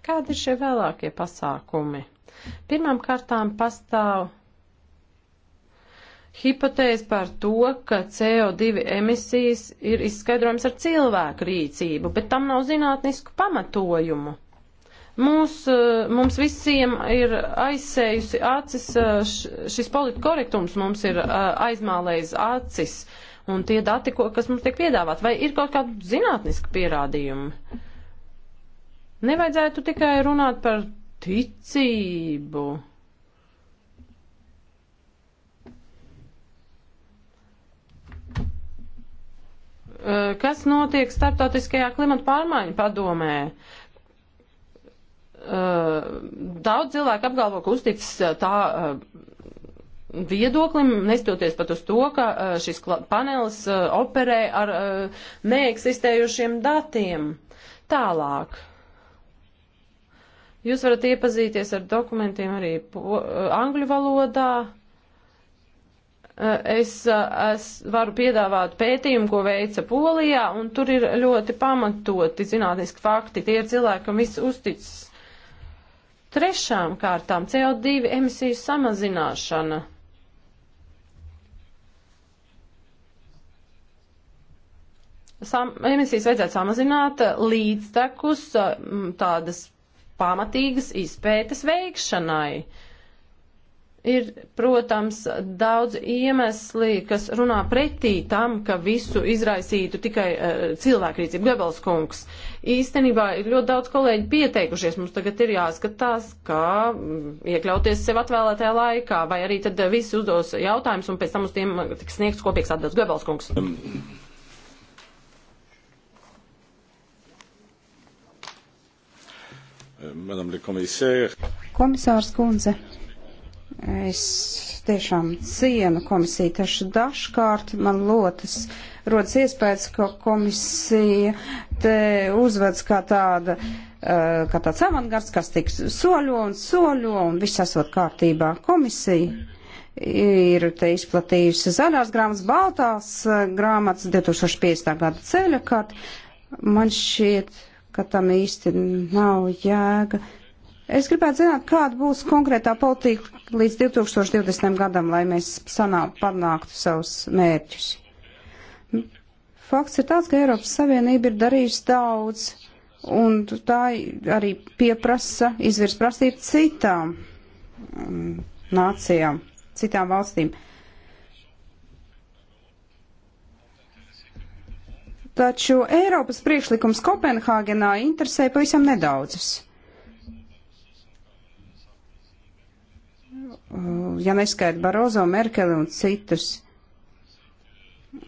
Kādi ir šie vēlākie pasākumi? Pirmām kārtām pastāv hipotēze par to, ka CO2 emisijas ir izskaidrojams ar cilvēku rīcību, bet tam nav zinātnisku pamatojumu. Mūs, mums visiem ir aizsējusi acis, šis politkorektums mums ir aizmālējis acis, un tie dati, ko, kas mums tiek piedāvāt, vai ir kaut kādi zinātniski pierādījumi? Nevajadzētu tikai runāt par ticību. Eh, kas notiek starptautiskajā klimata pārmaiņu padomē? Eh, daudz cilvēku apgalvo, ka uzticis eh, tā viedoklim, nestoties pat uz to, ka šis panelis operē ar neeksistējušiem datiem. Tālāk Jūs varat iepazīties ar dokumentiem arī po, eh, angļu valodā. Eh, es, eh, es varu piedāvāt pētījumu, ko veica Polijā, un tur ir ļoti pamatoti zinātniski fakti. Tie ir cilvēkam viss uzticis. Trešām kārtām CO2 emisiju samazināšana. Sam, emisijas vajadzētu samazināt līdztekus tādas pamatīgas izpētes veikšanai. Ir, protams, daudz iemesli, kas runā pretī tam, ka visu izraisītu tikai uh, eh, cilvēkrīcība. Gebels kungs, īstenībā ir ļoti daudz kolēģi pieteikušies. Mums tagad ir jāskatās, kā mm, iekļauties sev atvēlētajā laikā, vai arī tad eh, visi uzdos jautājumus un pēc tam uz tiem tiks sniegts kopīgs atbildes. Gebels kungs. Um. Madame le komisār. Komisārs Kunze, es tiešām cienu komisiju, taču dažkārt man lotas rodas iespējas, ka komisija te uzvedas kā tāda, eh, kā tāds avangards, kas tik soļo un soļo un viss esot kārtībā. Komisija ir te izplatījusi zaļās grāmatas, baltās eh, grāmatas 2050. gada ceļa, kad man šķiet ka tam īsti nav jēga. Es gribētu zināt, kāda būs konkrētā politika līdz 2020. gadam, lai mēs sanā, panāktu savus mērķus. Fakts ir tāds, ka Eiropas Savienība ir darījusi daudz, un tā arī pieprasa izvirs prasīt citām mm, nācijām, citām valstīm. Taču Eiropas priekšlikums Kopenhāgenā interesē pavisam nedaudzus. Ja neskaita Barozo, Merkeli un citus.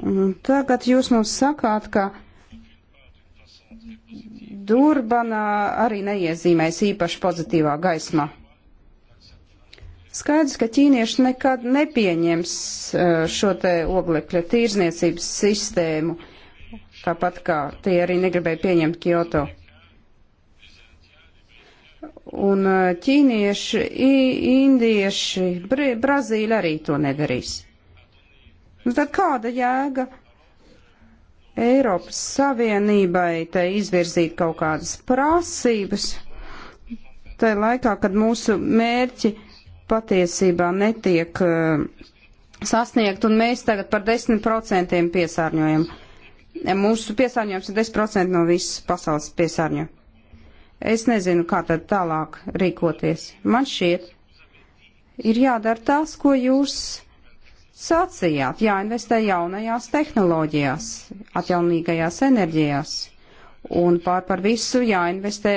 Un tagad jūs mums sakāt, ka Durbanā arī neiezīmēs īpaši pozitīvā gaismā. Skaidrs, ka ķīnieši nekad nepieņems uh, šo te oglekļa tīrzniecības sistēmu. Uh, tāpat kā tie arī negribēja pieņemt Kyoto. Un uh, ķīnieši, indieši, br Brazīļi arī to nedarīs. Nu tad kāda jēga Eiropas Savienībai te izvirzīt kaut kādas prasības, tai laikā, kad mūsu mērķi patiesībā netiek uh, sasniegt, un mēs tagad par 10% piesārņojam. Uh, Mūsu piesārņojums ir 10% no visas pasaules piesārņojuma. Es nezinu, kā tad tālāk rīkoties. Man šķiet, ir jādara tas, ko jūs sacījāt, jāinvestē jaunajās tehnoloģijās, atjaunīgajās enerģijās un pār par visu jāinvestē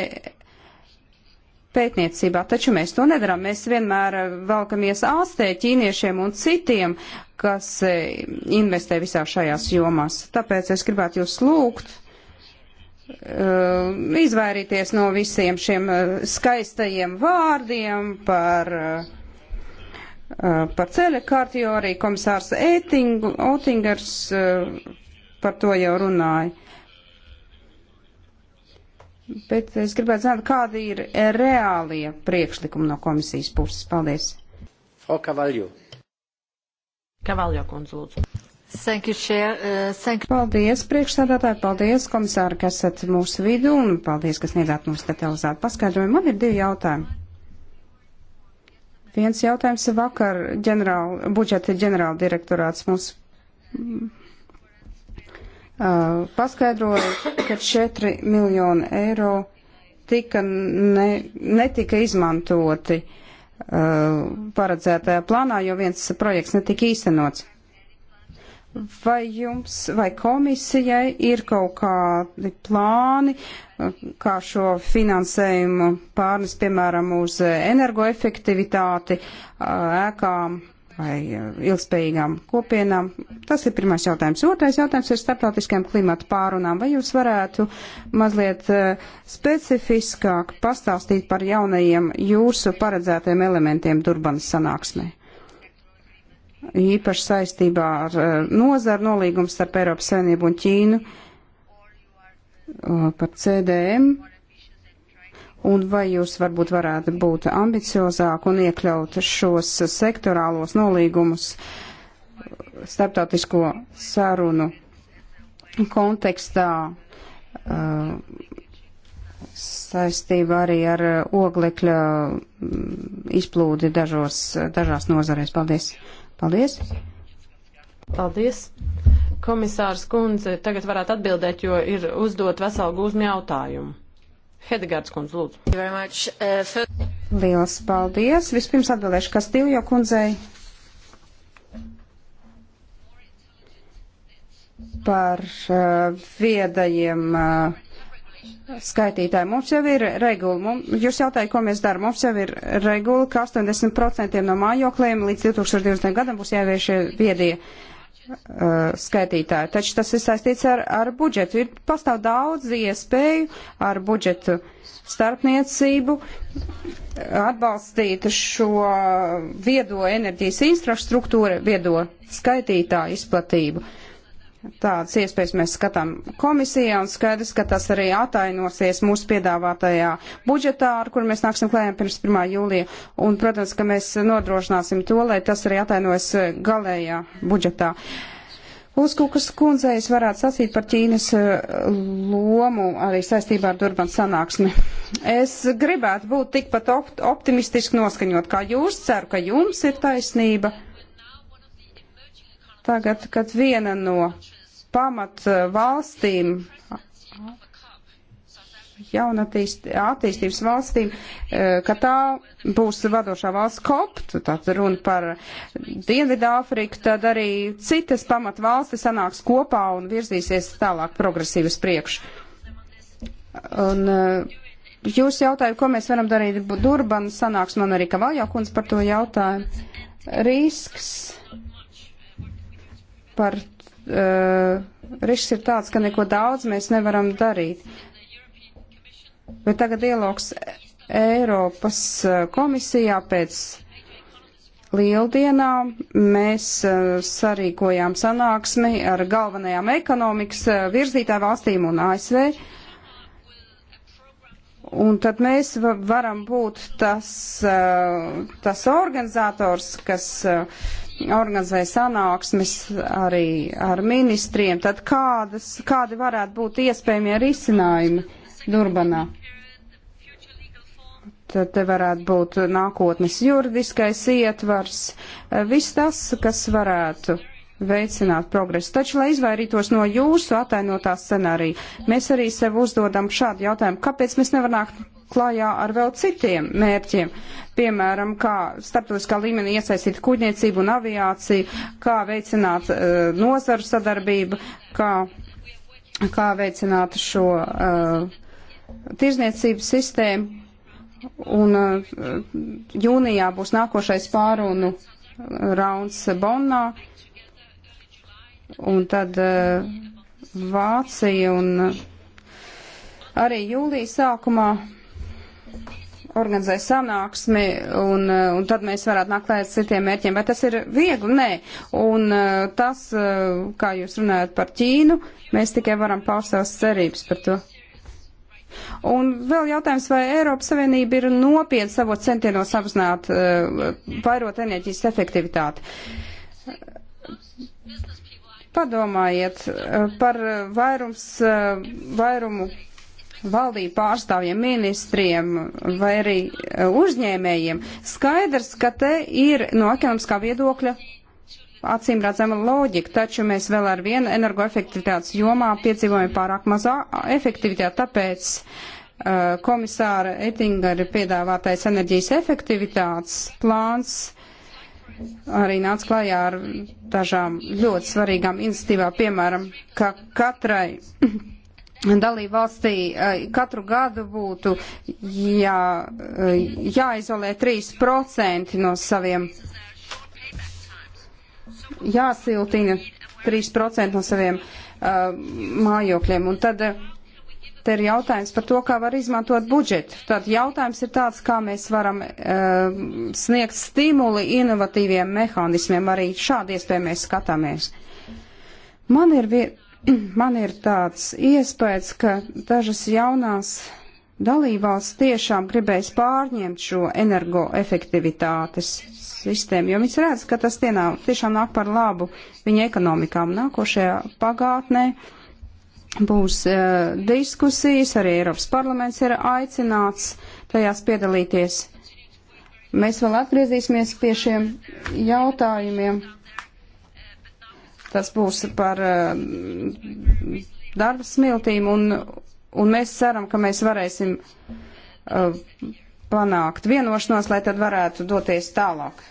pētniecībā, taču mēs to nedaram. Mēs vienmēr eh, valkamies ārstē ķīniešiem un citiem, kas eh, investē visā šajās jomās. Tāpēc es gribētu jūs lūgt eh, izvairīties no visiem šiem skaistajiem vārdiem par, par ceļa kārti, jo arī komisārs Ēting, Otingers par to jau runāja bet es gribētu zināt, kādi ir reālie priekšlikumi no komisijas puses. Paldies. Frau Kavaljo. Kavaljo kundze, lūdzu. Thank you, Chair. Uh, thank you. Paldies, priekšsādātāji, paldies, komisāri, ka esat mūsu vidū un paldies, ka sniedzāt mums detalizētu paskaidrojumu. Man ir divi jautājumi. Viens jautājums vakar ģenerāla, budžeta ģenerāla direktorāts mums Uh, paskaidroja, ka 4 miljoni eiro tika ne, netika izmantoti uh, paredzētajā plānā, jo viens projekts netika īstenots. Vai jums, vai komisijai ir kaut kādi plāni, uh, kā šo finansējumu pārnes, piemēram, uz energoefektivitāti, uh, ēkām? Uh, vai eh, ilgspējīgām kopienām. Tas ir pirmais jautājums. Otrais jautājums ir starptautiskajām klimata pārunām. Vai jūs varētu mazliet eh, specifiskāk pastāstīt par jaunajiem jūsu paredzētajiem elementiem Durbanas sanāksmē? Īpaši saistībā ar eh, nozaru nolīgumu starp Eiropas Savienību un Ķīnu par CDM Un vai jūs varbūt varētu būt ambiciozāk un iekļaut šos sektorālos nolīgumus starptautisko sarunu kontekstā uh, saistībā arī ar oglekļa mm, izplūdi dažos, dažās nozarēs? Paldies! Paldies! Paldies! Komisārs kundze tagad varētu atbildēt, jo ir uzdot veselu gūzmi jautājumu. Hedegārds kundze, lūdzu. Uh, Lielas paldies. Vispirms atbildēšu Kastīljo kundzei par uh, viedajiem uh, skaitītājiem. Mums jau ir regula. Mums, jūs jautājat, ko mēs darām. Mums jau ir regula, ka 80% no mājokliem līdz 2020. gadam būs jāievieš viedie Uh, skaitītāju, taču tas ir saistīts ar, ar budžetu. Ir pastāv daudz iespēju ar budžetu starpniecību atbalstīt šo viedo enerģijas infrastruktūru, viedo skaitītāju izplatību. Uh, Tādas iespējas mēs skatām komisijā un skaidrs, ka tas arī atainosies mūsu piedāvātajā budžetā, ar kur mēs nāksim klējām pirms 1. jūlija. Un, protams, ka mēs nodrošināsim to, lai tas arī atainojas galējā budžetā. Uzkukas kundzei es varētu sacīt par Ķīnas eh, lomu arī saistībā ar Durban sanāksmi. Es gribētu būt tikpat optimistiski noskaņot, kā jūs ceru, ka jums ir taisnība tagad, kad viena no pamat eh, valstīm, jaunatīst, attīstības valstīm, eh, ka tā būs vadošā valsts koptu, tad runa par Dienvidāfriku, tad arī citas pamat valstis sanāks kopā un virzīsies tālāk progresīvas priekšu. Un eh, jūs jautāju, ko mēs varam darīt Durban sanāks, man arī Kavaljā kundze par to jautāju. Risks par uh, risks ir tāds, ka neko daudz mēs nevaram darīt. Bet tagad dialogs Eiropas uh, komisijā pēc lieldienām mēs uh, sarīkojām sanāksmi ar galvenajām ekonomikas uh, virzītāju valstīm un ASV. Un tad mēs varam būt tas, tas organizators, kas uh, organizē sanāksmes arī ar ministriem, tad kādas, kādi varētu būt iespējamie risinājumi Durbanā? Tad te varētu būt nākotnes juridiskais ietvars, eh, viss tas, kas varētu veicināt progresu. Taču, lai izvairītos no jūsu atainotā scenārija, mēs arī sev uzdodam šādu jautājumu, kāpēc mēs nevaram nākt klajā ar vēl citiem mērķiem, piemēram, kā starptautiskā līmenī iesaistīt kuģniecību un aviāciju, kā veicināt uh, nozaru sadarbību, kā, kā veicināt šo uh, tirzniecības sistēmu. Un uh, jūnijā būs nākošais pārunu rauns Bonnā, un tad uh, Vācija un uh, arī jūlijas sākumā organizē sanāksmi, un, eh, un tad mēs varētu nākt klāt citiem mērķiem. Vai tas ir viegli? Nē. Un eh, tas, eh, kā jūs runājat par Ķīnu, mēs tikai varam paust savas cerības par to. Un vēl jautājums, vai Eiropas Savienība ir nopietna savos centienos apzināt, vairot enerģijas efektivitāti. Padomājiet par vairums, vairumu valdību pārstāvjiem, ministriem vai arī e, uzņēmējiem, skaidrs, ka te ir no ekonomiskā viedokļa acīm redzama loģika, taču mēs vēl ar vienu energoefektivitātes jomā piedzīvojam pārāk mazā efektivitāte, tāpēc uh, komisāra Ettingera piedāvātais enerģijas efektivitātes plāns arī nāca klajā ar dažām ļoti svarīgām iniciatīvām, piemēram, ka katrai dalību valstī eh, katru gadu būtu jā, eh, jāizolē 3% no saviem, jāsiltina 3% no saviem uh, mājokļiem. Un tad te ir jautājums par to, kā var izmantot budžetu. Tad jautājums ir tāds, kā mēs varam uh, sniegt stimuli inovatīviem mehānismiem. Arī šādi iespēja mēs skatāmies. Man ir viena Man ir tāds iespējas, ka dažas jaunās dalībvalsts tiešām gribēs pārņemt šo energoefektivitātes sistēmu, jo viņas redz, ka tas tienā, tiešām nāk par labu viņa ekonomikām nākošajā pagātnē. Būs e, diskusijas, arī Eiropas parlaments ir aicināts tajās piedalīties. Mēs vēl atgriezīsimies pie šiem jautājumiem. Tas būs par eh, darba smiltīm, un, un mēs ceram, ka mēs varēsim eh, panākt vienošanos, lai tad varētu doties tālāk.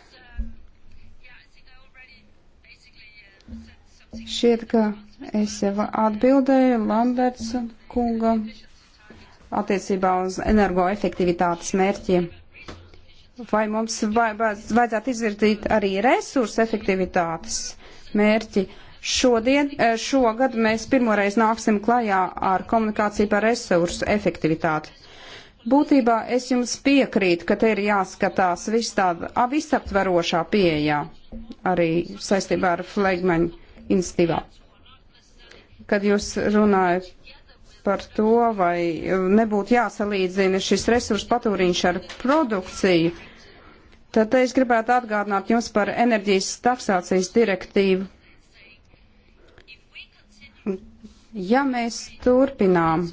Šķiet, ka es jau atbildēju Lamberts kungam attiecībā uz energoefektivitātes mērķiem. Vai mums vajadzētu izvirzīt arī resursu efektivitātes mērķi. Šodien, e, šogad mēs pirmoreiz nāksim klajā ar komunikāciju par resursu efektivitāti. Būtībā es jums piekrītu, ka te ir jāskatās viss tāda visaptverošā pieejā, arī saistībā ar Flegmaņu institīvā. Kad jūs runājat par to, vai e, nebūtu jāsalīdzina šis resursu patūriņš ar produkciju, Tad es gribētu atgādināt jums par enerģijas taksācijas direktīvu. Ja mēs turpinām eh,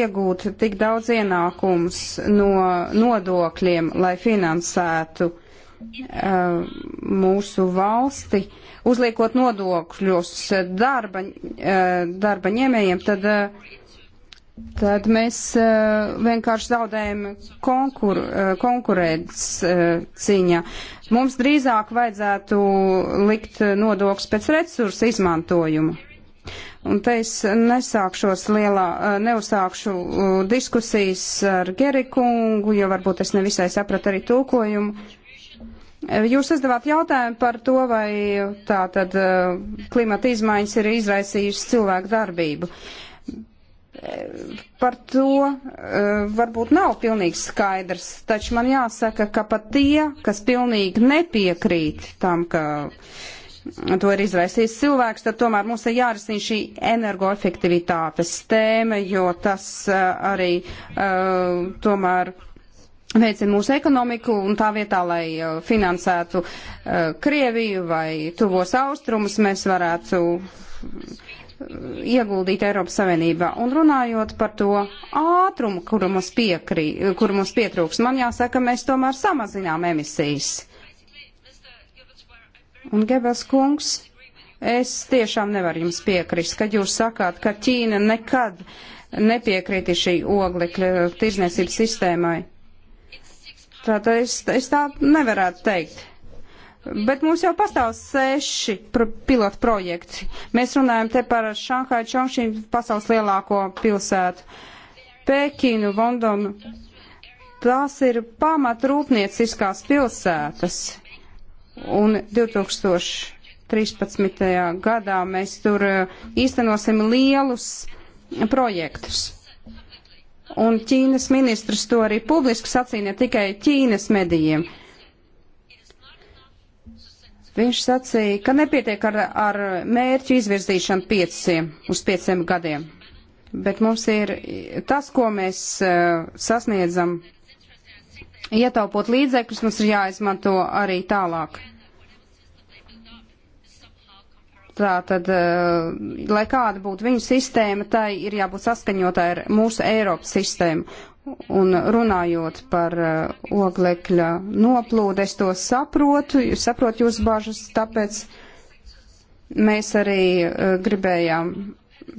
iegūt tik daudz ienākums no nodokļiem, lai finansētu uh, mūsu valsti, uzliekot nodokļus darba, uh, darba ņēmējiem, tad uh, tad mēs uh, vienkārši zaudējam konkur, uh, eh, konkurētas uh, eh, ciņā. Mums drīzāk vajadzētu likt nodokļus pēc resursu izmantojuma. Un te es nesākšos lielā, neuzsākšu diskusijas ar Gerikungu, jo varbūt es nevisai sapratu arī tulkojumu. Jūs uzdevāt jautājumu par to, vai tā tad klimata izmaiņas ir izraisījusi cilvēku darbību. Uh, par to eh, varbūt nav pilnīgi skaidrs, taču man jāsaka, ka pat tie, kas pilnīgi nepiekrīt tam, ka to ir izraisījis cilvēks, tad tomēr mums ir jārisina šī energoefektivitātes tēma, jo tas eh, arī eh, tomēr veicina mūsu ekonomiku un tā vietā, lai finansētu Krieviju vai tuvos austrumus, mēs varētu ieguldīt Eiropas Savienībā. Un runājot par to ātrumu, kuru mums, piekrī, kuru mums pietrūks, man jāsaka, mēs tomēr samazinām emisijas. Un Gebels kungs, es tiešām nevaru jums piekrist, kad jūs sakāt, ka Ķīna nekad nepiekrīti šī oglekļa tirzniecības sistēmai. Tātad es, es tā nevarētu teikt. Bet mums jau pastāv seši pro pilotu projekti. Mēs runājam te par Šanhai, Čongšīnu, pasaules lielāko pilsētu, Pekinu, Londonu. Tās ir pamat rūpnieciskās pilsētas. Un 2013. gadā mēs tur eh, īstenosim lielus projektus. Un Ķīnas ministrs to arī publiski sacīja ne tikai Ķīnas medijiem. Uh, Viņš sacīja, ka nepietiek ar, ar mērķu izvirzīšanu pieciem, uz pieciem gadiem, bet mums ir tas, ko mēs uh, sasniedzam, ietaupot līdzekļus, mums ir jāizmanto arī tālāk. Tā tad, uh, lai kāda būtu viņu sistēma, tai ir jābūt saskaņotā ar mūsu Eiropas sistēmu. Un runājot par uh, oglekļa noplūdu, es to saprotu, saprotu jūsu bažas, tāpēc mēs arī uh, gribējām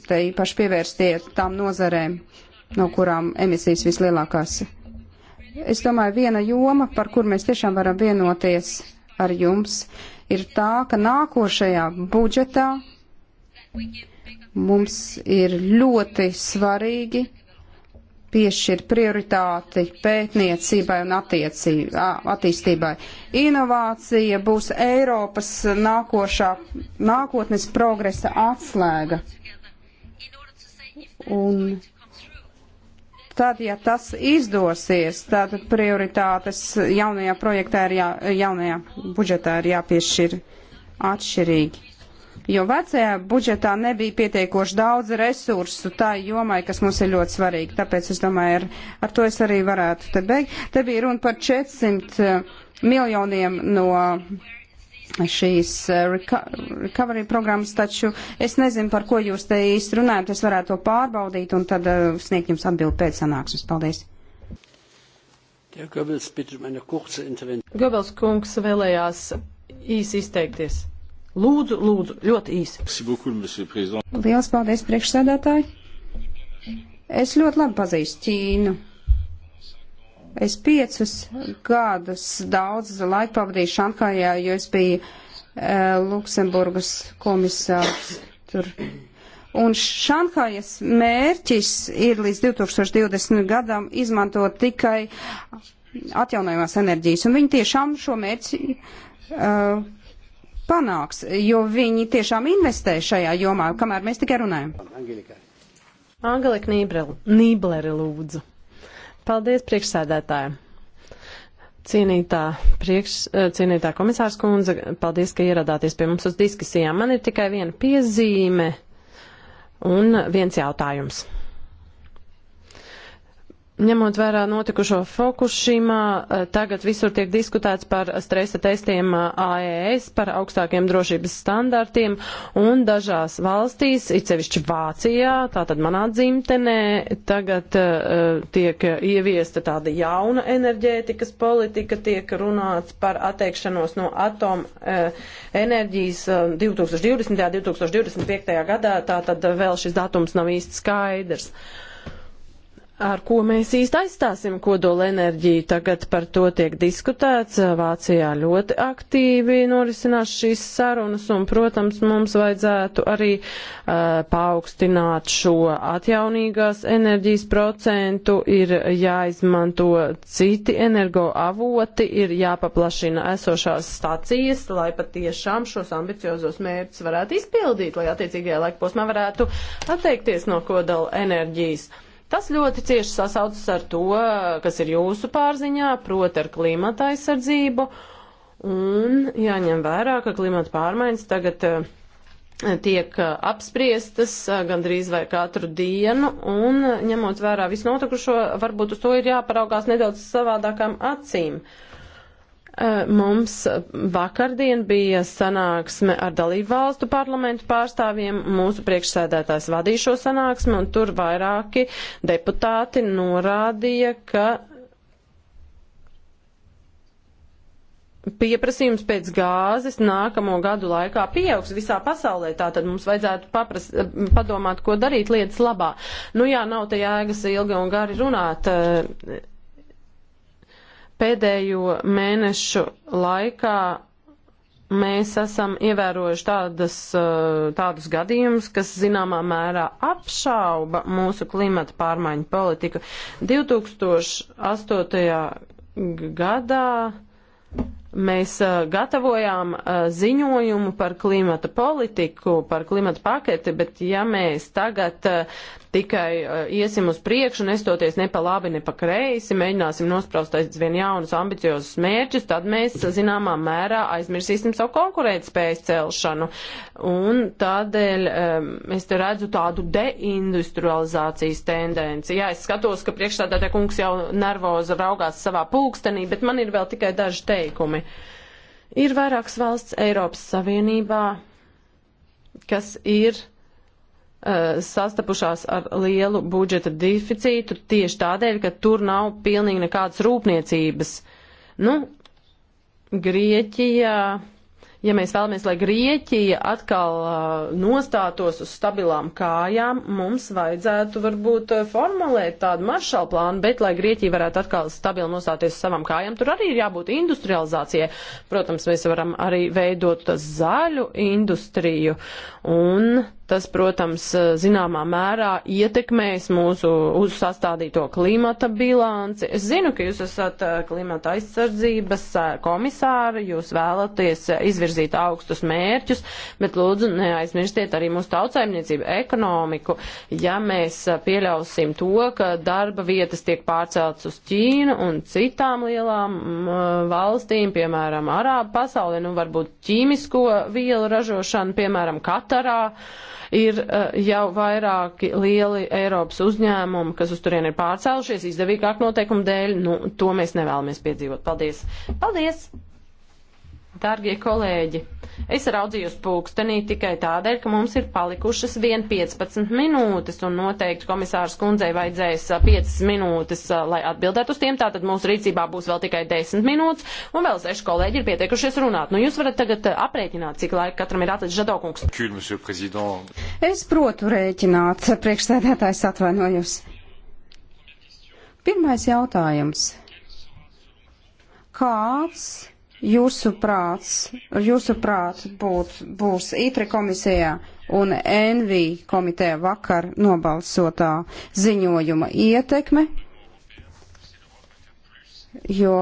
te īpaši pievērsties tām nozarēm, no kurām emisijas vislielākās. Es domāju, viena joma, par kur mēs tiešām varam vienoties ar jums, ir tā, ka nākošajā budžetā mums ir ļoti svarīgi piešķir prioritāti pētniecībai un attiecī, attīstībai. Inovācija būs Eiropas nākošā, nākotnes progresa atslēga. Un tad, ja tas izdosies, tad prioritātes jaunajā projektā ir jā, jaunajā budžetā ir jāpiešķir atšķirīgi jo vecajā budžetā nebija pietiekoši daudz resursu tā jomai, kas mums ir ļoti svarīga. Tāpēc es domāju, ar, ar to es arī varētu te beigt. Te bija runa par 400 eh, miljoniem no šīs eh, recovery programmas, taču es nezinu, par ko jūs te īsti runājat. Es varētu to pārbaudīt un tad eh, sniegt jums atbildi pēc sanāksmes. Paldies! Um Goebbels kungs vēlējās īsi izteikties. Lūdzu, lūdzu, ļoti īsi. Lielas paldies, priekšsēdētāji. Es ļoti labi pazīstu Ķīnu. Es piecus gadus daudz laika pavadīju Šankājā, jo es biju e, Luksemburgas komisārs tur. Un Šankājas mērķis ir līdz 2020 gadam izmantot tikai atjaunojumās enerģijas, un viņi tiešām šo mērķi uh, panāks, jo viņi tiešām investē šajā jomā, kamēr mēs tikai runājam. Angelika Nīblere lūdzu. Paldies priekšsēdētājiem. Cienītā, priekš, eh, cienītā komisārs kundze, paldies, ka ieradāties pie mums uz diskusijām. Man ir tikai viena piezīme un viens jautājums. Ņemot vērā notikušo Fukushimā, eh, tagad visur tiek diskutēts par stresa testiem eh, AES, par augstākiem drošības standartiem, un dažās valstīs, it sevišķi Vācijā, tātad manā dzimtenē, tagad uh, tiek ieviesta tāda jauna enerģētikas politika, tiek runāts par atteikšanos no atom uh, enerģijas 2020. un 2025. gadā, tātad vēl šis datums nav īsti skaidrs. Uh, ar ko mēs īsti aizstāsim kodolenerģiju. Tagad par to tiek diskutēts. Vācijā ļoti aktīvi norisinās šīs sarunas, un, protams, mums vajadzētu arī uh, paaugstināt šo atjaunīgās enerģijas procentu, ir jāizmanto citi energoavoti, ir jāpaplašina esošās stacijas, lai patiešām šos ambiciozos mērķus varētu izpildīt, lai attiecīgajā laika posmā varētu atteikties no kodolenerģijas. enerģijas. Tas ļoti cieši sasaucas ar to, kas ir jūsu pārziņā, proti ar klimata aizsardzību. Un jāņem vērā, ka klimata pārmaiņas tagad eh, tiek eh, apspriestas eh, gandrīz vai katru dienu, un ņemot vērā visu notikušo, varbūt uz to ir jāparaugās nedaudz savādākām acīm. Uh, Mums vakardien bija sanāksme ar dalību valstu parlamentu pārstāvjiem. Mūsu priekšsēdētājs vadīja šo sanāksmi, un tur vairāki deputāti norādīja, ka pieprasījums pēc gāzes nākamo gadu laikā pieaugs visā pasaulē, tātad mums vajadzētu papras, padomāt, ko darīt lietas labā. Nu jā, nav te jēgas ilgi un gari runāt. Pēdējo mēnešu laikā mēs esam ievērojuši tādas, eh, tādus gadījumus, kas zināmā mērā apšauba mūsu klimata pārmaiņu politiku. 2008. gadā mēs eh, gatavojām eh, ziņojumu par klimata politiku, par klimata paketi, bet ja mēs tagad tikai uh, iesim uz priekšu, nestoties ne pa labi, ne pa kreisi, mēģināsim nospraust aizvien jaunus ambiciozus mērķus, tad mēs zināmā mērā aizmirsīsim savu konkurētspējas celšanu. Un tādēļ um, es te redzu tādu deindustrializācijas tendenci. Jā, es skatos, ka priekšstādātā kungs jau nervoza raugās savā pulkstenī, bet man ir vēl tikai daži teikumi. Ir vairākas valsts Eiropas Savienībā, kas ir Uh, sastapušās ar lielu budžeta deficītu tieši tādēļ, ka tur nav pilnīgi nekādas rūpniecības. Nu, Grieķijā, ja mēs vēlamies, lai Grieķija atkal uh, nostātos uz stabilām kājām, mums vajadzētu varbūt uh, formulēt tādu maršalu plānu, bet lai Grieķija varētu atkal stabili nostāties uz savām kājām, tur arī ir jābūt industrializācijai. Protams, mēs varam arī veidot zaļu industriju un uh, Tas, protams, eh, zināmā mērā ietekmēs mūsu uz sastādīto klimata bilanci. Es zinu, ka jūs esat eh, klimata aizsardzības eh, komisāri, jūs vēlaties izvirzīt augstus mērķus, bet lūdzu neaizmirstiet arī mūsu tautsaimniecību, ekonomiku. Ja mēs pieļausim to, ka darba vietas tiek pārceltas uz Ķīnu un citām lielām mm, valstīm, piemēram, Arābu pasaulē, nu varbūt ķīmisko vielu ražošanu, piemēram, Katarā, ir uh, jau vairāki lieli Eiropas uzņēmumi, kas uz turien ir pārcēlušies izdevīgāk noteikumu dēļ. Nu, to mēs nevēlamies piedzīvot. Paldies! Paldies! Dargie kolēģi, es raudzījos pulkstenī tikai tādēļ, ka mums ir palikušas 1,15 minūtes, un noteikti komisārs kundzei vajadzēs 5 minūtes, lai atbildētu uz tiem. Tātad mūsu rīcībā būs vēl tikai 10 minūtes, un vēl 6 kolēģi ir pieteikušies runāt. Nu, jūs varat tagad aprēķināt, cik laika katram ir atlicis žadokungs. Es protu rēķināt, priekšsēdētājs atvainojos. Pirmais jautājums. Kāds jūsu prāts, jūsu prāts būt, būs ITRE komisijā un NV komitē vakar nobalsotā ziņojuma ietekme, jo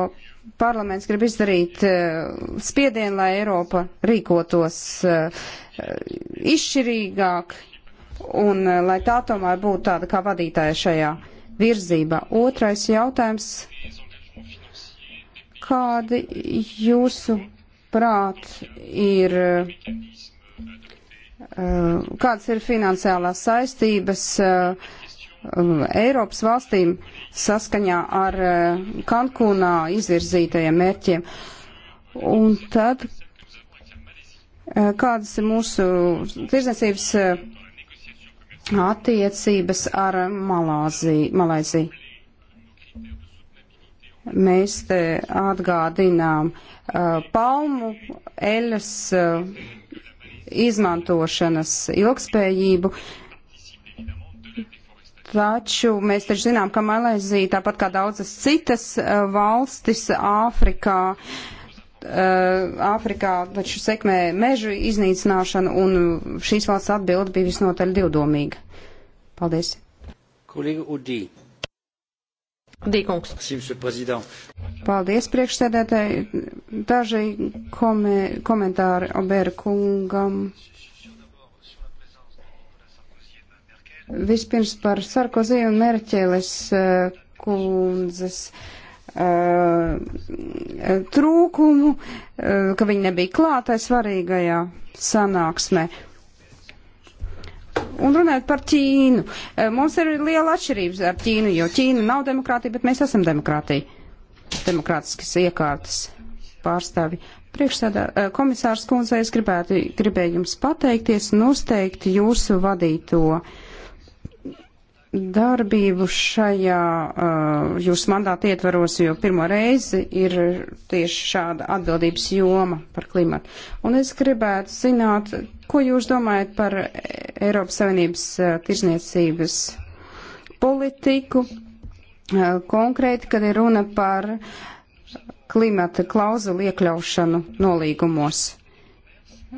parlaments grib izdarīt eh, spiedienu, lai Eiropa rīkotos eh, izšķirīgāk un eh, lai tā tomēr būtu tāda kā vadītāja šajā virzībā. Otrais jautājums kādi jūsu prāt ir, eh, kādas ir finansiālās saistības eh, Eiropas valstīm saskaņā ar eh, Kankūnā izvirzītajiem mērķiem? Un tad, kādas ir mūsu tirdzniecības attiecības ar Malāziju? Malaiziju? Mēs te atgādinām uh, palmu eļas uh, izmantošanas ilgspējību. Taču mēs taču zinām, ka Malaizija, tāpat kā daudzas citas uh, valstis Āfrikā, uh, Āfrikā taču sekmē mežu iznīcināšanu un šīs valsts atbildi bija visnotaļ divdomīga. Paldies. Kolēģi Udī. Dīkungs. Paldies, priekšsēdētāji. Daži kome, komentāri Obera kungam. Vispirms par Sarkozī un Merķeles eh, kundzes uh, trūkumu, uh, ka viņi nebija klātai svarīgajā sanāksmē. Un runājot par Ķīnu, eh, mums ir liela atšķirības ar Ķīnu, jo Ķīna nav demokrātija, bet mēs esam demokrātija. Demokrātiskas iekārtas pārstāvi. Priekšsēdā eh, komisārs kundze, es gribētu, gribēju jums pateikties un uzteikt jūsu vadīto uh, darbību šajā uh, jūsu mandāta ietvaros, jo pirmo reizi ir tieši šāda atbildības joma par klimatu. Un es gribētu zināt, ko jūs domājat par Eiropas Savienības uh, tirzniecības politiku, uh, konkrēti, kad ir runa par klimata klauzulu iekļaušanu nolīgumos.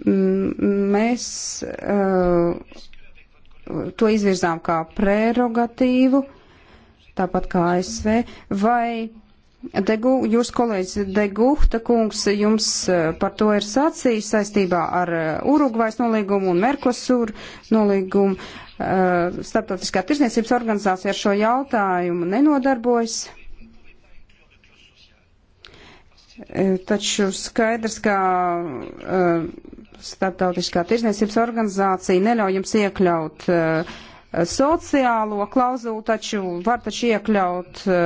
M mēs. Uh, to izvirzām kā prerogatīvu, tāpat kā ASV, vai Degu, jūs kolēģis Degūhta kungs jums e, par to ir sacījis saistībā ar e, Urugvais nolīgumu un Merkosur nolīgumu. E, Startautiskā tirsniecības organizācija ar šo jautājumu nenodarbojas. Taču skaidrs, ka Starptautiskā tirzniecības organizācija neļauj jums iekļaut uh, sociālo klauzulu, taču var taču iekļaut uh,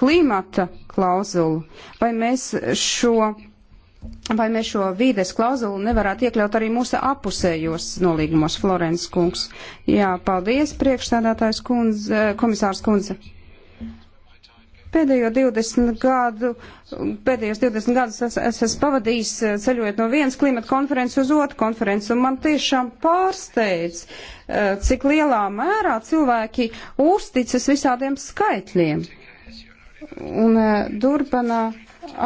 klimata klauzulu. Vai mēs šo. Vai mēs šo vīdes klauzulu nevarētu iekļaut arī mūsu apusējos nolīgumos, Florence kungs? Jā, paldies, priekšstādātājs kundze, komisārs kundze. Pēdējo 20 gadu, pēdējos 20 gadus es, es esmu pavadījis eh, ceļojot no vienas klimata konferences uz otru konferenci, un man tiešām pārsteidz, eh, cik lielā mērā cilvēki uzticas visādiem skaitļiem. Un eh, Durbanā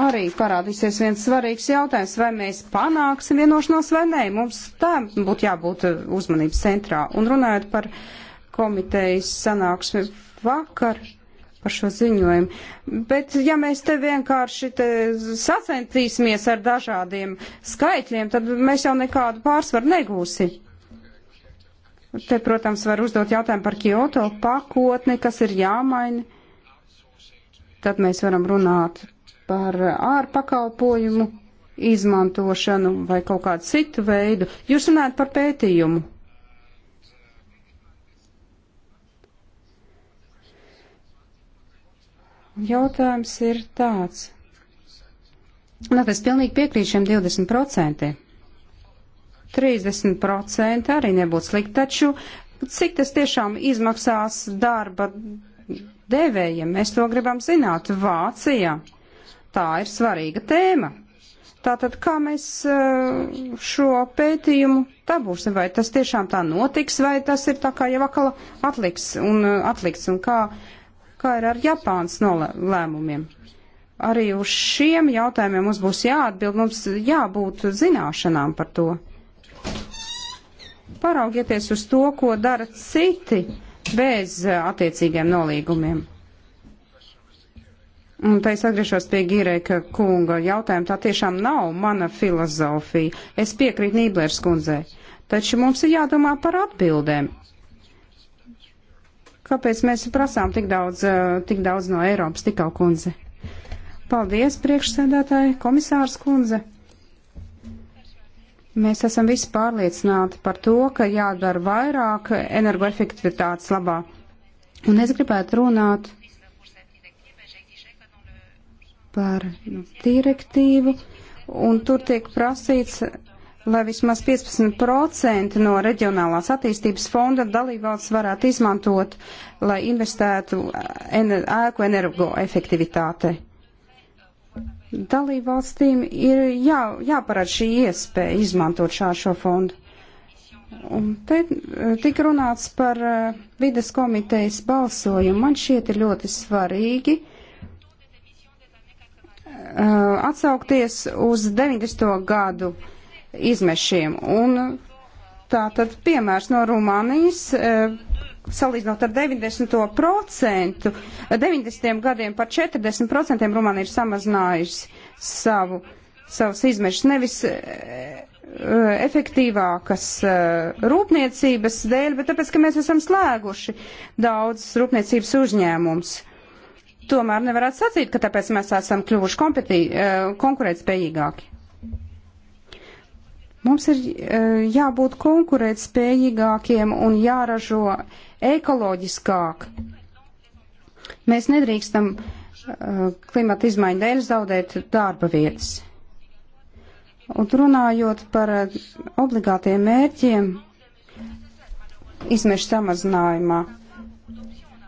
arī parādīsies viens svarīgs jautājums, vai mēs panāksim vienošanos vai nē. Mums tā būtu jābūt uzmanības centrā. Un runājot par komitejas sanāksmi vakar, par šo ziņojumu. Bet ja mēs te vienkārši te sacentīsimies ar dažādiem skaitļiem, tad mēs jau nekādu pārsvaru negūsim. Te, protams, var uzdot jautājumu par Kyoto pakotni, kas ir jāmaina. Tad mēs varam runāt par ārpakalpojumu izmantošanu vai kaut kādu citu veidu. Jūs runājat par pētījumu. Jautājums ir tāds. Tātad nu, es pilnīgi piekrītu šiem 20%. 30% arī nebūtu slikti, taču cik tas tiešām izmaksās darba devējiem? Mēs to gribam zināt Vācijā. Tā ir svarīga tēma. Tātad, kā mēs eh, šo pētījumu dabūsim, vai tas tiešām tā notiks, vai tas ir tā kā jau akala atliks un eh, atliks, un kā kā ir ar Japānas nolēmumiem. Arī uz šiem jautājumiem mums būs jāatbild, mums jābūt zināšanām par to. Paraugieties uz to, ko dara citi bez attiecīgiem nolīgumiem. Un te es atgriežos pie Gīrēka kunga jautājuma. Tā tiešām nav mana filozofija. Es piekrītu Nīblērs kundzei. Taču mums ir jādomā par atbildēm. Kāpēc mēs prasām tik daudz, eh, tik daudz no Eiropas tikau kundze? Paldies, priekšsēdētāji, komisārs kundze. Mēs esam visi pārliecināti par to, ka jādara vairāk energoefektivitātes labā. Un es gribētu runāt par direktīvu, un tur tiek prasīts lai vismaz 15% no reģionālās attīstības fonda dalībvalsts varētu izmantot, lai investētu eh, ener ēku energoefektivitāte. Dalībvalstīm ir jā, jāparāda šī iespēja izmantot šā šo fondu. Un te eh, tika runāts par eh, vides komitejas balsojumu. Man šķiet ir ļoti svarīgi atsaukties uz 90. gadu uh, izmešiem. Un tā tad piemērs no Rumānijas. E, salīdzinot ar 90%, 90. gadiem par 40% Rumānija ir samazinājusi savu, savus izmešus. Nevis e, e, efektīvākas rūpniecības dēļ, bet tāpēc, ka mēs esam slēguši daudzas rūpniecības uzņēmumus. Tomēr nevarētu sacīt, ka tāpēc mēs esam kļuvuši konkurētspējīgāki. Mums ir e, jābūt konkurētspējīgākiem un jāražo ekoloģiskāk. Mēs nedrīkstam e, klimata izmaiņu dēļ zaudēt darba vietas. Un runājot par e, obligātiem mērķiem izmešu samazinājumā,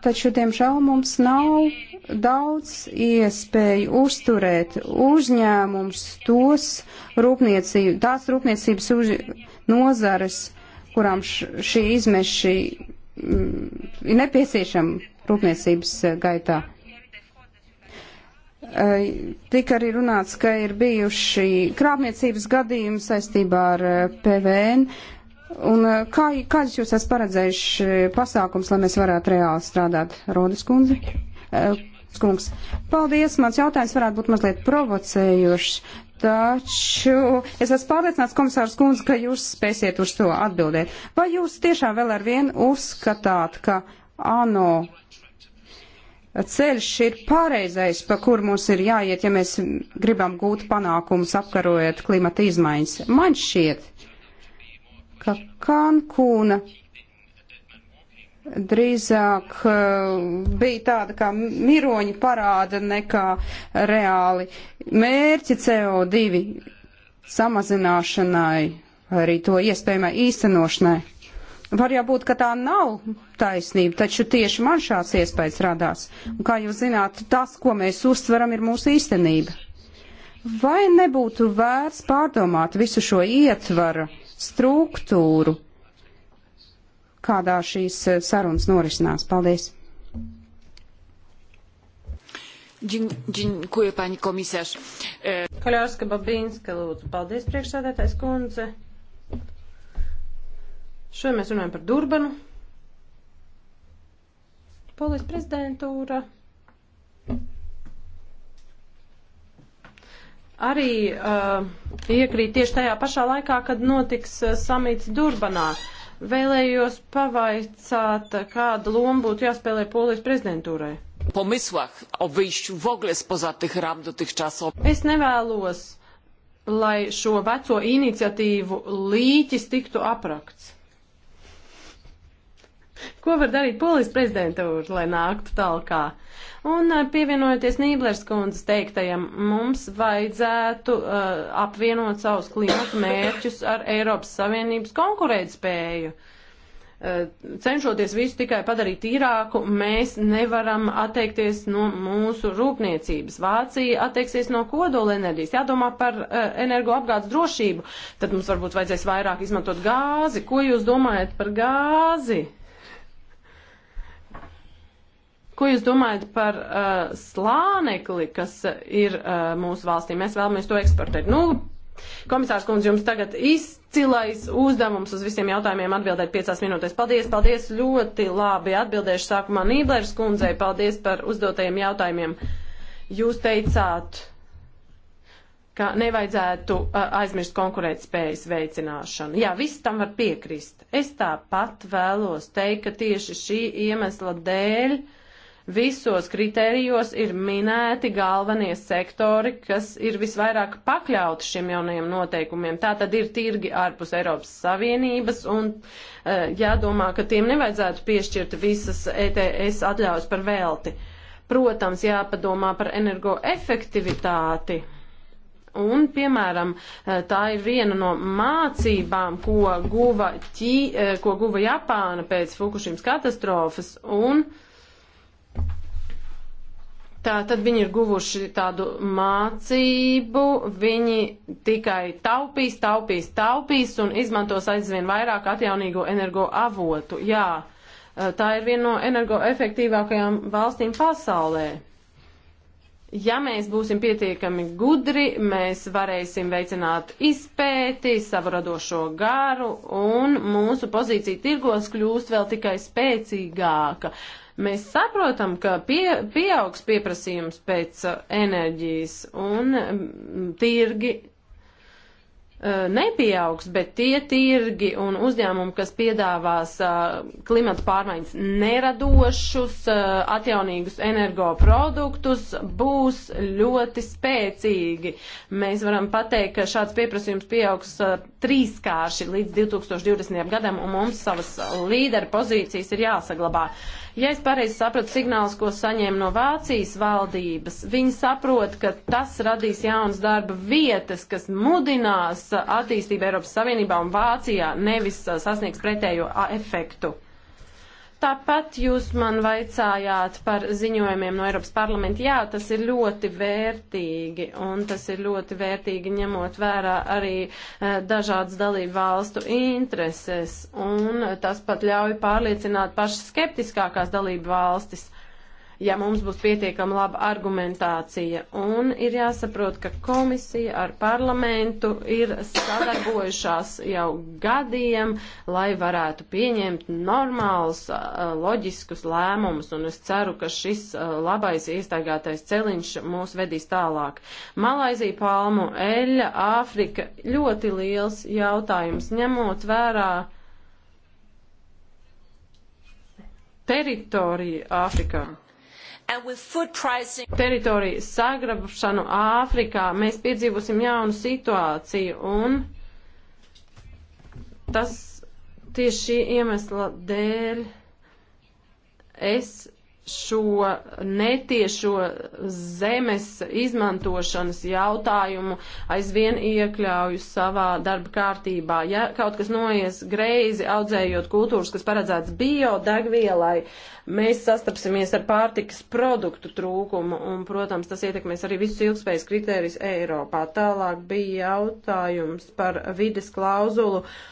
taču, diemžēl, mums nav daudz iespēju uzturēt uzņēmums tos rūpniecību, tās rūpniecības uz, nozares, kurām š, šī izmeši mm, ir nepieciešama rūpniecības eh, gaitā. Eh, Tik arī runāts, ka ir bijuši krāpniecības gadījumi saistībā ar eh, PVN. Un kā, kādas jūs esat paredzējuši pasākums, lai mēs varētu reāli strādāt, Rodas kundze? Kungs. Paldies, mans jautājums varētu būt mazliet provocējošs, taču es esmu pārliecināts, komisārs Kungs, ka jūs spēsiet uz to atbildēt. Vai jūs tiešām vēl ar vienu uzskatāt, ka ANO ceļš ir pareizais, pa kur mums ir jāiet, ja mēs gribam gūt panākumus apkarojot klimata izmaiņas? Man šķiet, ka Kankūna drīzāk eh, bija tāda kā miroņa parāda nekā reāli mērķi CO2 samazināšanai vai arī to iespējamai īstenošanai. Var jau būt, ka tā nav taisnība, taču tieši man šāds iespējas radās. Un kā jūs zināt, tas, ko mēs uztveram, ir mūsu īstenība. Vai nebūtu vērts pārdomāt visu šo ietvaru, struktūru, kādā šīs eh, sarunas norisinās. Paldies! Dziņkuja, paņi komisārs. E, Kaļārska Babīnska, lūdzu. Paldies, priekšsēdētājs kundze. Šodien mēs runājam par Durbanu. Polijas prezidentūra. Arī uh, iekrīt tieši tajā pašā laikā, kad notiks uh, e, samīts Durbanā. Uh, Vēlējos pavaicāt, kāda loma būtu jāspēlē Polijas prezidentūrai. Pomysłach o wyjściu w ogóle spoza tych ram dotychczasowych. Es nevēlos, lai šo veco iniciatīvu līķis tiktu aprakts. Ko var darīt polijas prezidentūra, lai nāktu talkā? Un eh, pievienojoties Nīblers kundzes teiktajam, mums vajadzētu uh, apvienot savus klimatu mērķus ar Eiropas Savienības konkurētspēju. Uh, cenšoties visu tikai padarīt tīrāku, mēs nevaram atteikties no mūsu rūpniecības. Vācija atteiksies no kodola enerģijas, jādomā par uh, energoapgādes drošību, tad mums varbūt vajadzēs vairāk izmantot gāzi. Ko jūs domājat par gāzi? Ko jūs domājat par uh, slānekli, kas uh, ir uh, mūsu valstī? Mēs vēlamies to eksportēt. Nu, Komisārs kundze, jums tagad izcilais uzdevums uz visiem jautājumiem atbildēt piecās minūtēs. Paldies, paldies, ļoti labi atbildēšu sākumā Nīblers kundzei, paldies par uzdotajiem jautājumiem. Jūs teicāt, ka nevajadzētu uh, aizmirst konkurēt spējas veicināšanu. Jā, viss tam var piekrist. Es tāpat vēlos teikt, ka tieši šī iemesla dēļ. Uh, Visos kritērijos ir minēti galvenie sektori, kas ir visvairāk pakļauti šiem jaunajiem noteikumiem. Tā tad ir tirgi ārpus Eiropas Savienības un uh, jādomā, ka tiem nevajadzētu piešķirt visas ETS atļaujas par velti. Protams, jāpadomā par energoefektivitāti. Un, piemēram, eh, tā ir viena no mācībām, ko guva, ķī, eh, ko guva Japāna pēc Fukushimas katastrofas. Un, uh, Tā tad viņi ir guvuši tādu mācību, viņi tikai taupīs, taupīs, taupīs un izmantos aizvien vairāk atjaunīgo energoavotu. Jā, tā ir viena no energoefektīvākajām valstīm pasaulē. Ja mēs būsim pietiekami gudri, mēs varēsim veicināt izpēti, savu radošo garu un mūsu pozīcija tirgos kļūst vēl tikai spēcīgāka. Uh, Mēs saprotam, ka pie, pieaugs pieprasījums pēc uh, enerģijas un mm, tirgi uh, nepieaugs, bet tie tirgi un uzņēmumi, kas piedāvās uh, klimata pārmaiņas neradošus, atjaunīgus energoproduktus, būs ļoti spēcīgi. Mēs varam pateikt, ka šāds pieprasījums pieaugs trīskārši līdz 2020. gadam, un mums savas līderu pozīcijas ir jāsaglabā. Ja es pareizi sapratu signālus, ko saņēmu no Vācijas valdības, viņi saprot, ka tas radīs jaunas darba vietas, kas mudinās attīstību Eiropas Savienībā un Vācijā, nevis sasniegs pretējo efektu. Tāpat jūs man vaicājāt par ziņojumiem no Eiropas parlamenta. Jā, tas ir ļoti vērtīgi, un tas ir ļoti vērtīgi ņemot vērā arī eh, dažādas dalību valstu intereses, un tas pat ļauj pārliecināt pašas skeptiskākās dalību valstis ja mums būs pietiekama laba argumentācija. Un ir jāsaprot, ka komisija ar parlamentu ir sadarbojušās jau gadiem, lai varētu pieņemt normālus, loģiskus lēmumus. Un es ceru, ka šis labais iestaigātais celiņš mūs vedīs tālāk. Malaizija, palmu, eļa, Āfrika - ļoti liels jautājums, ņemot vērā. teritoriju Āfrikā. Teritorijas sagrabšanu Āfrikā mēs piedzīvosim jaunu situāciju un tas tieši šī iemesla dēļ es šo netiešo zemes izmantošanas jautājumu aizvien iekļauju savā darba kārtībā. Ja kaut kas noies greizi audzējot kultūras, kas paredzēts biodegvielai, mēs sastapsimies ar pārtikas produktu trūkumu un, protams, tas ietekmēs arī visus ilgspējas kritērijus Eiropā. Tālāk bija jautājums par vides klauzulu. Uh,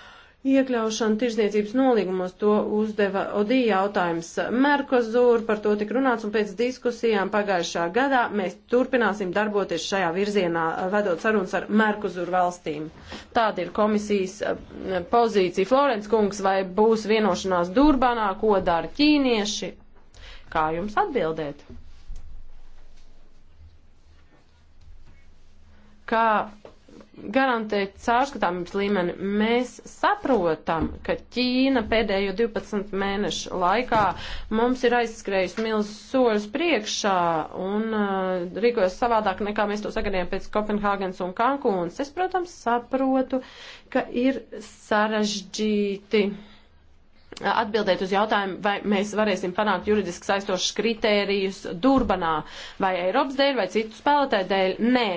Iekļaušana tirzniecības nolīgumos to uzdeva Odī jautājums Merkozūr, par to tik runāts, un pēc diskusijām pagājušā gadā mēs turpināsim darboties šajā virzienā, vedot sarunas ar Merkozūr valstīm. Tāda ir komisijas eh, pozīcija. Florence kungs, vai būs vienošanās Durbanā, ko dara ķīnieši? Kā jums atbildēt? Kā garantēt caurskatāmības līmeni. Mēs saprotam, ka Ķīna pēdējo 12 mēnešu laikā mums ir aizskrējusi milzus soļus priekšā un uh, rīkojas savādāk nekā mēs to sagadījām pēc Kopenhāgens un Kankūnas. Es, protams, saprotu, ka ir sarežģīti atbildēt uz jautājumu, vai mēs varēsim panākt juridiski saistošus kritērijus Durbanā vai Eiropas dēļ vai citu spēlētāju dēļ. Nē,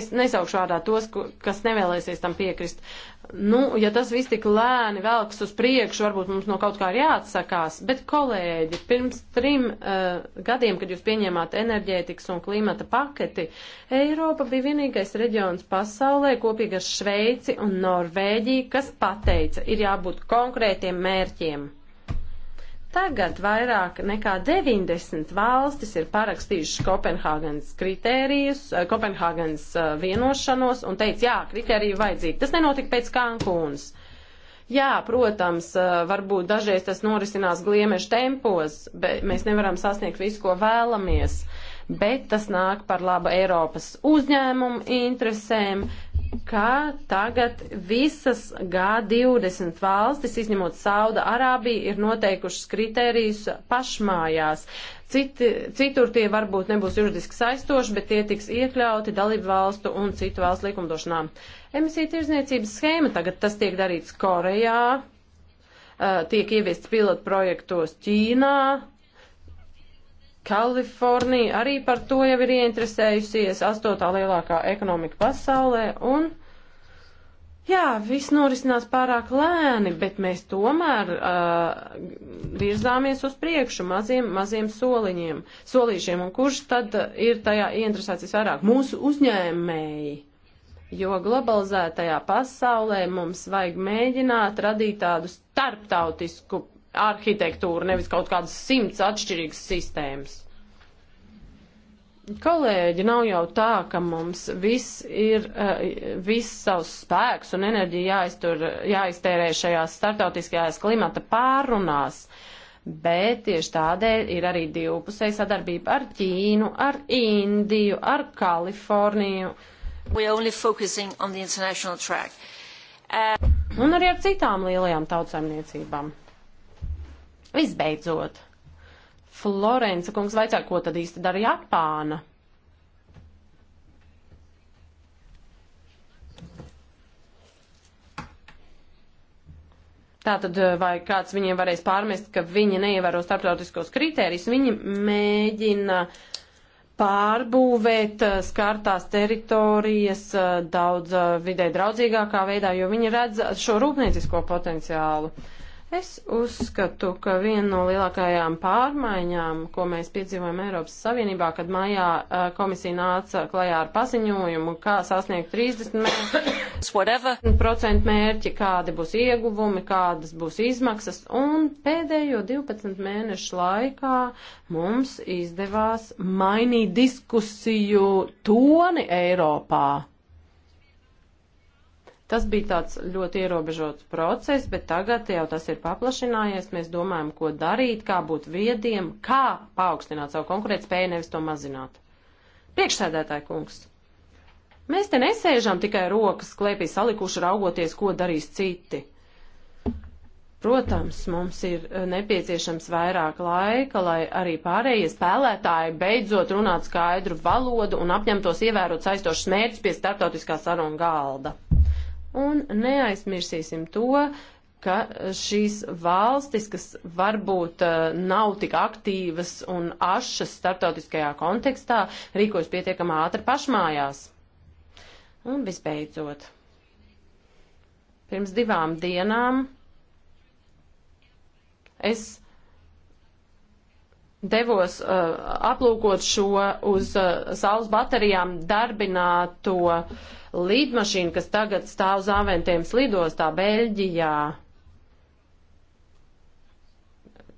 es nesaukšu vārdā tos, kas nevēlēsies tam piekrist nu, ja tas viss tik lēni velks uz priekšu, varbūt mums no kaut kā ir jāatsakās. Bet, kolēģi, pirms trim uh, gadiem, kad jūs pieņēmāt enerģētikas un klimata paketi, Eiropa bija vienīgais reģions pasaulē kopīgi ar Šveici un Norvēģiju, kas pateica, ir jābūt konkrētiem mērķiem. Tagad vairāk nekā 90 valstis ir parakstījušas Kopenhāgenes kritērijus, eh, Kopenhāgenes eh, vienošanos un teica, jā, kritēriju vajadzīgi. Tas nenotika pēc Kankūnas. Jā, protams, eh, varbūt dažreiz tas norisinās gliemežu tempos, bet mēs nevaram sasniegt visu, ko vēlamies. Bet tas nāk par labu Eiropas uzņēmumu interesēm, ka tagad visas G20 valstis, izņemot Sauda Arābiju, ir noteikušas kritērijus pašmājās. Citi, citur tie varbūt nebūs juridiski saistoši, bet tie tiks iekļauti dalību valstu un citu valstu likumdošanām. Emisija tirzniecības schēma tagad tas tiek darīts Korejā, tiek ieviests pilotprojektos Ķīnā, Kalifornija arī par to jau ir ieinteresējusies, astotā lielākā ekonomika pasaulē, un jā, viss norisinās pārāk lēni, bet mēs tomēr uh, virzāmies uz priekšu maziem, maziem soliņiem, solīšiem, un kurš tad ir tajā ieinteresēts visvairāk? Mūsu uzņēmēji jo globalizētajā pasaulē mums vajag mēģināt radīt tādu starptautisku arhitektūru, nevis kaut kādas simts atšķirīgas sistēmas. Kolēģi, nav jau tā, ka mums viss ir, eh, viss savs spēks un enerģija jāiztur, jāiztērē šajās startautiskajās klimata pārunās, bet tieši tādēļ ir arī divpusēja sadarbība ar Ķīnu, ar Indiju, ar Kaliforniju. Uh... Un arī ar citām lielajām tautsēmniecībām. Visbeidzot, Florence kungs vaicā, ko tad īsti dara Japāna? Tātad, eh, vai kāds viņiem varēs pārmest, ka viņi neievēro starptautiskos kritērijus, viņi mēģina pārbūvēt eh, skartās teritorijas eh, daudz vidē draudzīgākā veidā, jo viņi redz šo rūpniecisko potenciālu. Uh, Es uzskatu, ka viena no lielākajām pārmaiņām, ko mēs piedzīvojam Eiropas Savienībā, kad mājā komisija nāca klajā ar paziņojumu, kā sasniegt 30% mērķi, kādi būs ieguvumi, kādas būs izmaksas, un pēdējo 12 mēnešu laikā mums izdevās mainīt diskusiju toni Eiropā Tas bija tāds ļoti ierobežots process, bet tagad jau tas ir paplašinājies. Mēs domājam, ko darīt, kā būt viediem, kā paaugstināt savu konkurētspēju, nevis to mazināt. Priekšsēdētāji kungs, mēs te nesēžam tikai rokas klēpī salikuši raugoties, ko darīs citi. Protams, mums ir eh, nepieciešams vairāk laika, lai arī pārējie spēlētāji beidzot runātu skaidru valodu un apņemtos ievērot saistošas mērķus pie starptautiskā saruna galda un neaizmirsīsim to, ka šīs valstis, kas varbūt uh, nav tik aktīvas un ašas starptautiskajā kontekstā, rīkojas pietiekamā ātri pašmājās. Un visbeidzot, pirms divām dienām es devos uh, aplūkot šo uz uh, saules baterijām darbināto uh, lidmašīna, kas tagad stāv uz Aventiem slidostā Beļģijā.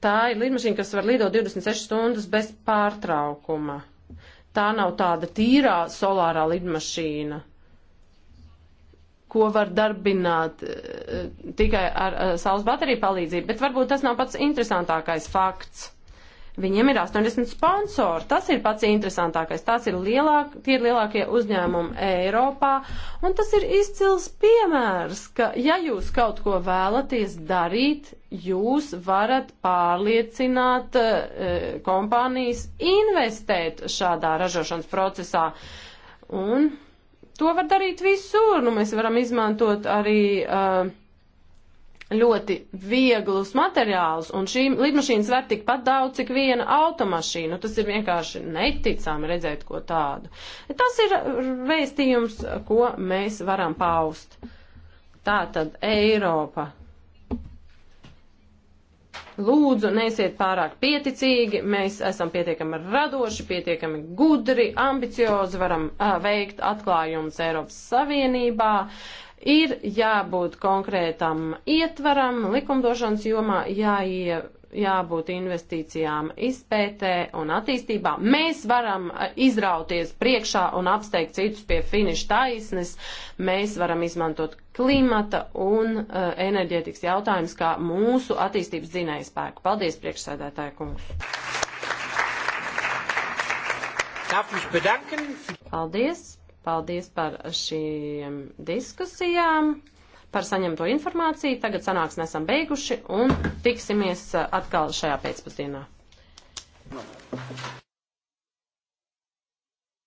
Tā ir lidmašīna, kas var lidot 26 stundas bez pārtraukuma. Tā nav tāda tīrā solārā lidmašīna ko var darbināt eh, tikai ar eh, saules bateriju palīdzību, bet varbūt tas nav pats interesantākais fakts. Viņiem ir 80 sponsori. Tas ir pats interesantākais. Tās ir lielāk, tie ir lielākie uzņēmumi Eiropā. Un tas ir izcils piemērs, ka ja jūs kaut ko vēlaties darīt, jūs varat pārliecināt e, kompānijas investēt šādā ražošanas procesā. Un to var darīt visur. Nu, mēs varam izmantot arī. E, ļoti vieglus materiālus, un šī lidmašīnas var tikpat daudz, cik viena automašīna. Tas ir vienkārši neticami redzēt ko tādu. Tas ir vēstījums, ko mēs varam paust. Tā tad Eiropa. Lūdzu, neesiet pārāk pieticīgi, mēs esam pietiekami radoši, pietiekami gudri, ambiciozi, varam uh, veikt atklājumus Eiropas Savienībā. Uh, Ir jābūt konkrētam ietvaram, likumdošanas jomā jāie, jābūt investīcijām izpētē un attīstībā. Mēs varam eh, izrauties priekšā un apsteigt citus pie finiša taisnes. Mēs varam izmantot klimata un uh, enerģētikas jautājumus kā mūsu attīstības dzinēju spēku. Paldies, priekšsēdētāja kungs! Paldies! Paldies par šīm diskusijām, par saņemto informāciju. Tagad sanāksmi esam beiguši un tiksimies uh, atkal šajā pēcpusdienā.